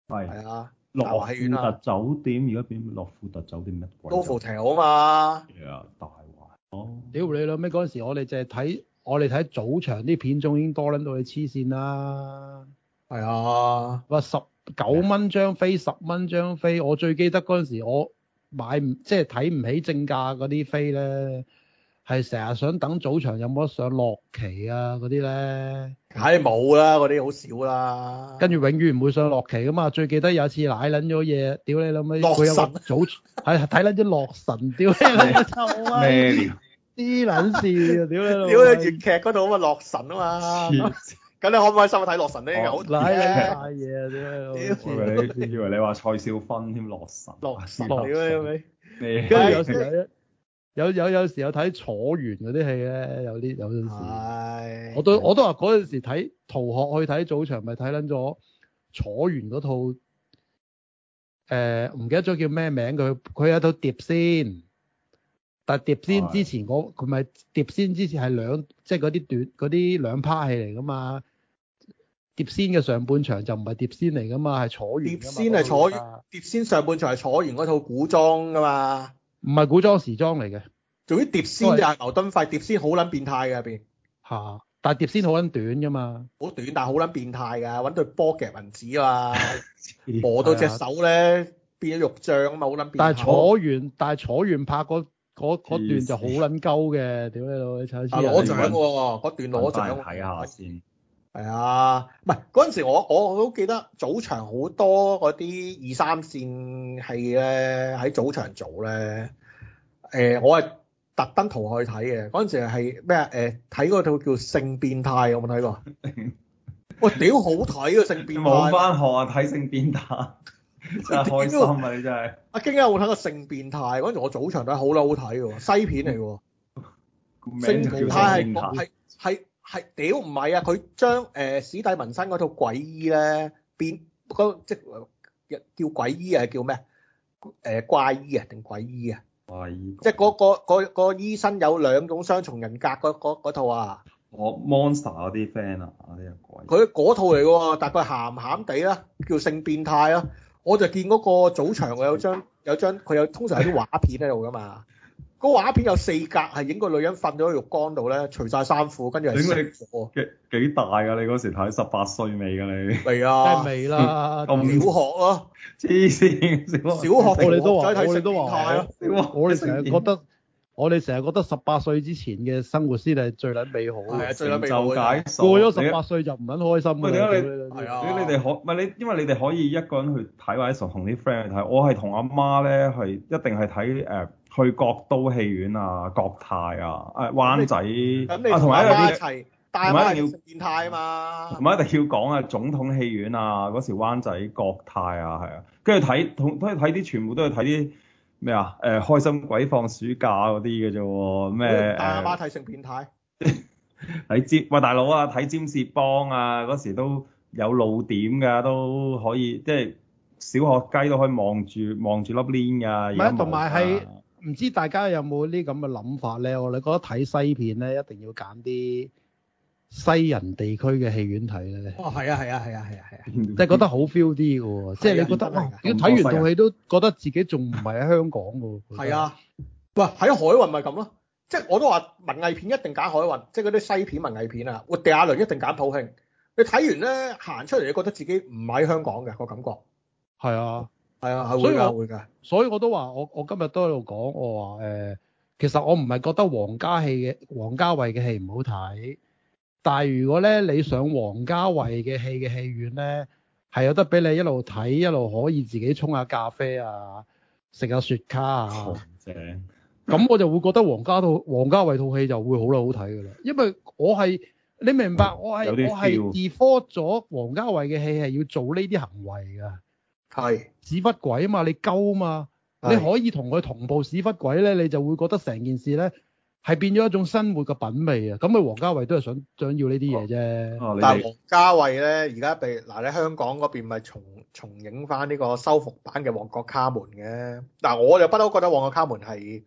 係係啊，大華戲院啦。酒店而家變樂富特酒店乜鬼？高富亭好嘛。啊，yeah, 大華。屌你老味！嗰陣時我哋淨係睇我哋睇早場啲片，仲已經多撚到你黐線啦。係啊。哇！十九蚊張飛，十蚊張飛。我最記得嗰陣時，我買唔即係睇唔起正價嗰啲飛咧。係成日想等早場有冇得上洛奇啊嗰啲咧？唉，冇啦，嗰啲好少啦。跟住永遠唔會上洛奇噶嘛。最記得有次賴撚咗嘢，屌你老母！洛神早係睇撚啲洛神，屌你老味啊！咩料？啲撚事啊！屌你！粵劇嗰套咪洛神啊嘛。咁你可唔可以收睇洛神呢？好癲嘅。賴嘢啊！屌你老！以為你話蔡少芬添？洛神。洛神。屌你老味。跟住我。有有有時有睇楚原嗰啲戲咧，有啲有陣時、哎我，我都我都話嗰陣時睇逃學去睇早場，咪睇撚咗楚原嗰套誒唔、呃、記得咗叫咩名？佢佢有一套碟仙，但碟仙之前我佢咪碟仙之前係兩即係嗰啲短嗰啲兩趴戲嚟噶嘛？碟仙嘅上半場就唔係碟仙嚟噶嘛，係楚原。碟仙係楚原」。「碟仙上半場係楚原嗰套古裝噶嘛？唔係古裝時裝嚟嘅，做啲碟仙就係牛頓費碟仙好撚變態嘅入邊。嚇！但係碟仙好撚短㗎嘛。好短，但係好撚變態㗎，揾對波夾銀紙啊嘛，磨到 [laughs] 隻手咧、啊、變咗肉醬啊嘛，好撚變態。但係楚原，但係楚原拍嗰段就好撚鳩嘅，屌你老母！啊，我就揾喎，嗰段攞就揾。睇下先。係啊，唔係嗰陣時我我都記得早場好多嗰啲二三線戲咧喺早場做咧。誒、呃，我係特登逃去睇嘅嗰陣時係咩、呃、啊？誒、啊，睇嗰套叫《性變態》我，有冇睇過？我屌好睇啊，《性變態》冇返學啊，睇《性變態》，真係開心啊，你真係，阿京有冇睇過《性變態》，嗰陣時我早場睇好撚好睇嘅西片嚟嘅，《性變態》係講係係。係屌唔係啊！佢將誒史蒂文森嗰套鬼醫咧變即係叫鬼醫啊，叫咩誒、呃、怪醫啊定鬼醫啊？啊怪醫，怪即係、嗰、嗰個嗰、嗰個嗰個嗰個醫生有兩種雙重人格嗰套啊！我 monster 嗰啲 friend 啊，嗰啲人。鬼。佢嗰套嚟嘅喎，大概鹹鹹地啦，叫性變態啊。我就見嗰個組場有張有張，佢有，有，有通常，常有啲畫片喺度㗎嘛。個畫片有四格，係影個女人瞓咗喺浴缸度咧，除晒衫褲，跟住係。幾大㗎？你嗰時睇十八歲未㗎？你係啊，未啦，小學咯，黐線。小學我哋都話，我哋都話，我哋成日覺得，我哋成日覺得十八歲之前嘅生活先係最撚美好，係啊，最撚美好。就解。過咗十八歲就唔撚開心。係啊，如果你哋可唔係你？因為你哋可以一個人去睇或者同啲 friend 去睇。我係同阿媽咧，係一定係睇誒。去國都戲院啊，國泰啊，誒灣仔啊，你啊同一個媽一齊，一大媽要食變態啊嘛。同埋一定要講啊，總統戲院啊，嗰時灣仔、國泰啊，係啊，跟住睇，同都睇啲，全部都係睇啲咩啊？誒、uh,，開心鬼放暑假嗰啲嘅啫喎，咩阿大媽睇成變態？睇尖 [laughs] 喂，大佬啊，睇《占士邦》啊，嗰時都有露點㗎，都可以即係小學雞都可以望住望住粒鏈㗎。唔係是和 啊，同埋係。唔知大家有冇呢咁嘅諗法咧？我哋覺得睇西片咧，一定要揀啲西人地區嘅戲院睇咧。哦，係啊，係啊，係啊，係啊，係啊，即係 [laughs] 覺得好 feel 啲嘅喎，即係、啊、你覺得你睇、哦、完套戲都覺得自己仲唔係喺香港嘅。係啊，喂，喺海運咪咁咯，即係我都話文藝片一定揀海運，即係嗰啲西片文藝片啊，活地亞倫一定揀普慶。你睇完咧行出嚟，你覺得自己唔喺香港嘅個感覺。係啊。係啊，係會㗎，會㗎的。所以我都話，我我今日都喺度講，我話誒、呃，其實我唔係覺得王家戲嘅王家衞嘅戲唔好睇，但係如果咧你上王家衞嘅戲嘅戲院咧，係有得俾你一路睇，一路可以自己沖下咖啡啊，食下雪茄啊，咁真正 [laughs] 我就會覺得王家套王家衞套戲就會好啦，好睇㗎啦。因為我係你明白，我係、嗯、我係 decode 咗王家衞嘅戲係要做呢啲行為㗎。係是屎忽鬼啊嘛，你鳩啊嘛，是你可以同佢同步屎忽鬼咧，你就會覺得成件事咧，係變咗一種生活嘅品味啊。咁啊，王家衛都係想想要呢啲嘢啫。哦哦、但係王家衛咧，而家被嗱喺、呃、香港嗰邊咪重重影返呢個修復版嘅《旺角卡門》嘅。嗱，我就不嬲覺得《旺角卡門》係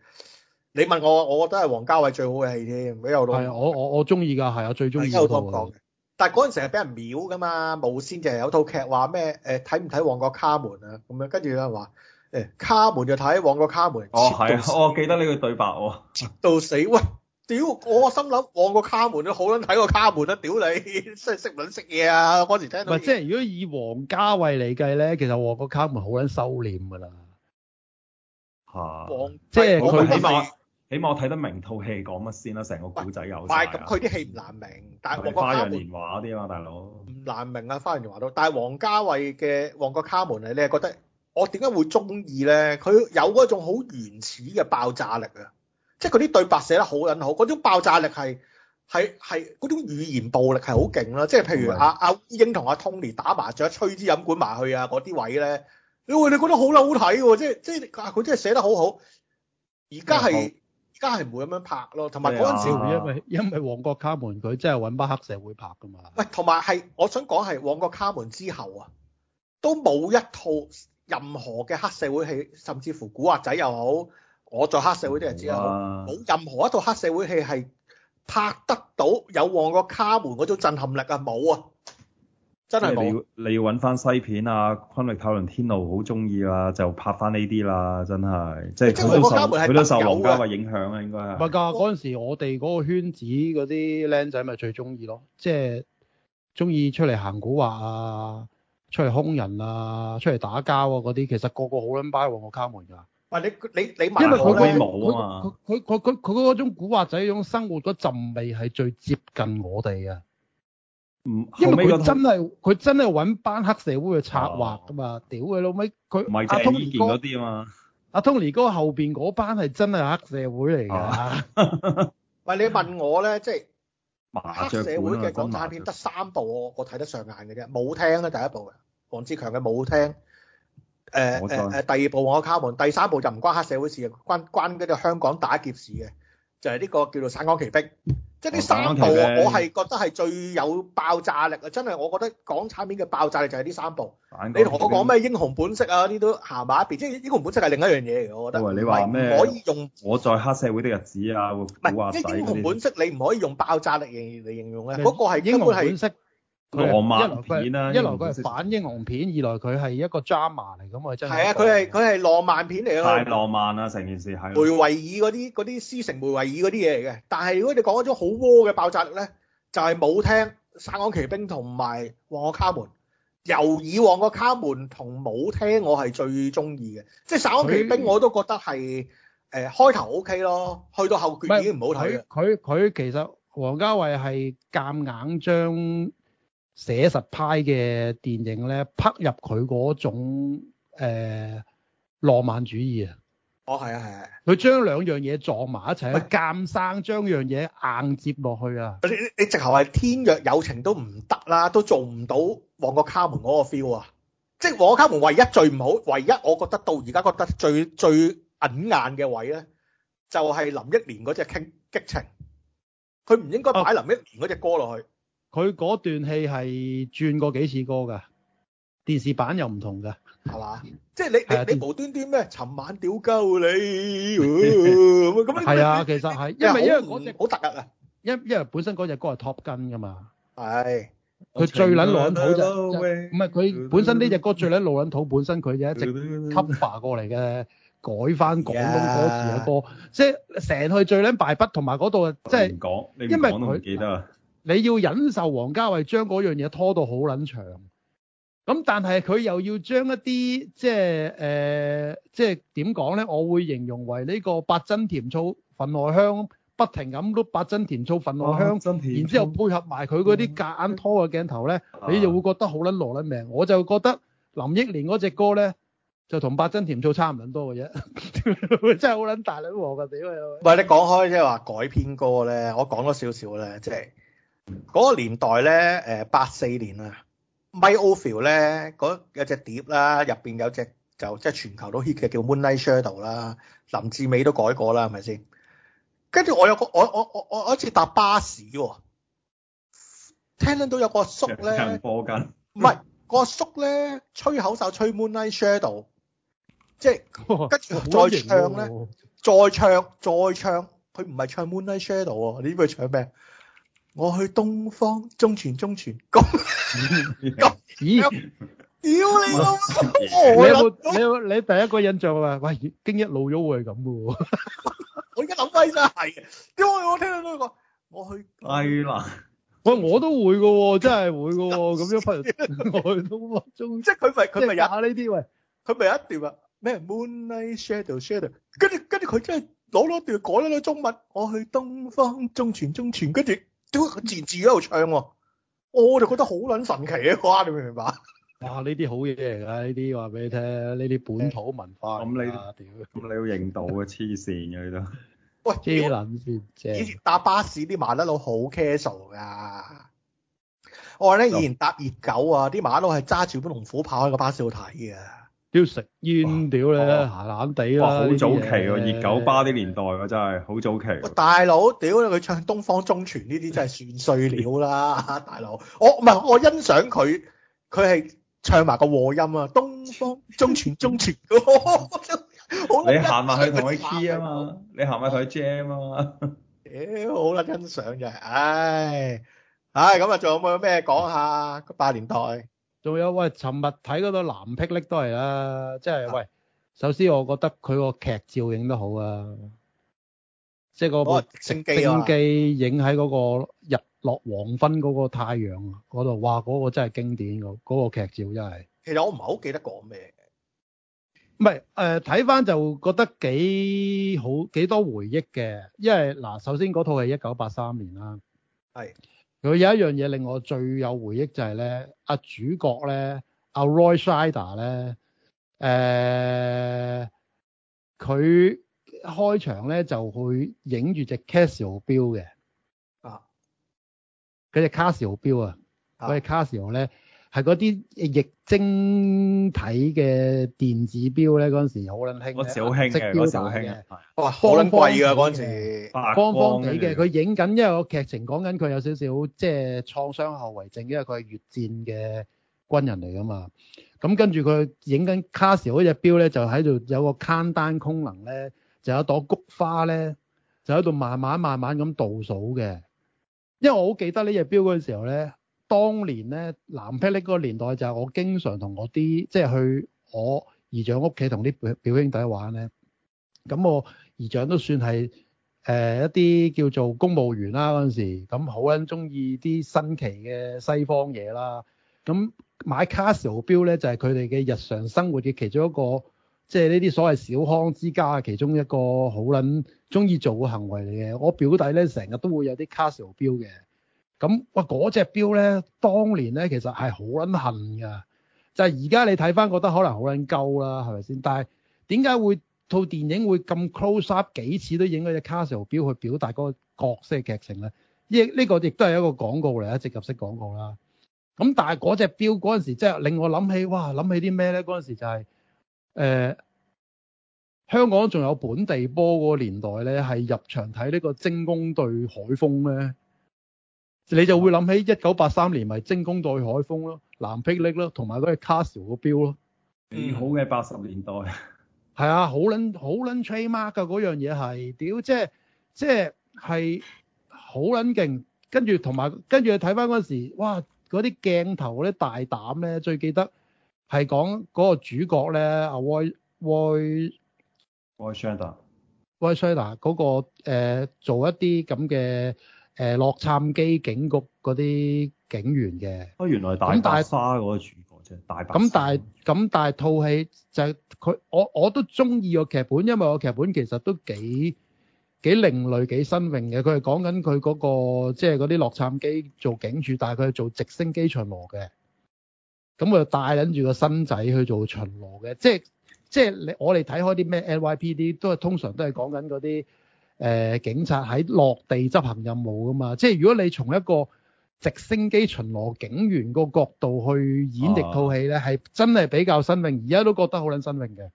你問我，我覺得係王家衛最好嘅戲添。係我我我中意噶，係我最中意嗰套。但係嗰陣時係俾人秒噶嘛，無線就係有套劇話咩？誒睇唔睇《旺角卡門》啊、哦？咁樣跟住有人話誒《卡門》就睇、哦哦《旺角卡門》。哦，係啊，我記得呢句對白喎。直到死喂！屌我心諗《旺角卡門》都好撚睇個卡門啊！屌你，真係識撚識嘢啊！嗰時聽到。唔係即係如果以王家衛嚟計咧，其實《旺角卡門》好撚收斂㗎啦。嚇、啊！王即係佢啲。我起碼我睇得明套戲講乜先啦，成個古仔有曬。咁佢啲戲唔難明，但係《花樣年華》嗰啲嘛，大佬唔難明啊，《花樣年華》都。但係王家衛嘅《旺角卡門》你係覺得我點解會中意咧？佢有嗰種好原始嘅爆炸力啊！即係嗰啲對白寫得好撚好，嗰種爆炸力係係係嗰種語言暴力係好勁啦！即係譬如阿阿英同阿 Tony 打麻雀、吹支飲管埋去啊嗰啲位咧，你會你覺得好撚好睇喎！即係即係佢真係寫得好好，而家係。嗯梗係唔會咁樣拍咯，同埋嗰陣時，哎呀因，因為因為《旺角卡門》佢真係搵班黑社會拍㗎嘛。喂，同埋係，我想講係《旺角卡門》之後啊，都冇一套任何嘅黑社會戲，甚至乎古惑仔又好，我做黑社會啲人知啊，冇哇任何一套黑社會戲係拍得到有《旺角卡門》嗰種震撼力啊，冇啊！真係冇，你要揾翻西片啊！昆凌、寇 [noise] 玲樂、天奴好中意啦，就拍翻呢啲啦，真係，即係佢都受，佢、啊、都受梁家嘅影響啊，應該係。唔係㗎，嗰陣時我哋嗰個圈子嗰啲僆仔咪最中意咯，即係中意出嚟行古惑啊，出嚟兇人啊，出嚟打交啊嗰啲，其實個個好撚 by 我卡門㗎。唔係你你你問我咧，佢佢佢佢嗰種古惑仔種生活嗰陣味係最接近我哋啊。因為佢真係佢真係搵班黑社會去策劃噶嘛，哦、屌佢老味，佢唔係阿 Tony 哥啲啊嘛，阿 Tony 哥後邊嗰班係真係黑社會嚟噶。喂、啊， [laughs] 你問我咧，即、就、係、是、黑社會嘅港產片得三部，我我睇得上眼嘅啫。舞廳咧，第一部，嘅，黃志強嘅舞廳，誒誒誒，第二部《旺角卡門》，第三部就唔關黑社會事，嘅，關嗰個香港打劫事嘅，就係、是、呢個叫做《省港旗兵》。即係呢三部，我係覺得係最有爆炸力啊！真係，我覺得港產片嘅爆炸力就係呢三部。你同我講咩英雄本色啊？呢都行埋一邊，即係英雄本色係另一樣嘢嚟，我覺得。你話咩？唔可以用《我在黑社會的日子》啊？即係《英雄本色》，你唔可以用爆炸力嚟嚟形容咧。嗰個係英雄本色。浪漫片啦、啊，一來佢係、啊、反英雄片，二來佢係一個 drama 嚟咁啊，真係係啊，佢係佢係浪漫片嚟啊，太浪漫啦成件事係、啊、梅維爾嗰啲嗰啲師承梅維爾嗰啲嘢嚟嘅，但係如果你講一種好窩嘅爆炸力咧，就係武廳、散降奇兵同埋《亡我卡門》。由《往我卡門》同武廳，我係最中意嘅，即係傘降騎兵我都覺得係誒他、呃、開頭 ok 咯，去到後段已經唔好睇佢佢其實王家衛係夾硬將。寫實派嘅電影咧，撲入佢嗰種誒、呃、浪漫主義、哦、啊！哦，係啊，係啊，佢將兩樣嘢撞埋一齊，奸生將樣嘢硬接落去啊！你你直頭係天若有情都唔得啦，都做唔到旺角卡門嗰個 feel 啊！即係旺角卡門唯一最唔好，唯一我覺得到而家覺得最最眼眼嘅位咧，就係、是、林憶蓮嗰隻傾激情，佢唔應該擺林憶蓮嗰隻歌落去。哦哦佢嗰段戲係轉過幾次歌噶？電視版又唔同噶，係嘛？即係你你你無端端咩？尋晚屌鳩你，係啊，其實係，因為因為嗰隻好突兀啊！因因為本身嗰隻歌係 top 跟噶嘛，係。佢最撚老撚土就唔係佢本身呢隻歌最撚老撚土，本身佢就一直 cover 過嚟嘅，改翻廣東嗰時嘅歌，即係成去最撚敗筆，同埋嗰度即係唔講，因為佢記得啊。你要忍受王家衛將嗰樣嘢拖到好捻長，咁但係佢又要將一啲即係誒，即係點講咧？我會形容為呢、這個八珍甜醋份外香，不停咁碌八珍甜醋份外香，哦、香然之後配合埋佢啲夾硬拖嘅鏡頭咧，你就會覺得好捻羅捻命。啊、我就覺得林憶蓮嗰隻歌咧，就同八珍甜醋差唔多嘅啫， [laughs] 真係好捻大女鑊嘅屌！喂、啊、你講開即係話改編歌咧，我講咗少少咧，即係。嗰個年代咧，誒、呃，八四年啊 Mike Oldfield 咧有隻碟啦，入邊有隻就即係全球都 hit 嘅叫 Moonlight Shadow 啦，林志美都改過啦，係咪先？跟住我有個我我我我好似搭巴士、喔，聽聽到有個叔咧，唔係、嗰個叔咧吹口哨吹 Moonlight Shadow，即係跟住再唱咧、哦，再唱再唱，佢唔係唱 Moonlight Shadow，你知佢唱咩？我去東方中傳中傳，咁咁咦？屌你老母！你，哇的你有冇、啊、你第一個印象啊？喂，經一老咗會係咁噶？ [laughs] 我依家諗翻晒係，因為我聽到都、這、講、個、我去？係啦、哎呀，喂，我都會噶，真係會噶。咁樣忽然間我去東方中，即係佢咪佢咪有呢啲喂？佢咪 [coughs] 有一段啊咩 Moonlight Shadow Shadow，跟住跟住佢真係攞咗段，段改咗句中文，我去東方中傳中傳，跟住。佢自自喺度唱，我就覺得好撚神奇啊！你明唔明白？哇，呢啲好嘢嚟噶，呢啲話俾你聽，呢啲本土文化。咁你，咁你要認到啊，黐線嘅你都。 [laughs] 喂，黐撚線啫！以前我正搭巴士啲麻甩佬好 casual 噶，cas 嗯、我話咧以前搭熱狗啊，啲麻甩佬係揸住本龍虎豹喺個巴士度睇嘅。都食煙，屌你，閒閒哇地啊。好哇早期喎，熱九巴啲年代，真係好早期、啊。大佬，屌你，佢唱東方宗泉呢啲真係算碎料啦，大佬。我唔係，我欣賞佢，佢係唱埋個和音啊，東方宗泉宗泉，好，你行埋去同佢 key 啊嘛，你行埋去同佢 jam 啊嘛。屌、哎，好、哎、啦，欣賞就係，唉，唉，咁啊，仲有冇咩講下八年代？仲有喂，尋日睇嗰套《藍霹靂、啊》都係啦，即係喂。首先，我覺得佢個劇照影得好啊，即係嗰部直升機影喺嗰個日落黃昏嗰個太陽嗰度，哇！嗰、那個真係經典，嗰、那、嗰個劇照真係。其實我唔係好記得講咩嘅。唔係誒，睇、呃、翻就覺得幾好，幾多回憶嘅。因為嗱，首先嗰套係一九八三年啦、啊。係。佢有一樣嘢令我最有回憶就係咧，阿、啊、主角咧，阿、啊、Roy Scheider 咧，誒、呃、佢開場咧就會影住隻 Casio 表嘅，啊，嗰隻 Casio 表啊，嗰隻 Casio 咧。係嗰啲液晶體嘅電子錶咧，嗰陣時好撚興，我小興嘅嗰陣好興嘅。哇，好撚貴㗎嗰陣時，方方地嘅。佢影緊因為個劇情講緊佢有少少即係創傷後遺症，因為佢係越戰嘅軍人嚟㗎嘛。咁、嗯嗯嗯、跟住佢影緊卡士嗰隻錶咧，就喺度有個 countdown 功能咧，就有一朵菊花咧，就喺度慢慢慢慢咁倒數嘅。因為我好記得呢隻錶嗰陣時候咧。當年咧，藍霹嚟嗰個年代就係我經常同我啲即係去我姨丈屋企同啲表兄弟玩咧。咁我姨丈都算係誒、呃、一啲叫做公務員啦嗰陣時，咁好撚中意啲新奇嘅西方嘢啦。咁買卡士表咧就係佢哋嘅日常生活嘅其中一個，即係呢啲所謂小康之家嘅其中一個好撚中意做嘅行為嚟嘅。我表弟咧，成日都會有啲卡士表嘅。咁哇，嗰隻表咧，當年咧其實係好撚恨㗎，就係而家你睇翻覺得可能好撚鳩啦，係咪先？但係點解會套電影會咁 close up 幾次都影嗰隻 Castle 表去表達嗰個角色嘅劇情咧？依、這、呢個亦都係一個廣告嚟一植入式廣告啦。咁但係嗰隻表嗰陣時，即係令我諗起哇，諗起啲咩咧？嗰陣時就係、是、誒、呃、香港仲有本地波嗰個年代咧，係入場睇呢個精工對海豐咧。你就會諗起一九八三年咪精工代海豐咯、藍霹靂咯，同埋嗰個卡士爾個表咯。幾好嘅八十年代，係 [laughs] 啊，好撚好撚 trademark 嘅嗰樣嘢係屌，即係即係係好撚勁。跟住同埋跟住你睇翻嗰陣時，哇！嗰啲鏡頭嗰大膽咧，最記得係講嗰個主角咧，阿、啊、Roy s h a Roy、Roy、Roy Scheider，Roy Scheider 嗰個誒做一啲咁嘅。誒洛杉磯警局嗰啲警員嘅。哦，原來大白鯊嗰個主角啫。但真大咁但係，咁但係套戲就佢我我都中意個劇本，因為個劇本其實都幾幾另類、幾新穎嘅。佢係講緊佢嗰個即係嗰啲洛杉磯做警署，但係佢係做直升機巡邏嘅。咁佢就帶領住個新仔去做巡邏嘅，即係即係你我哋睇開啲咩 NYPD 都係通常都係講緊嗰啲。誒、呃、警察喺落地執行任務噶嘛，即係如果你從一個直升機巡邏警員個角度去演繹套戲呢係、啊、真係比較新穎，而家都覺得好撚新穎嘅。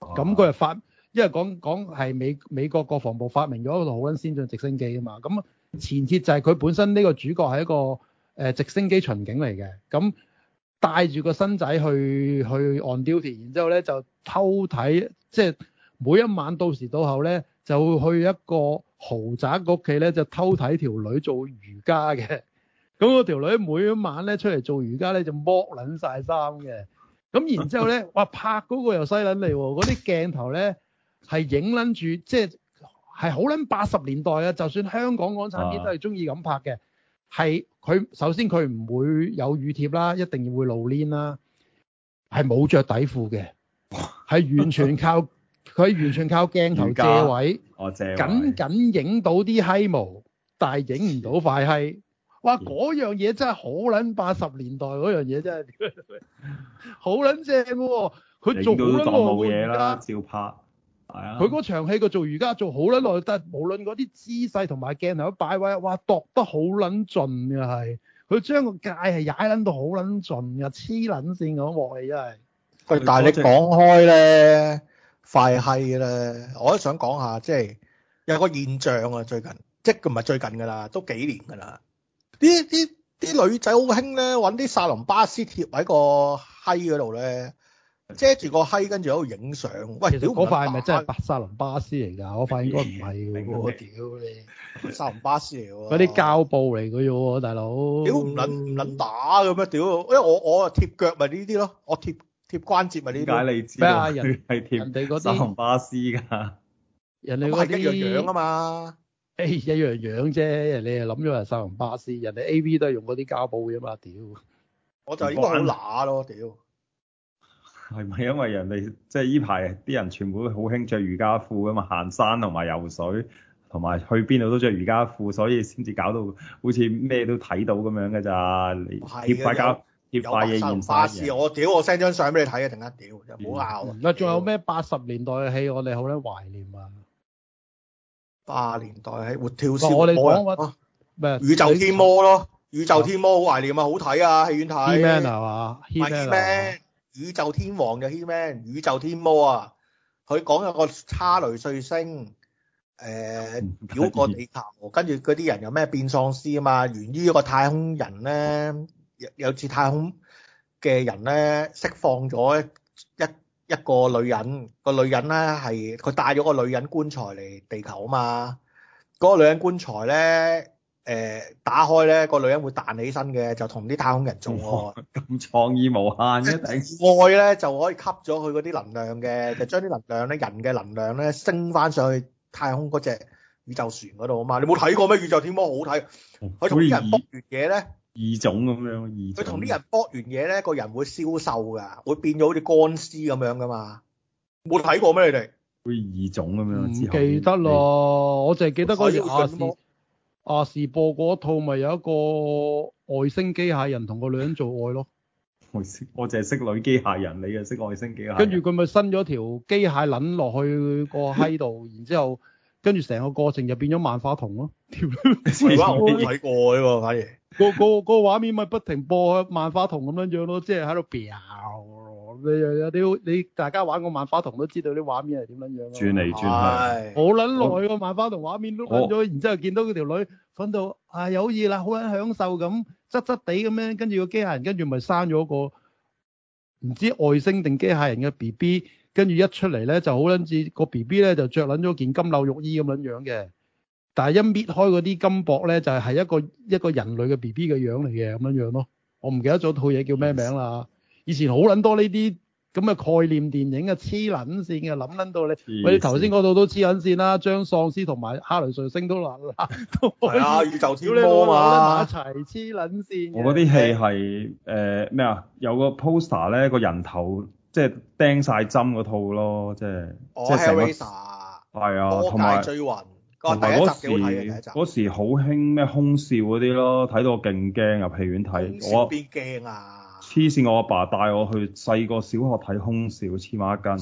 咁佢係發，啊、因為講講係美美國國防部發明咗一個好撚先進直升機啊嘛。咁前設就係佢本身呢個主角係一個誒、呃、直升機巡警嚟嘅，咁帶住個新仔去去 on duty，然之後呢就偷睇，即係每一晚到時到候呢。就會去一個豪宅屋企咧，就偷睇條女做瑜伽嘅。咁嗰條女每一晚咧出嚟做瑜伽咧，就剝撚晒衫嘅。咁然之後咧，哇！拍嗰個又犀撚嚟喎。嗰啲鏡頭咧係影撚住，即係係好撚八十年代啊。就算香港港產片都係中意咁拍嘅。係佢、啊、首先佢唔會有乳貼啦，一定要會露臉啦。係冇着底褲嘅，係完全靠。佢完全靠鏡頭借位，哦，借緊緊影到啲閪毛，但係影唔到塊閪。哇！嗰樣嘢真係好撚八十年代，嗰樣嘢真係好撚正喎。佢 [laughs] 做好多冇嘢啦，照拍係啊。佢嗰場戲佢做，瑜伽做好撚耐得，但無論嗰啲姿勢同埋鏡頭擺位，哇，度得好撚盡㗎係。佢將個界係踩撚到好撚盡㗎，黐撚線咁鑊氣真係。佢大力講開咧。快嘅咧！我都想講下，即係有個現象啊，最近即係唔係最近㗎啦，都幾年㗎啦。啲啲啲女仔好興咧，揾啲沙隆巴斯貼喺個閪嗰度咧，遮住個閪，跟住喺度影相。喂，其實 屌，嗰塊係咪真係白沙隆巴斯嚟㗎？我塊應該唔係㗎喎，屌你！沙隆巴斯嚟喎，嗰啲 [laughs] 膠布嚟㗎啫喎，大佬。屌唔撚唔撚打咁樣？屌，因為我我啊貼腳咪呢啲咯，我貼。我貼貼關節咪，你點解你知啊人？人係貼人哋嗰啲薩隆巴斯噶，人哋嗰啲一樣樣啊嘛，誒一樣樣啫，人哋又諗咗係薩隆巴斯，人哋 AV 都係用嗰啲膠布啫嘛，屌，我就應該好乸咯，屌但，係咪因為人哋即係呢排啲人全部都好興着瑜伽褲㗎嘛，行山同埋游水，同埋去邊度都着瑜伽褲，所以先至搞到好似咩都睇到咁樣嘅咋？你貼塊膠。有白衫花師，我屌我 send 張相俾你睇啊！突然間屌，又唔好拗。唔仲、嗯、有咩八十年代嘅戲？我哋好咧懷念啊！八十年代戲活跳燒，我哋講乜咩宇宙天魔咯？宇宙天魔好懷念啊，好睇啊，戲院睇，啊。He-Man 係嘛？He-Man、啊？宇宙天王就 He-Man？He-Man, 宇宙天魔啊！佢講有個差雷彗星，誒表個地球，跟住嗰啲人有咩變喪屍啊嘛？源於一個太空人咧。嗯。有次太空嘅人咧，釋放咗一一個女人，個女人咧，係佢帶咗個女人棺材嚟地球啊嘛。嗰個女人棺材咧，誒、呃、打開咧，個女人會彈起身嘅，就同啲太空人做愛。咁創意無限啊！愛咧以就可以吸咗佢嗰啲能量嘅，就將啲能量咧，人嘅能量咧，升翻上去太空嗰隻宇宙船嗰度啊嘛。你冇睇過咩？宇宙天魔好睇，佢同人搏完嘢咧。嗯異種咁樣，異種。佢同啲人搏完嘢咧，個人會消瘦噶，會變咗好似乾屍咁樣噶嘛？冇睇過咩？你哋？會異種咁樣。之後，唔記得咯，嘿我淨係記得嗰時亞視亞視播嗰套咪有一個外星機械人同個女人做愛咯。我我淨係識女機械人，你又識外星機械。跟住佢咪伸咗條機械捻落去個閪度，然之後跟住成個過程就變咗萬花筒咯。點解我冇睇過嘅？反而？個個個畫面咪不停播《萬花筒》咁樣樣咯，即係喺度飚你有有啲，你，你，你大家玩過《萬花筒》都知道啲畫面係點樣樣咯。轉嚟轉去，好撚耐個《萬花筒》哦、畫面碌咗，哦、然之後見到佢條女瞓到，啊有意思啦，好鬼享受咁，質質地咁樣，跟住個機械人，跟住咪生咗個唔知外星定機械人嘅 B B，跟住一出嚟咧就好撚似個 B B 咧就着撚咗件金縷玉，玉衣咁樣樣嘅。但係一搣開嗰啲金箔咧，就係一個一個人類嘅 B B 嘅樣嚟嘅咁樣樣咯。我唔記得咗套嘢叫咩名啦。以前好撚多呢啲咁嘅概念電影嘅黐撚線嘅，諗撚、啊、到你。我哋頭先嗰套都黐撚線啦，將喪屍同埋哈雷彗星都拉拉都。係啊，宇宙超波嘛。一齊黐撚線。我嗰啲戲係誒咩啊？有個 poster 咧，個人頭即係釘晒針嗰套咯，即係、oh, 即係成有。係啊 R acer,，同埋。追魂。同埋嗰時好興咩空少嗰啲咯，睇到我勁驚入戲院睇。我邊驚啊？黐線！我阿爸，爸帶我去細個小學睇空少，黐孖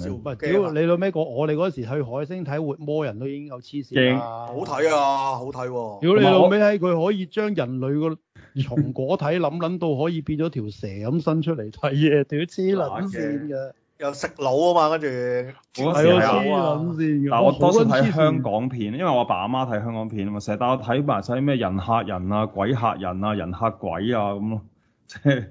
筋。唔係屌你老尾個，我哋嗰時去海星睇活魔人都已經有黐線啦。怕好睇啊，好睇喎、啊！如果你老尾，喺佢可以將人類個松果體諗諗到可以變咗條蛇咁伸出嚟睇嘢，屌黐撚線嘅。怕怕又食腦啊嘛，跟住我嗰、哎、呦時啊，我多睇香港片，因為我阿爸阿媽睇香港片啊嘛，成日，帶我睇埋晒咩人嚇人啊、鬼嚇人啊、人嚇鬼啊咁咯，即係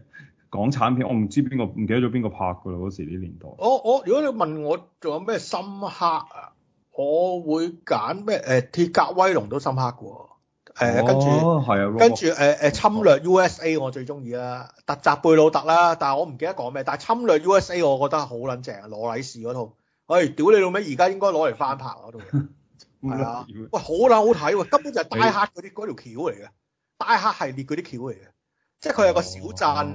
港產片，我唔知邊個，唔記得咗邊個拍㗎啦嗰時啲年代。我我如果你問我仲有咩深刻啊，我會揀咩？誒、呃、鐵甲威龍都深刻㗎喎、啊。誒、呃，跟住，哦、跟住，誒、呃、誒，侵略 U.S.A. 我最中意啦，特扎貝魯特啦，但係我唔記得講咩。但係侵略 U.S.A. 我覺得好撚正，羅禮士嗰套，哎，屌你老味，而家應該攞嚟翻拍嗰套嘢，係啊， [laughs] 喂，好撚好睇喎，根本就係《戴克》嗰啲嗰條橋嚟嘅，的《戴克》系列嗰啲橋嚟嘅，即係佢係個小鎮，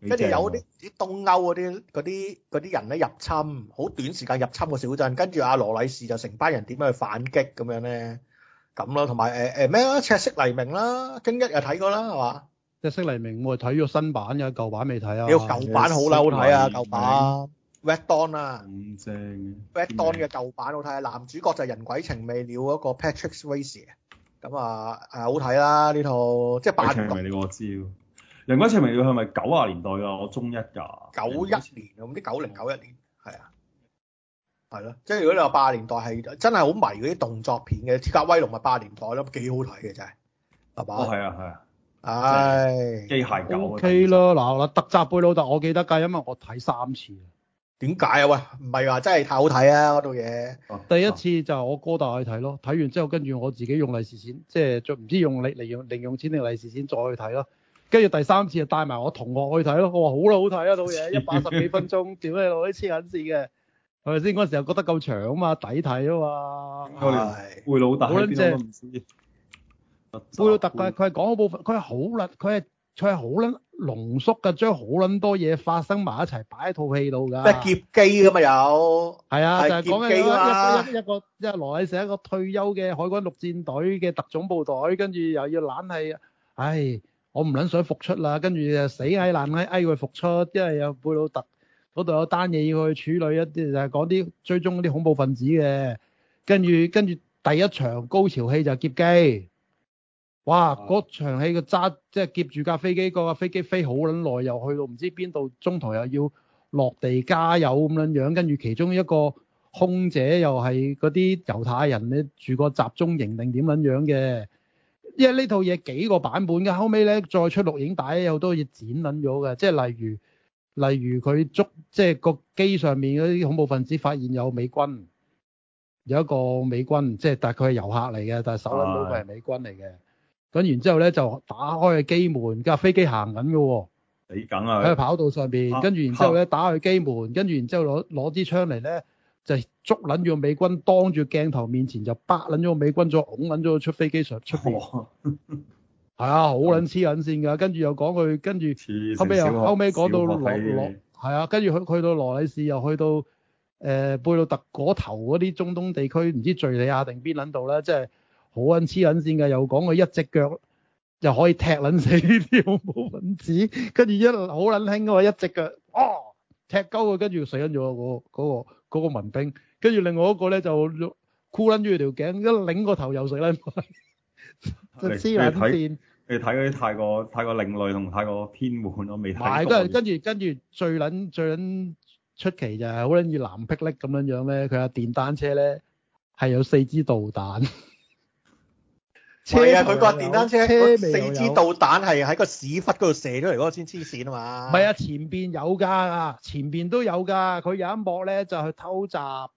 跟住有啲啲東歐嗰啲啲啲人咧入侵，好短時間入侵個小鎮，跟住阿羅禮士就成班人點樣去反擊咁樣咧。咁咯，同埋誒誒咩啊？赤色黎明啦，京一又睇過啦，係嘛？赤色黎明我係睇咗新版嘅，舊版未睇啊。要舊版好啦，好睇啊，舊版 Red Dawn 啦。咁正。Red Dawn 嘅舊版好睇啊，男主角就係人鬼情未了嗰個 Patrick Swayze。咁啊誒好睇啦，呢套即係八。人鬼情未了我知，人鬼情未了係咪九啊年代㗎？我中一㗎。九一年啊，唔知九零九一年。係咯，即係、 [noise] 就是、如果你話八十年代係真係好迷嗰啲動作片嘅，《鐵甲威龍》咪八十年代咯，幾好睇嘅真係，係嘛？哦，係啊，係啊，唉、哎，機械人。O K 咯。嗱嗱，喇喇《特集貝老豆》，我記得㗎，因為我睇三次。點解啊？喂，唔係話真係太好睇啊！嗰套嘢第一次就我哥帶我去睇咯，睇完之後跟住我自己用利是錢，即係唔知用利嚟用零用，用，用錢定利是錢再去睇咯。跟住第三次就帶埋我同學去睇咯。我話好啦、啊，好睇啊，套嘢，一百十幾分鐘，屌你老，啲黐緊線嘅。係咪先嗰陣時又覺得夠長啊嘛，抵睇啊嘛，貝魯特好撚正。貝魯特佢佢係，講嗰部分，佢係好撚，佢係佢係好撚濃縮噶，將好撚多嘢發生埋一齊擺喺套戲度噶。即係劫機啊嘛，有。係啊，就係劫機啦。一一個即係羅偉成，一個退休嘅海軍陸戰隊嘅特種部隊，跟住又要攬係，唉，我唔撚想復出啦，跟住又死嗌爛嗌嗌佢復出，因為有貝魯特。嗰度有單嘢要去處理一啲，就係講啲追蹤嗰啲恐怖分子嘅。跟住跟住第一場高潮戲就劫機，哇！嗰哇場戲個揸即係劫住架飛機，嗰架飛機飛好撚耐，又去到唔知邊度，中途又要落地加油咁撚樣。跟住其中一個空姐又係嗰啲猶太人咧，住個集中營定點撚樣嘅。因為呢套嘢幾個版本嘅，後尾咧再出錄影帶有好多嘢剪撚咗嘅，即係例如。例如佢捉，即係個機上面嗰啲恐怖分子發現有美軍，有一個美軍，即係大概佢係遊客嚟嘅，但係手撚到佢係美軍嚟嘅。咁的然之後咧就打開個機門，架飛機行緊嘅喎，死梗呀，喺跑道上邊，跟住、啊、然之後咧打開機門，跟住、啊、然之後攞攞支槍嚟咧就捉撚住個美軍，當住鏡頭面前就巴撚咗個美軍，再拱撚咗出飛機上出邊。哦 [laughs] 係啊，好撚黐撚線噶，跟住又講佢，跟住後尾又後尾講到羅羅，係啊，跟住去去到羅禮士，又去到誒貝魯特嗰頭嗰啲中東地區，唔知敍利亞定邊撚度咧，即係好撚黐撚線噶，又講佢一隻腳又可以踢撚死呢啲恐怖分子，跟住一好撚輕嘅啊，一隻腳哦踢鳩佢，跟住就死緊咗個嗰個嗰民兵，跟住另外一個咧就箍撚住條頸，一擰個頭又死撚。就黐撚線，你睇嗰啲太過太過另類同太過偏門，我未睇。係都係，跟住跟住最撚最撚出奇咋、就係，好撚似藍霹靂咁樣樣咧。佢架電單車咧係有四支導彈，係 [laughs] 有啊，佢架電單車，車四支導彈係喺個屎忽嗰度射出嚟嗰個先黐線啊嘛。唔係啊，前邊有噶，前邊都有噶。佢有一幕咧就去偷襲。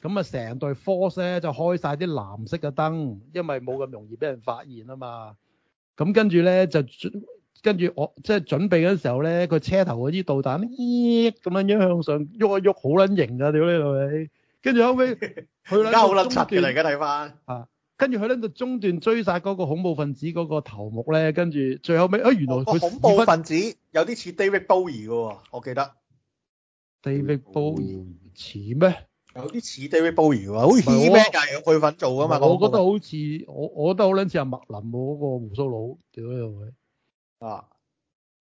咁啊，成隊 force 咧就開晒啲藍色嘅燈，因為冇咁容易俾人發現啊嘛。咁跟住咧就，跟住我即係準備嗰陣時候咧，個車頭嗰啲導彈咁樣樣向上喐一喐，好撚型啊！屌你老味。跟住後尾，佢咧中斷嚟嘅，睇翻。啊！跟住佢咧就中段追晒嗰個恐怖分子嗰個頭目咧，跟住最後尾，啊、哎，原來恐怖分子有啲似 David Bowie 嘅，我記得。David Bowie 似咩？有啲似 David Bowie 喎，好似咩？有佢份做噶嘛。我，共我覺得好似我，我覺得好撚似阿麥林嗰個鬍鬚佬，屌你、啊！啊！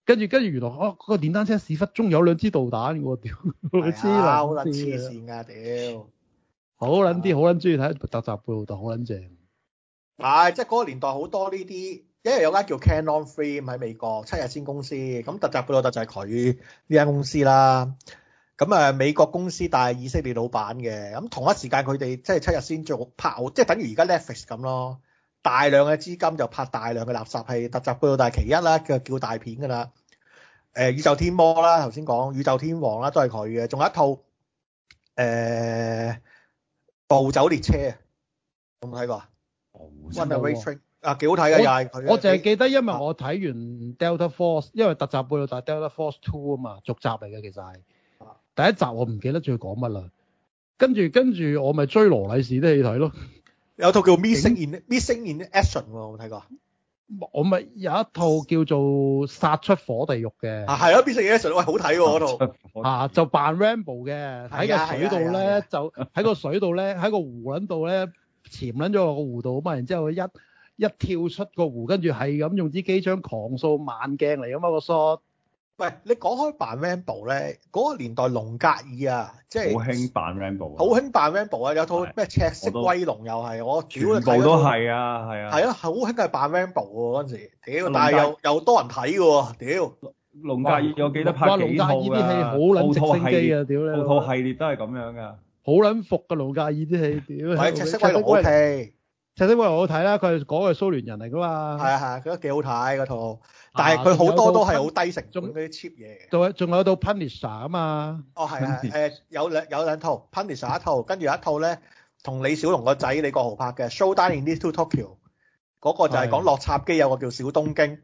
跟住跟住，原來啊，個電單車屎忽中有兩支導彈喎，屌！係、哎、呀 [laughs] 好撚黐線噶，屌吧！好撚啲，好撚中意睇《特集貝魯特》，好撚正。係、啊，即係嗰個年代好多呢啲，因為有間叫 Cannon Films 喺美國，七日鮮公司，咁《特集貝魯特》就係佢呢間公司啦。咁啊、嗯，美國公司帶以色列老闆嘅。咁、嗯、同一時間佢哋即係七日先做拍，即係等於而家 Netflix 咁咯。大量嘅資金就拍大量嘅垃圾戲。特集《背道大其一》啦，佢叫大片噶啦。誒，《宇宙天魔》啦，頭先講《宇宙天王》啦，都係佢嘅。仲有一套誒，《暴走列車》有冇睇過？《One Way Train》啊，幾好睇嘅，又係佢。我淨係記得，因為我睇完《Delta Force》，因為《特集背道大》《Delta Force Two》啊嘛，續集嚟嘅其實係。第一集我唔記得仲要講乜啦，跟住跟住我咪追羅禮士啲戲睇咯，有套叫 Missing Missing in Action 喎，有冇睇過？我咪有一套叫做殺出火地獄嘅，獄獄獄啊係啊，Missing in Action，喂好睇喎嗰套，啊就扮 Rambo 嘅，喺個水度咧就喺個水度咧喺個湖撚度咧潛撚咗個湖度啊嘛，然之後，後一一跳出一個湖，跟住係咁用支機槍狂掃，慢鏡嚟咁啊個 shot。喂，你講開扮 Rambo 咧，嗰個年代龍格爾啊，即係好興扮 Rambo 啊，好興扮 Rambo 啊，有套咩赤色威龍又係我主要睇，全部都係啊，係啊。係啊，好興係扮 Rambo 喎嗰陣時，屌！但係又又多人睇嘅喎，屌！龍格爾，我記得拍幾套嘅。龍格爾啲戲好撚直升機啊，屌！套系列都係咁樣㗎。好撚服嘅龍格爾啲戲，屌！係赤色威龍好睇，赤色威龍好睇啦，佢係講嘅蘇聯人嚟㗎嘛。係啊係，佢都幾好睇嗰套。但係佢好多都係好低成本嗰啲 cheap 嘢。仲有仲有到 Punisher 啊嘛。哦係啊，誒 un、呃、有兩有兩套 Punisher 一套，跟住有一套咧，同李小龍個仔李國豪拍嘅《Showdown in This Two Tokyo》那，嗰個就係講洛杉磯有個叫小東京，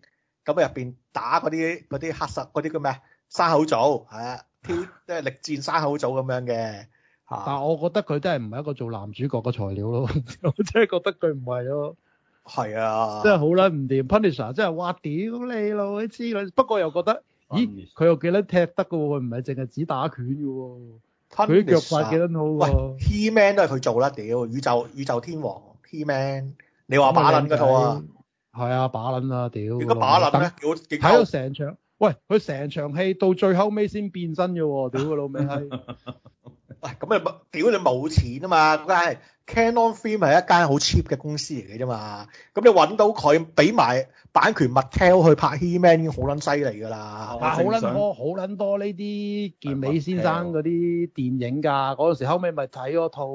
咁啊入邊打嗰啲啲黑實嗰啲叫咩山口組係啊，挑即係力戰山口組咁樣嘅。但我覺得佢真係唔係一個做男主角嘅材料咯， [laughs] 我真係覺得佢唔係咯。係啊，真係好捻唔掂。Punisher 真係哇，屌你老你知佢。不過又覺得，Pun isher. 咦，佢又幾撚踢得噶喎？唔係淨係指打拳嘅喎。佢啲 Pun isher. 腳法幾撚好，啊？喂，He Man 都係佢做啦，屌宇宙宇宙天王 He Man，你話把撚嗰套啊？係啊，把撚啊，屌！幾多把撚咧？屌！睇到成場，喂，佢成場戲到最後尾先變身嘅喎，屌嘅老味閪。 [laughs] 喂，咁、哎、你屌你冇錢啊嘛？梗係，Canon Film 係一間好 cheap 嘅公司嚟嘅啫嘛。咁你揾到佢俾埋版權物 a t e r l 去拍 He《He Man》已經好撚犀利㗎啦。啊，好撚多好撚多呢啲健美先生嗰啲電影㗎。嗰陣時後尾咪睇嗰套，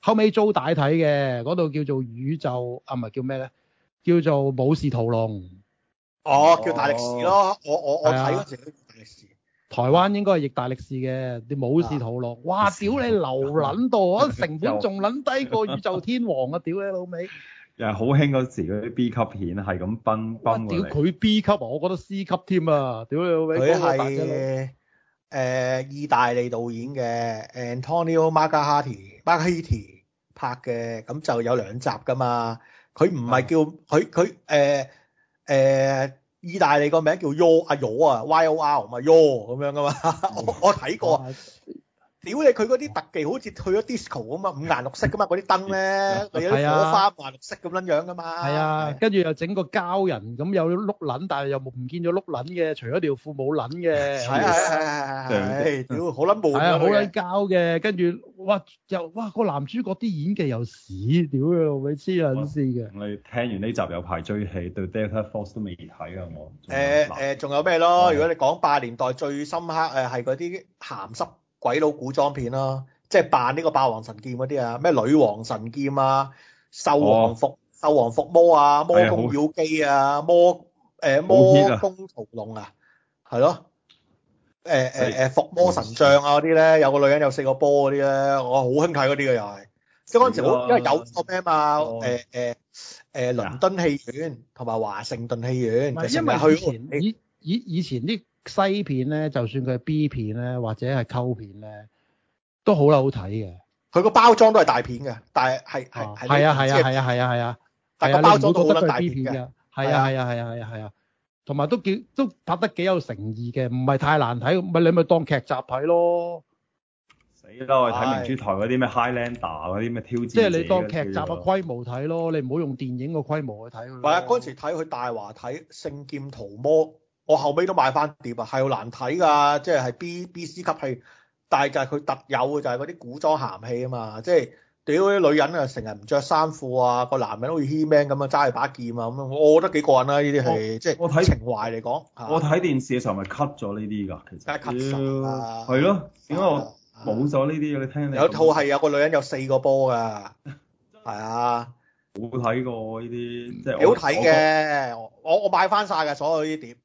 後尾租 o 睇嘅嗰套叫做《宇宙》，啊唔係叫咩咧？叫做《武士屠龍》。哦，叫大力士咯！我、哦、我我睇嗰、啊、時都叫大力士。台灣應該係逆大歷史嘅，你冇事套落。啊、哇！屌你流撚到， [laughs] 我成本仲撚低過宇宙天王啊！屌你老味！又係好興嗰時嗰啲 B 級片，係咁奔奔屌佢 B 級啊，我覺得 C 級添啊！屌你老味！佢係誒意大利導演嘅 Antonio Margheriti 拍嘅，咁就有兩集㗎嘛。佢唔係叫佢佢誒誒。意大利個名叫 Yor，阿 Yor 啊，Y O R 咪 Yor 咁樣噶嘛，我我睇過。屌你佢嗰啲特技好似去咗 disco 咁嘛，五顏六色噶嘛，嗰啲燈咧，你有花五顏六色咁撚樣噶嘛。係啊，啊跟住又整個膠人咁有碌撚，但係又唔見咗碌撚嘅，除咗條褲冇撚嘅。係係係屌好撚無。係好撚膠嘅，跟住哇又哇、個男主角啲演技又屎，屌佢老味黐撚線嘅。你，你聽完呢集有排追戲，對《Data、er、Force》都未睇、欸、啊我。誒誒、啊，仲有咩咯？如果你講八年代最深刻，誒係嗰啲鹹濕。鬼佬古裝片啦，啊，即係扮呢個霸王神劍嗰啲啊，咩女王神劍啊，獸王伏獸王伏魔啊，魔宮妖姬啊，魔、誒、欸、魔宮屠龍啊，係咯，誒誒誒伏魔神像啊嗰啲咧，有個女人有四個波嗰啲咧，我、啊、好興睇嗰啲嘅又係，即嗰陣時好，啊、因為有嗰咩啊，誒誒誒倫敦戲院同埋華盛頓戲院，是因為以以以你以前啲。西片咧，就算佢係 B 片咧，或者係溝片咧，都好啦，好睇嘅。佢個包裝都係大片嘅，但係係係係係啊係啊係啊係啊係啊，但係包裝都覺得係 B 片嘅，係啊係啊係啊係啊係啊，同埋都叫都拍得幾有誠意嘅，唔係太難睇，唔係你咪當劇集睇咯。死啦！我睇明珠台嗰啲咩 Highlander 嗰啲咩挑戰，即係你當劇集嘅規模睇咯，你唔好用電影嘅規模去睇佢。係啊，嗰時睇佢大華睇《聖劍屠魔》。我後尾都買翻碟啊，係好難睇㗎，即係係 B B C 級戲，但係佢特有嘅就係嗰啲古裝鹹戲啊嘛，即係屌啲女人啊成日唔着衫褲啊，個男人好似 He-Man 咁啊揸住把劍啊咁樣，我覺得幾過癮啦，啊！呢啲係即係是我睇看情懷嚟講。我睇電視嘅時候咪 cut 咗呢啲㗎，其實屌係咯，點解我冇咗呢啲？你聽你有套係有個女人有四個波㗎，係啊 [laughs] 的，冇睇過呢啲，即係是幾好睇嘅，我我買翻晒嘅所有呢啲碟。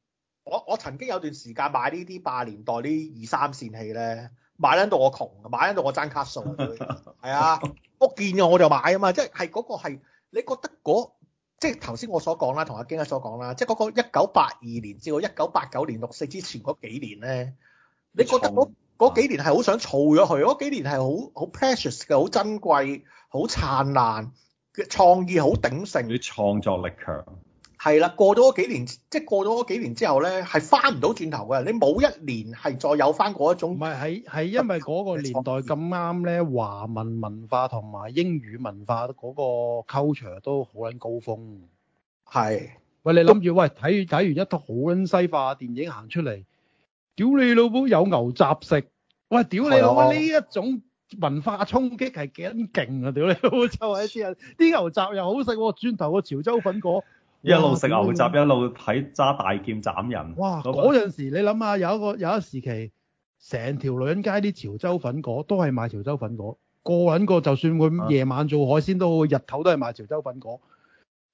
我我曾經有段時間買呢啲八年代呢二三線戲，咧，買緊到我窮，買緊到我爭卡數。係啊，屋 [laughs] 見我我就買啊嘛，即係嗰個係你覺得嗰即係頭先我所講啦，同阿京一所講啦，即係嗰個一九八二年至到一九八九年六四之前嗰幾年咧，你覺得嗰、就是就是、幾年係好想儲咗佢，嗰幾年係好好 precious 嘅，好珍貴，好燦爛嘅，創意好鼎盛，你創作力強。係啦，過咗嗰幾年，即係過咗嗰幾年之後咧，係翻唔到轉頭嘅。你冇一年係再有翻嗰一種。唔係喺喺，因為嗰個年代咁啱咧，華文文化同埋英語文化嗰個溝場都好撚高峰。係的，喂，你諗住？喂，睇睇完一套好撚西化嘅電影行出嚟，屌你老母有牛雜食，喂，屌你老母呢一種文化衝擊係幾撚勁啊！屌你老母就係啲啲牛雜又好食喎，啊，轉頭個潮州粉果。 [laughs] 一路食牛雜，一路睇揸大劍斬人。哇！嗰陣闆時你諗下，有一個有一個時期，成條女人街啲潮州粉果都係賣潮州粉果，個捻個就算佢夜晚做海鮮都好，日頭都係賣潮州粉果。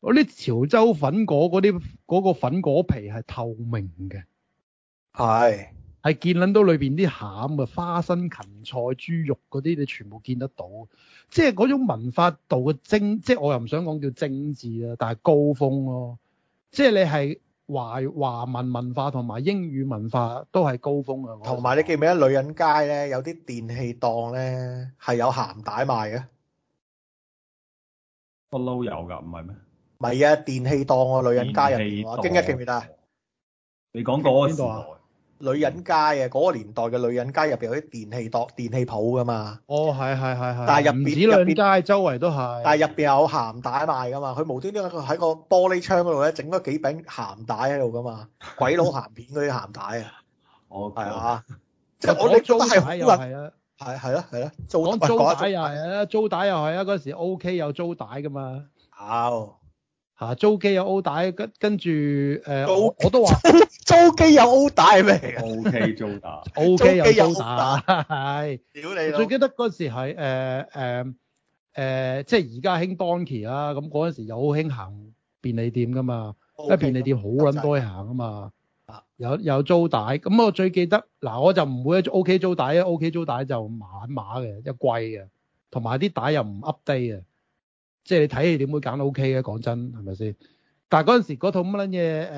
嗰啲潮州粉果嗰啲，嗰個粉果皮係透明嘅，係。係見捻到裏邊啲餡啊，花生、芹菜、豬肉嗰啲，你全部見得到。即係嗰種文化度嘅精，即係我又唔想講叫精緻啊，但係高峰咯。即係你係華華文文化同埋英語文化都係高峰啊！同埋、啊、你記唔記得女人街咧有啲電器檔咧係有鹹帶賣嘅？不嬲有噶，唔係咩？唔係啊，電器檔啊，女人街入邊啊，京一記唔記得啊？你講嗰個度啊？女人街啊，嗰、嗰個年代嘅女人街入邊有啲電器檔、電器鋪噶嘛。哦，係係係係。但係入呢入邊，周圍都係。但係入邊有鹹帶賣噶嘛？佢無端端喺個玻璃窗嗰度咧，整咗幾餅鹹帶喺度噶嘛？鬼佬鹹片嗰啲鹹帶 [laughs] 啊，哦，係啊。即係我租帶又係啊。係係咯係咯，租帶係啊，租帶又係啊，嗰陣、啊、時 O.K. 有租帶噶嘛？哦。 [laughs] 嚇、啊、租機有 O 帶，跟跟住誒，我都話 [laughs] 租機有 O 帶咩 O K 租帶，O K 有租帶，係。屌 [laughs] 是你最記得嗰時係誒誒誒，即係而家興 Donkey 啦，咁嗰陣時又好興行便利店㗎嘛，OK, 因為便利店好撚多行㗎嘛。啊！有有租帶，咁我最記得嗱、啊，我就唔會 O、OK、K 租帶啊，O K 租帶就麻麻嘅，又貴嘅，同埋啲帶又唔 update 啊。即係你睇、OK，你點會揀 O K 嘅？講真，係咪先？但係嗰陣時嗰套乜撚嘢，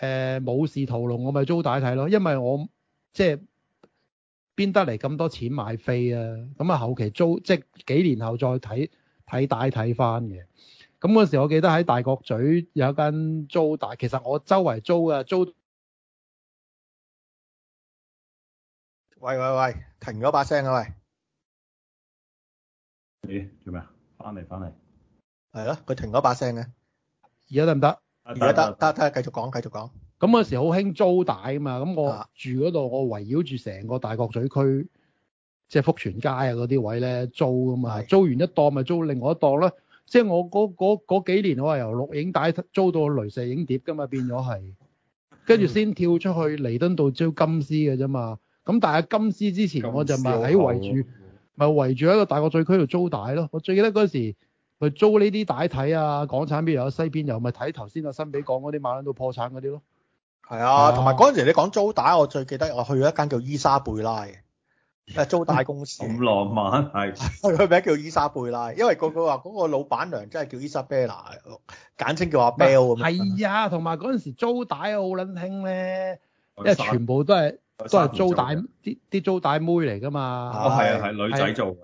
誒誒武士屠龍，我咪租帶睇咯。因為我即係邊得嚟咁多錢買飛啊？咁啊，後期租即係幾年後再睇睇帶睇翻嘅。咁嗰陣時，我記得喺大角咀有一間租帶，其實我周圍租嘅租。喂喂喂，停咗把聲啊喂！咦、欸？做咩啊？翻嚟翻嚟，係咯，佢停咗把聲嘅，而家得唔得？而家得得，睇下繼續講，繼續講。咁嗰時好興租帶啊嘛，咁我住嗰度，我圍繞住成個大角咀區，即係福全街啊嗰啲位咧租啊嘛，係租完一檔咪租另外一檔啦。即係我嗰幾年，我係由錄影帶租到雷射影碟噶嘛，變咗係，跟住先跳出去彌敦道招金絲嘅啫嘛。咁但係金絲之前我就咪喺圍住。係圍住喺個大國最區度租帶咯，我最記得嗰陣時，去租呢啲帶睇啊，港產片又有，西片又咪睇頭先阿幸比講嗰啲馬騮都破產嗰啲咯。係啊，同埋嗰陣時你講租帶，我最記得我去咗一間叫伊莎貝拉嘅租帶公司。咁浪漫係，佢個名叫伊莎貝拉，因為個個話嗰個老闆娘真係叫伊莎貝拉，簡稱叫阿 Bell 咁樣。係啊，同埋嗰陣時租帶好撚興咧，因為全部都係。都係租帶啲啲租,租帶妹嚟噶嘛？哦，係啊，係、啊、女仔做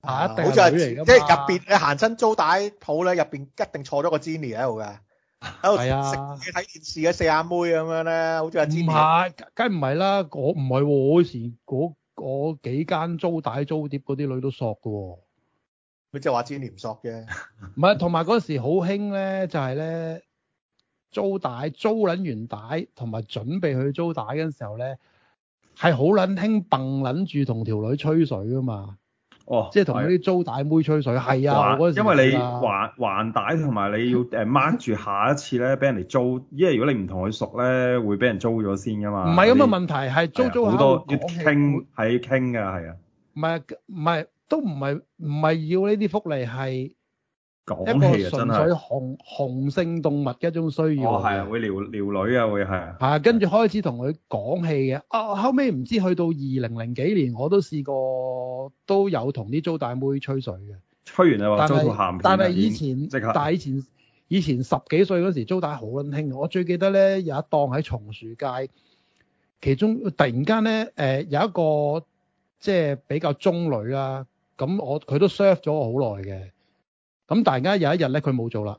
啊，啊啊一定係女嚟噶嘛。即係入邊你行親租帶鋪咧，入邊一定坐咗個 Jenny 喺度噶，喺度食嘢睇電視嘅四眼妹咁樣咧，好似阿 Jenny 梗唔係啦，我唔係嗰時嗰嗰幾間租帶租碟嗰啲女都索嘅、啊。佢即係話 Jenny 唔索嘅。唔係， [laughs] 同埋嗰時好興咧，就係咧租帶租捻完帶，同埋準備去租帶嘅時候咧。係好撚興，蹦撚住同條女吹水噶嘛？哦，即係同嗰啲租大妹吹水，係、哦、啊，因為你還還帶同埋你要誒 mark 住下一次咧，俾 [laughs] 人哋租。因為如果你唔同佢熟咧，會俾人租咗先噶嘛。唔係咁嘅問題係租租好多，要傾，係要傾噶，係啊。唔係唔係，都唔係唔係要呢啲福利係。講戲啊，純粹真係雄雄性動物嘅一種需要。哦，係啊，會撩撩女啊，會係。係啊，跟住開始同佢講戲嘅。哦、啊，後尾唔知去到二零零幾年，我都試過，都有同啲租大妹吹水嘅。吹完啊嘛，租套鹹片。但係是以前，刻但係以前，以前十幾歲嗰時，租大好溫馨。我最記得咧，有一檔喺松樹街，其中突然間咧，誒、呃，有一個即係比較中女啦，咁我佢都 serve 咗我好耐嘅。咁大家有一日咧，佢冇做啦。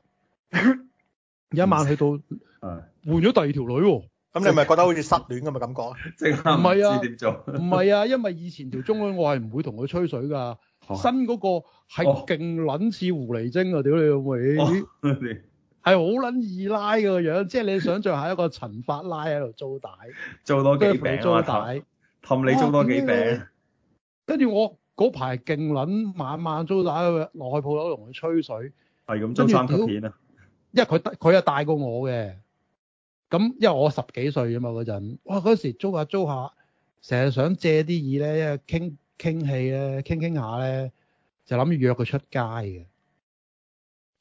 有一晚去到，換咗第二條女喎。咁你咪覺得好似失戀咁嘅感覺？唔係啊，唔係 [laughs] 啊，因為以前條中女我係唔會同佢吹水噶。哦、新嗰個係勁撚似狐狸精啊！屌你老味，係好撚二奶嘅樣，即、就、係、是、你想像下一個陳法拉喺度租帶，做多幾餅啊？氹你租多幾餅、啊？跟住我。嗰排勁撚晚晚都打落去鋪頭同佢吹水，係咁，租三條片啊！因為佢佢又大過我嘅，咁因為我十幾歲啊嘛嗰陣，哇嗰時租下租下，成日想借啲意咧，因為傾傾戲咧，傾傾下咧，就諗住約佢出街嘅，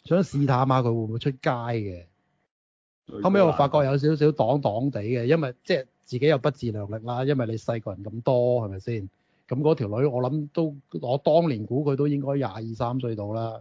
想試探下佢會唔會出街嘅。後尾我發覺有少少擋擋地嘅，因為即係自己又不自量力啦，因為你細個人咁多，係咪先？咁嗰條女，我諗都我當年估佢都應該廿二三歲到啦。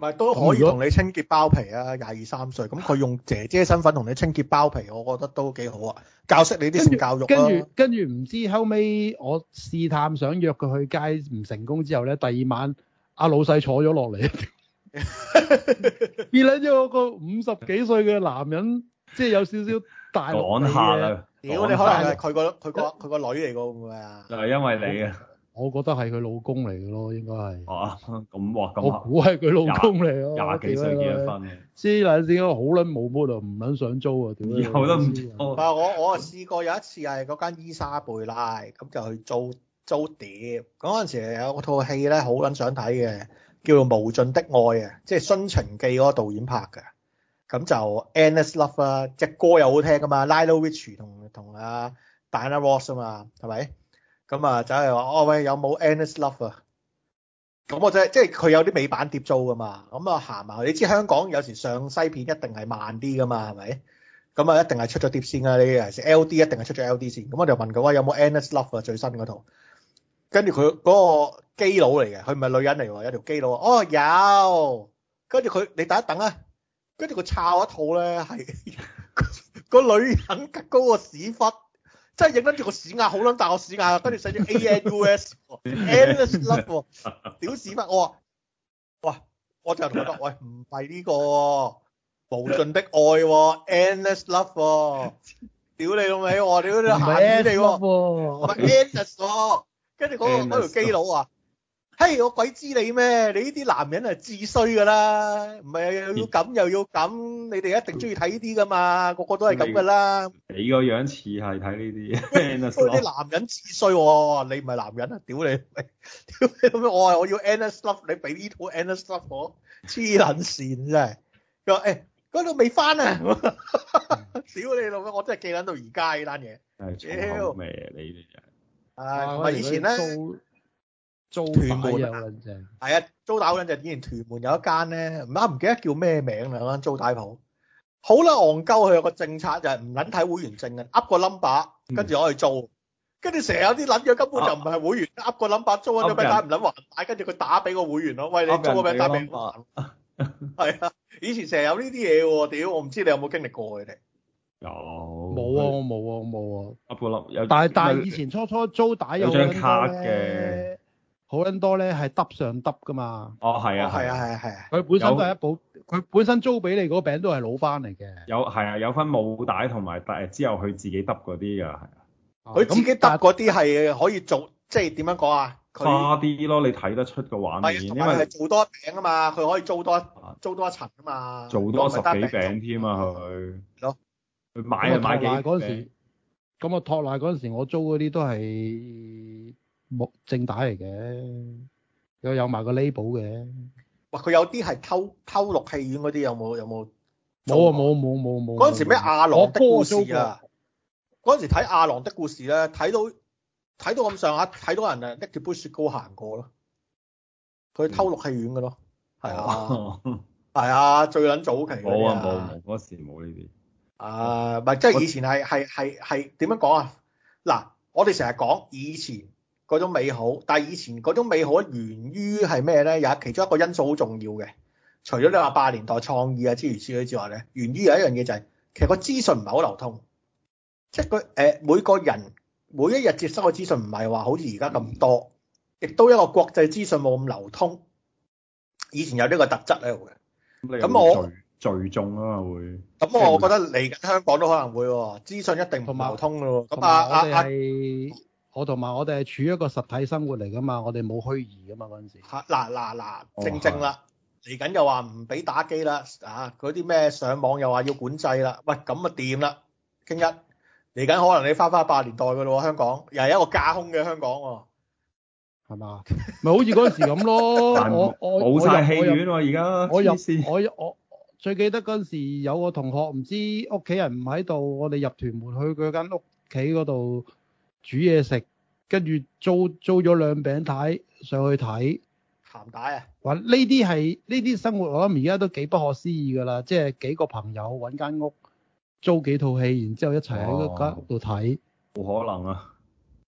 唔係都可以同你清潔包皮啊，廿二三歲。咁佢用姐姐身份同你清潔包皮，我覺得都幾好啊，教識你啲性教育啊。跟住，跟住唔知後尾我試探想約佢去街，唔成功之後咧，第二晚阿老細坐咗落嚟， [laughs] 變咗一個五十幾歲嘅男人，即係有少少大陸嘅嘢。講下啦。屌，你可能係佢個佢個佢個女嚟個會唔會啊？就係因為你啊！我覺得係佢老公嚟嘅咯，應該係。嚇、啊，咁、嗯、喎，咁、嗯、我估係佢老公嚟咯，廿幾歲結咗婚嘅。嗯、你知啦，點解好撚冇鋪頭，唔撚想租啊？點解？以後都唔～啊！我我試過有一次係嗰間伊莎貝拉，咁就去租租租碟。嗰陣時有套戲咧，好撚想睇嘅，叫做《無盡的愛》啊，即係《殉情記》嗰、那個導演拍嘅。咁就 Endless Love 啊，隻歌又好聽噶嘛，Lionel Richie 同同啊 Diana Ross 啊嘛，係咪？咁啊，就係話，哦，喂，有冇 Endless Love 啊？咁我即係即係佢有啲美版碟租噶嘛，咁啊，行埋去，你知香港有時上西片一定係慢啲噶嘛，係咪？咁啊，一定係出咗碟先啦，你啊是 LD 一定係出咗 LD 先，咁我就問佢話有冇 Endless Love 啊最新嗰套？跟住佢嗰個基佬嚟嘅，佢唔係女人嚟喎，有條基佬啊，哦，有，跟住佢，你等一等啊。跟住佢抄一套咧，係 [laughs] 個女人吉高個屎忽，真係影得住個屎眼好撚大個屎眼，跟住寫住 A N U S, [laughs] endless love，屌屎忽我話，哇！我就同佢講，喂，唔係呢個無盡的愛、哦、e、哦、n d l e s s, [laughs] love，屌你老味，我話屌你鹹魚你跟住嗰嗰條基佬啊！嘿，hey，我鬼知你咩？你呢啲男人係自衰噶啦，唔係又要咁又要咁，你哋一定中意睇呢啲噶嘛？個個都係咁噶啦。你個樣似係睇呢啲。嗰啲男人自衰喎，你唔係男人啊？屌你！屌你咁樣，我話我要 endless love，你俾呢套 endless love 我，黐撚線真係。佢話：誒，嗰度未翻啊？屌你老母，我真係記撚到而家呢單嘢。係，屌咩？你呢啲人。啊，唔係以前咧。租打嗰陣，係啊，租打嗰陣就以前屯門有一間咧，唔啱，唔記得叫咩名啦。租打鋪，好啦，戇鳩佢有個政策就係唔撚睇會員證啊。噏個 number，跟住我去租，跟住成日有啲撚咗，根本就唔係會員，噏個 number 租咗你打，唔撚還打，跟住佢打俾個會員咯。喂，你租個名打俾還。係啊，以前成日有呢啲嘢喎，屌我唔知你有冇經歷過佢哋？有。冇啊！我冇啊！冇啊！噏個 number，但係但係以前初初租打有張卡嘅。好撚多咧，係揼上揼噶嘛。哦，係啊，係啊，係啊，係啊。佢本身都係一部，佢有本身租俾你嗰餅都係老翻嚟嘅。有係啊，有分冇帶同埋誒之後佢自己揼嗰啲嘅係。佢、啊、自己揼嗰啲係可以做，即係點樣講啊？差啲咯，你睇得出個畫面，啊、因為係做多餅啊嘛，佢可以租多租多一層啊嘛。做多十幾餅添啊，佢。係咯。佢買啊買嘅嗰陣咁啊托奶嗰陣時，嗯、我，時我，時我租嗰啲都係。木正打嚟嘅，又有埋個 label 嘅。哇！佢有啲係偷偷錄戲院嗰啲，有冇有冇？冇啊！冇冇冇冇。嗰陣時咩《阿郎的故事》啊？嗰陣時睇《阿郎的故事》咧，睇到睇到咁上下，睇到人啊拎住杯雪糕行過咯。佢偷錄戲院嘅咯，係啊，係啊，最捻早期冇啊！冇冇，嗰時冇呢啲。啊，唔係，即係以前係係係係點樣講啊？嗱，我哋成日講以前嗰種美好，但係以前嗰種美好源於係咩咧？有其中一個因素好重要嘅。除咗你話八年代創意啊之類之類之外咧，源於有一樣嘢就係、是、其實個資訊唔係好流通，即係佢誒每個人每一日接收嘅資訊唔係話好似而家咁多，亦、嗯、都一個國際資訊冇咁流通。以前有呢個特質喺度嘅。咁你咁我聚眾啊嘛會。咁我我覺得嚟緊香港都可能會資訊一定唔流通嘅喎。咁啊啊啊！啊啊啊我同埋我哋係處於一個實體生活嚟噶嘛，我哋冇虛擬噶嘛嗰陣時。嗱嗱嗱，正正啦，嚟緊又話唔俾打機啦，啊嗰啲咩上網又話要管制啦，喂咁啊掂啦，傾一嚟緊可能你翻返八十年代噶咯，香港又係一個架空嘅香港、哦，係嘛吧？咪好似嗰陣時咁咯， [laughs] 我我冇晒戲院喎而家。我有、啊、入我我，我，我最記得嗰陣時，有個同學唔知屋企人唔喺度，我哋入屯門去佢間屋企嗰度。煮嘢食，跟住租租咗兩餅帶上去睇，鹹帶啊！哇，呢啲係呢啲生活，我諗而家都幾不可思議噶啦，即係幾個朋友搵間屋租幾套戲，然之後一齊喺個間屋度睇，冇可能啊！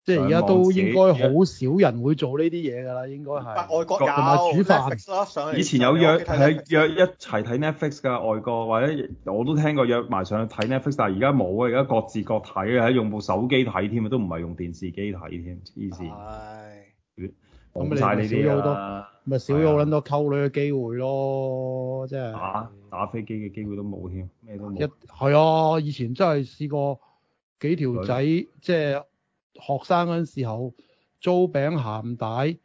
即係而家都應該好少人會做呢啲嘢㗎啦，應該係。外國有。煮飯上以前有約係約一齊睇 Netflix 㗎，外國或者我都聽過約埋上去睇 Netflix，但係而家冇啊，而家各自各睇啊，係用部手機睇添啊，都唔係用電視機睇添，意思，唉、哎，咁你咪少咗好多，咪、啊、少咗好多溝女嘅機會咯，即係、啊。即係、打打飛機嘅機會都冇添，咩都冇。一係啊，以前真係試過幾條仔即係。對即係學生嗰陣時候，租餅鹹帶，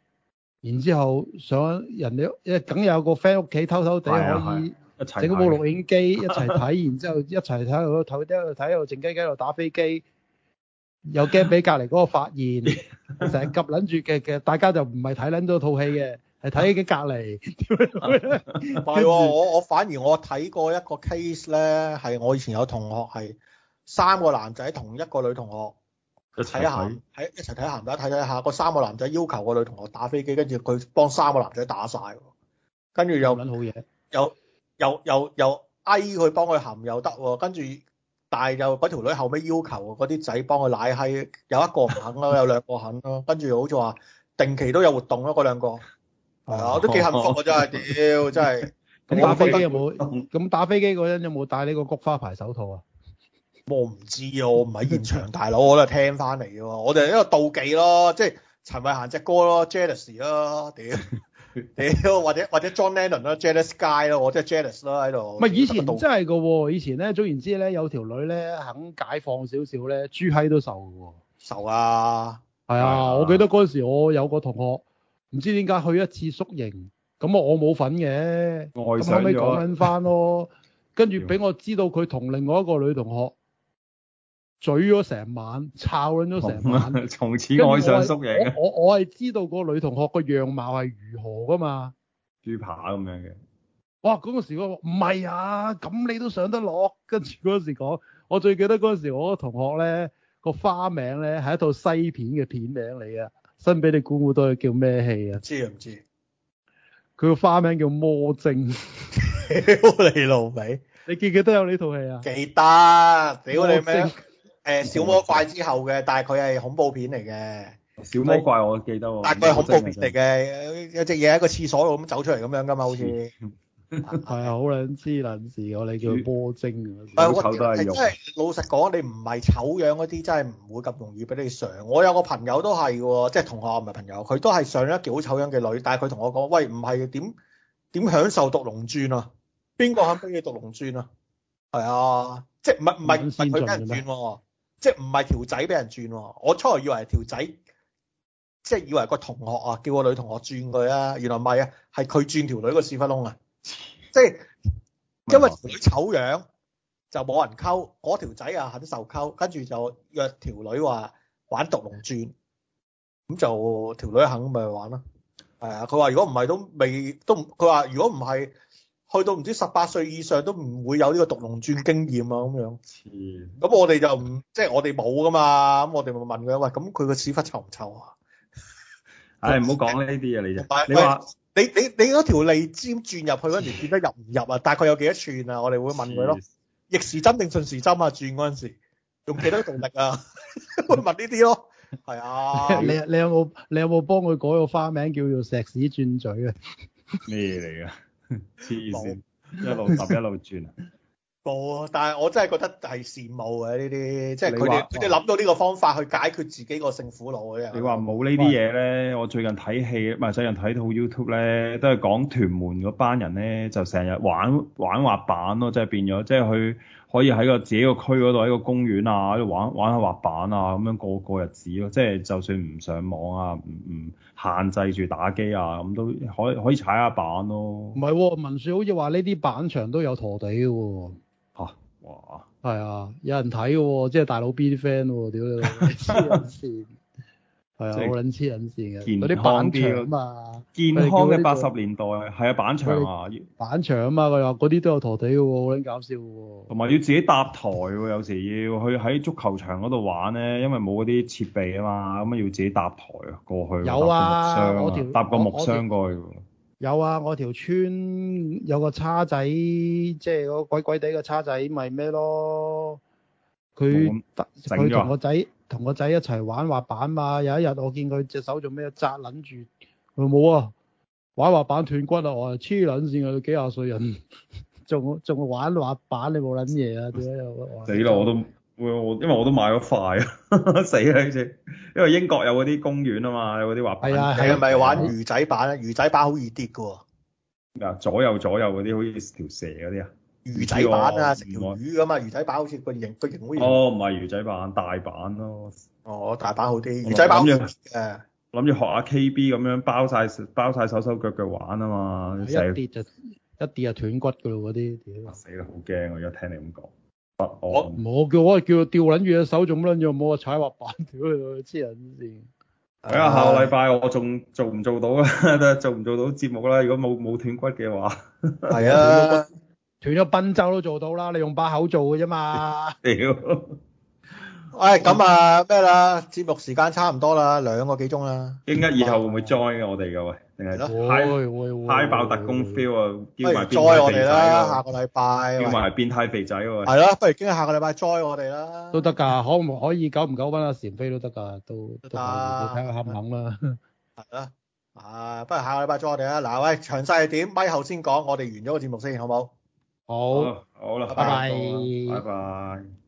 然之後上人哋，因為梗有個 friend 屋企偷偷地可以整部錄影機 [laughs] 一齊睇，然之後一齊喺度偷喺度睇喺度靜雞雞度打飛機，又驚俾隔籬嗰個發現，成日夾捻住嘅嘅，大家就唔係睇捻到套戲嘅，係睇緊隔籬。係，我我反而我睇過一個 case 咧，係我以前有同學係三個男仔同一個女同學。 [laughs] 睇下喺一齊睇鹹唔得睇睇下，個三個男仔要求個女同學打飛機，跟住佢幫三個男仔打晒，跟住又搵好嘢，又又又又 A 佢幫佢含又得，跟住但係又嗰條女後尾要求嗰啲仔幫佢奶閪，有一個唔肯咯，有兩個肯咯， [laughs] 跟住好似話定期都有活動咯，嗰兩個係啊，我都幾幸福啊 [laughs] 真係，屌真係。咁 [laughs] 打飛機有冇？咁 [laughs] 打飛機嗰陣有冇帶呢個菊花牌手套啊？我唔知啊，我唔喺現場，大佬我都係聽翻嚟嘅，我哋係因為妒忌咯，即係陳慧嫻隻歌咯 jealous 咯，屌，屌，或者或者 John Lennon 啦 jealous guy 咯，我真係 jealous 咯喺度。唔係以前真係嘅喎，以前咧總言之咧，有條女咧肯解放少少咧，朱閪都受嘅受啊！係啊，啊，啊，我記得嗰陣時我有個同學，唔知點解去一次宿營，咁我冇份嘅。外省咗。咁後屘講緊翻咯， [laughs] 跟住俾我知道佢同另外一個女同學。嘴咗成晚，耖卵咗成晚， [laughs] 從此愛上縮影，我我係知道嗰個女同學個樣貌係如何噶嘛，豬扒咁樣嘅。哇！嗰、那、陣、個、時我唔係啊，咁你都上得落？跟住嗰陣時講，我最記得嗰陣時我個同學咧、那個花名咧係、那個、一套西片嘅片名嚟啊！想唔想俾你估估到佢叫咩戲啊？知唔知？佢個花名叫魔精，屌 [laughs] 你老味！你記記得有呢套戲啊？記得，屌你咩？ [laughs] 誒小魔怪之後嘅，但係佢係恐怖片嚟嘅。小魔怪我記得喎。但係佢係恐怖片嚟嘅，有隻嘢喺個廁所度咁走出嚟咁樣噶嘛，好似。係啊，好撚黐撚線，我哋叫魔精啊。醜都係肉。真係老實講，你唔係醜樣嗰啲，真係唔會咁容易俾你上。我有個朋友都係喎，即係同學唔係朋友，佢都係上咗幾好醜樣嘅女，但係佢同我講，喂，唔係點點享受毒龍鑽啊？邊個肯俾你毒龍鑽啊？係啊，即係唔係唔係佢跟住轉喎。即係唔係條仔俾人轉？啊，我初頭以為係條仔，即係以為個同學啊，叫個女同學轉佢啊，原來唔係啊，係佢轉條女個屎窟窿啊，即係因為女醜樣就冇人溝，嗰條仔啊肯受溝，跟住就約條女話玩毒龍轉，咁就條女肯咪玩啦，係啊，佢、呃、話如果唔係都未都，佢話如果唔係。去到唔知十八歲以上都唔會有呢個毒龍轉經驗啊咁樣。似咁我哋就唔，即係我哋冇噶嘛，咁我哋咪問佢喂，咁佢個屎忽臭唔臭啊？唉，唔好講呢啲啊，你就你話你、你、你嗰條脷尖轉入去嗰陣時，轉得入唔入啊？大概有幾多吋啊？我哋會問佢咯。逆時針定順時針啊？轉嗰陣時用幾多動力啊？會問呢啲咯。係啊。你、你有冇你有冇幫佢改個花名叫做石屎轉嘴啊？咩嚟㗎？黐線，有一路揼一路轉啊！冇， [laughs] 但係我真係覺得係羨慕嘅呢啲，即係佢哋佢哋諗到呢個方法去解決自己個性苦惱嘅。你話冇呢啲嘢咧，的我最近睇戲，唔係最近睇套 YouTube 咧，都係講屯門嗰班人咧，就成日玩玩滑板咯，即係變咗，即係去。可以喺個自己個區嗰度喺個公園啊，都玩玩下滑板啊，咁樣過過日子咯、啊。即係就算唔上網啊，唔唔限制住打機啊，咁都可以可以踩下板咯、啊。唔係喎，文書好似話呢啲板場都有陀地嘅喎、哦。嚇！哇！係啊，有人睇喎、哦，即、就、係、是、大佬 B 啲 friend 喎、哦，屌你老味。係啊，好捻黐捻線嘅，嗰啲板牆啊嘛，健康嘅八十年代，係啊板牆啊，板牆啊板牆嘛，佢話嗰啲都有陀地嘅，好捻搞笑嘅。同埋要自己搭台，有時要去喺足球場嗰度玩咧，因為冇嗰啲設備啊嘛，咁啊要自己搭台啊，過去。有啊，搭個，我條，搭個木箱過去。有啊，我條村有個叉仔，即係嗰鬼鬼地嘅叉仔，咪、就、咩、是、咯？佢搭，佢同個仔。同個仔一齊玩滑板嘛，有一日我見佢隻手做咩紮撚住？佢冇啊，玩滑板斷骨啊，我黐撚線啊，幾廿歲人仲仲玩滑板你冇撚嘢啊？點解又死啦！我都我因為我都買咗塊啊， [laughs] 死啦呢隻！因為英國有嗰啲公園啊嘛，有嗰啲滑板。係啊係啊，咪玩魚仔板，啊，魚仔板好易跌噶喎、哦。嗱，左右左右嗰啲，好似條蛇嗰啲啊。魚仔板啊，食條魚咁是、哦、啊，魚仔板好似個型個型會型。哦，唔係魚仔板，大板咯。哦，大板好啲，魚仔板唔嘅。諗住學下 K B 咁樣包，包晒包晒手手腳腳玩嘛啊嘛、就是，一跌就一跌就斷骨噶咯，嗰啲。死啦！好驚我而家聽你咁講我。我叫我叫我叫我吊撚住隻手做乜撚住，唔好話踩滑板，屌你黐人先。係啊，下個禮拜我仲做唔做到啦？ [laughs] 做唔做到節目啦？如果冇冇斷骨嘅話。係 [laughs] 啊。 [laughs] 除咗濱州都做到啦，你用把口做嘅啫嘛。屌！喂，咁啊咩啦？節目時間差唔多啦，兩個幾鐘啦。京一以後會唔會 join 我哋嘅喂？會會會，high 爆特工 feel 啊！不如 join 我哋啦，下個禮拜。join 埋變態肥仔喎。係咯，不如京一下個禮拜 join 我哋啦。都得噶，可唔可以九唔九分阿？禪飛都得噶，都都睇下肯唔肯啦。係啦，啊，不如下個禮拜 join 我哋啦。嗱，喂，詳細係點？咪後先講，我哋完咗個節目先，好唔好？好，好啦，oh. oh, hol，拜拜，拜拜。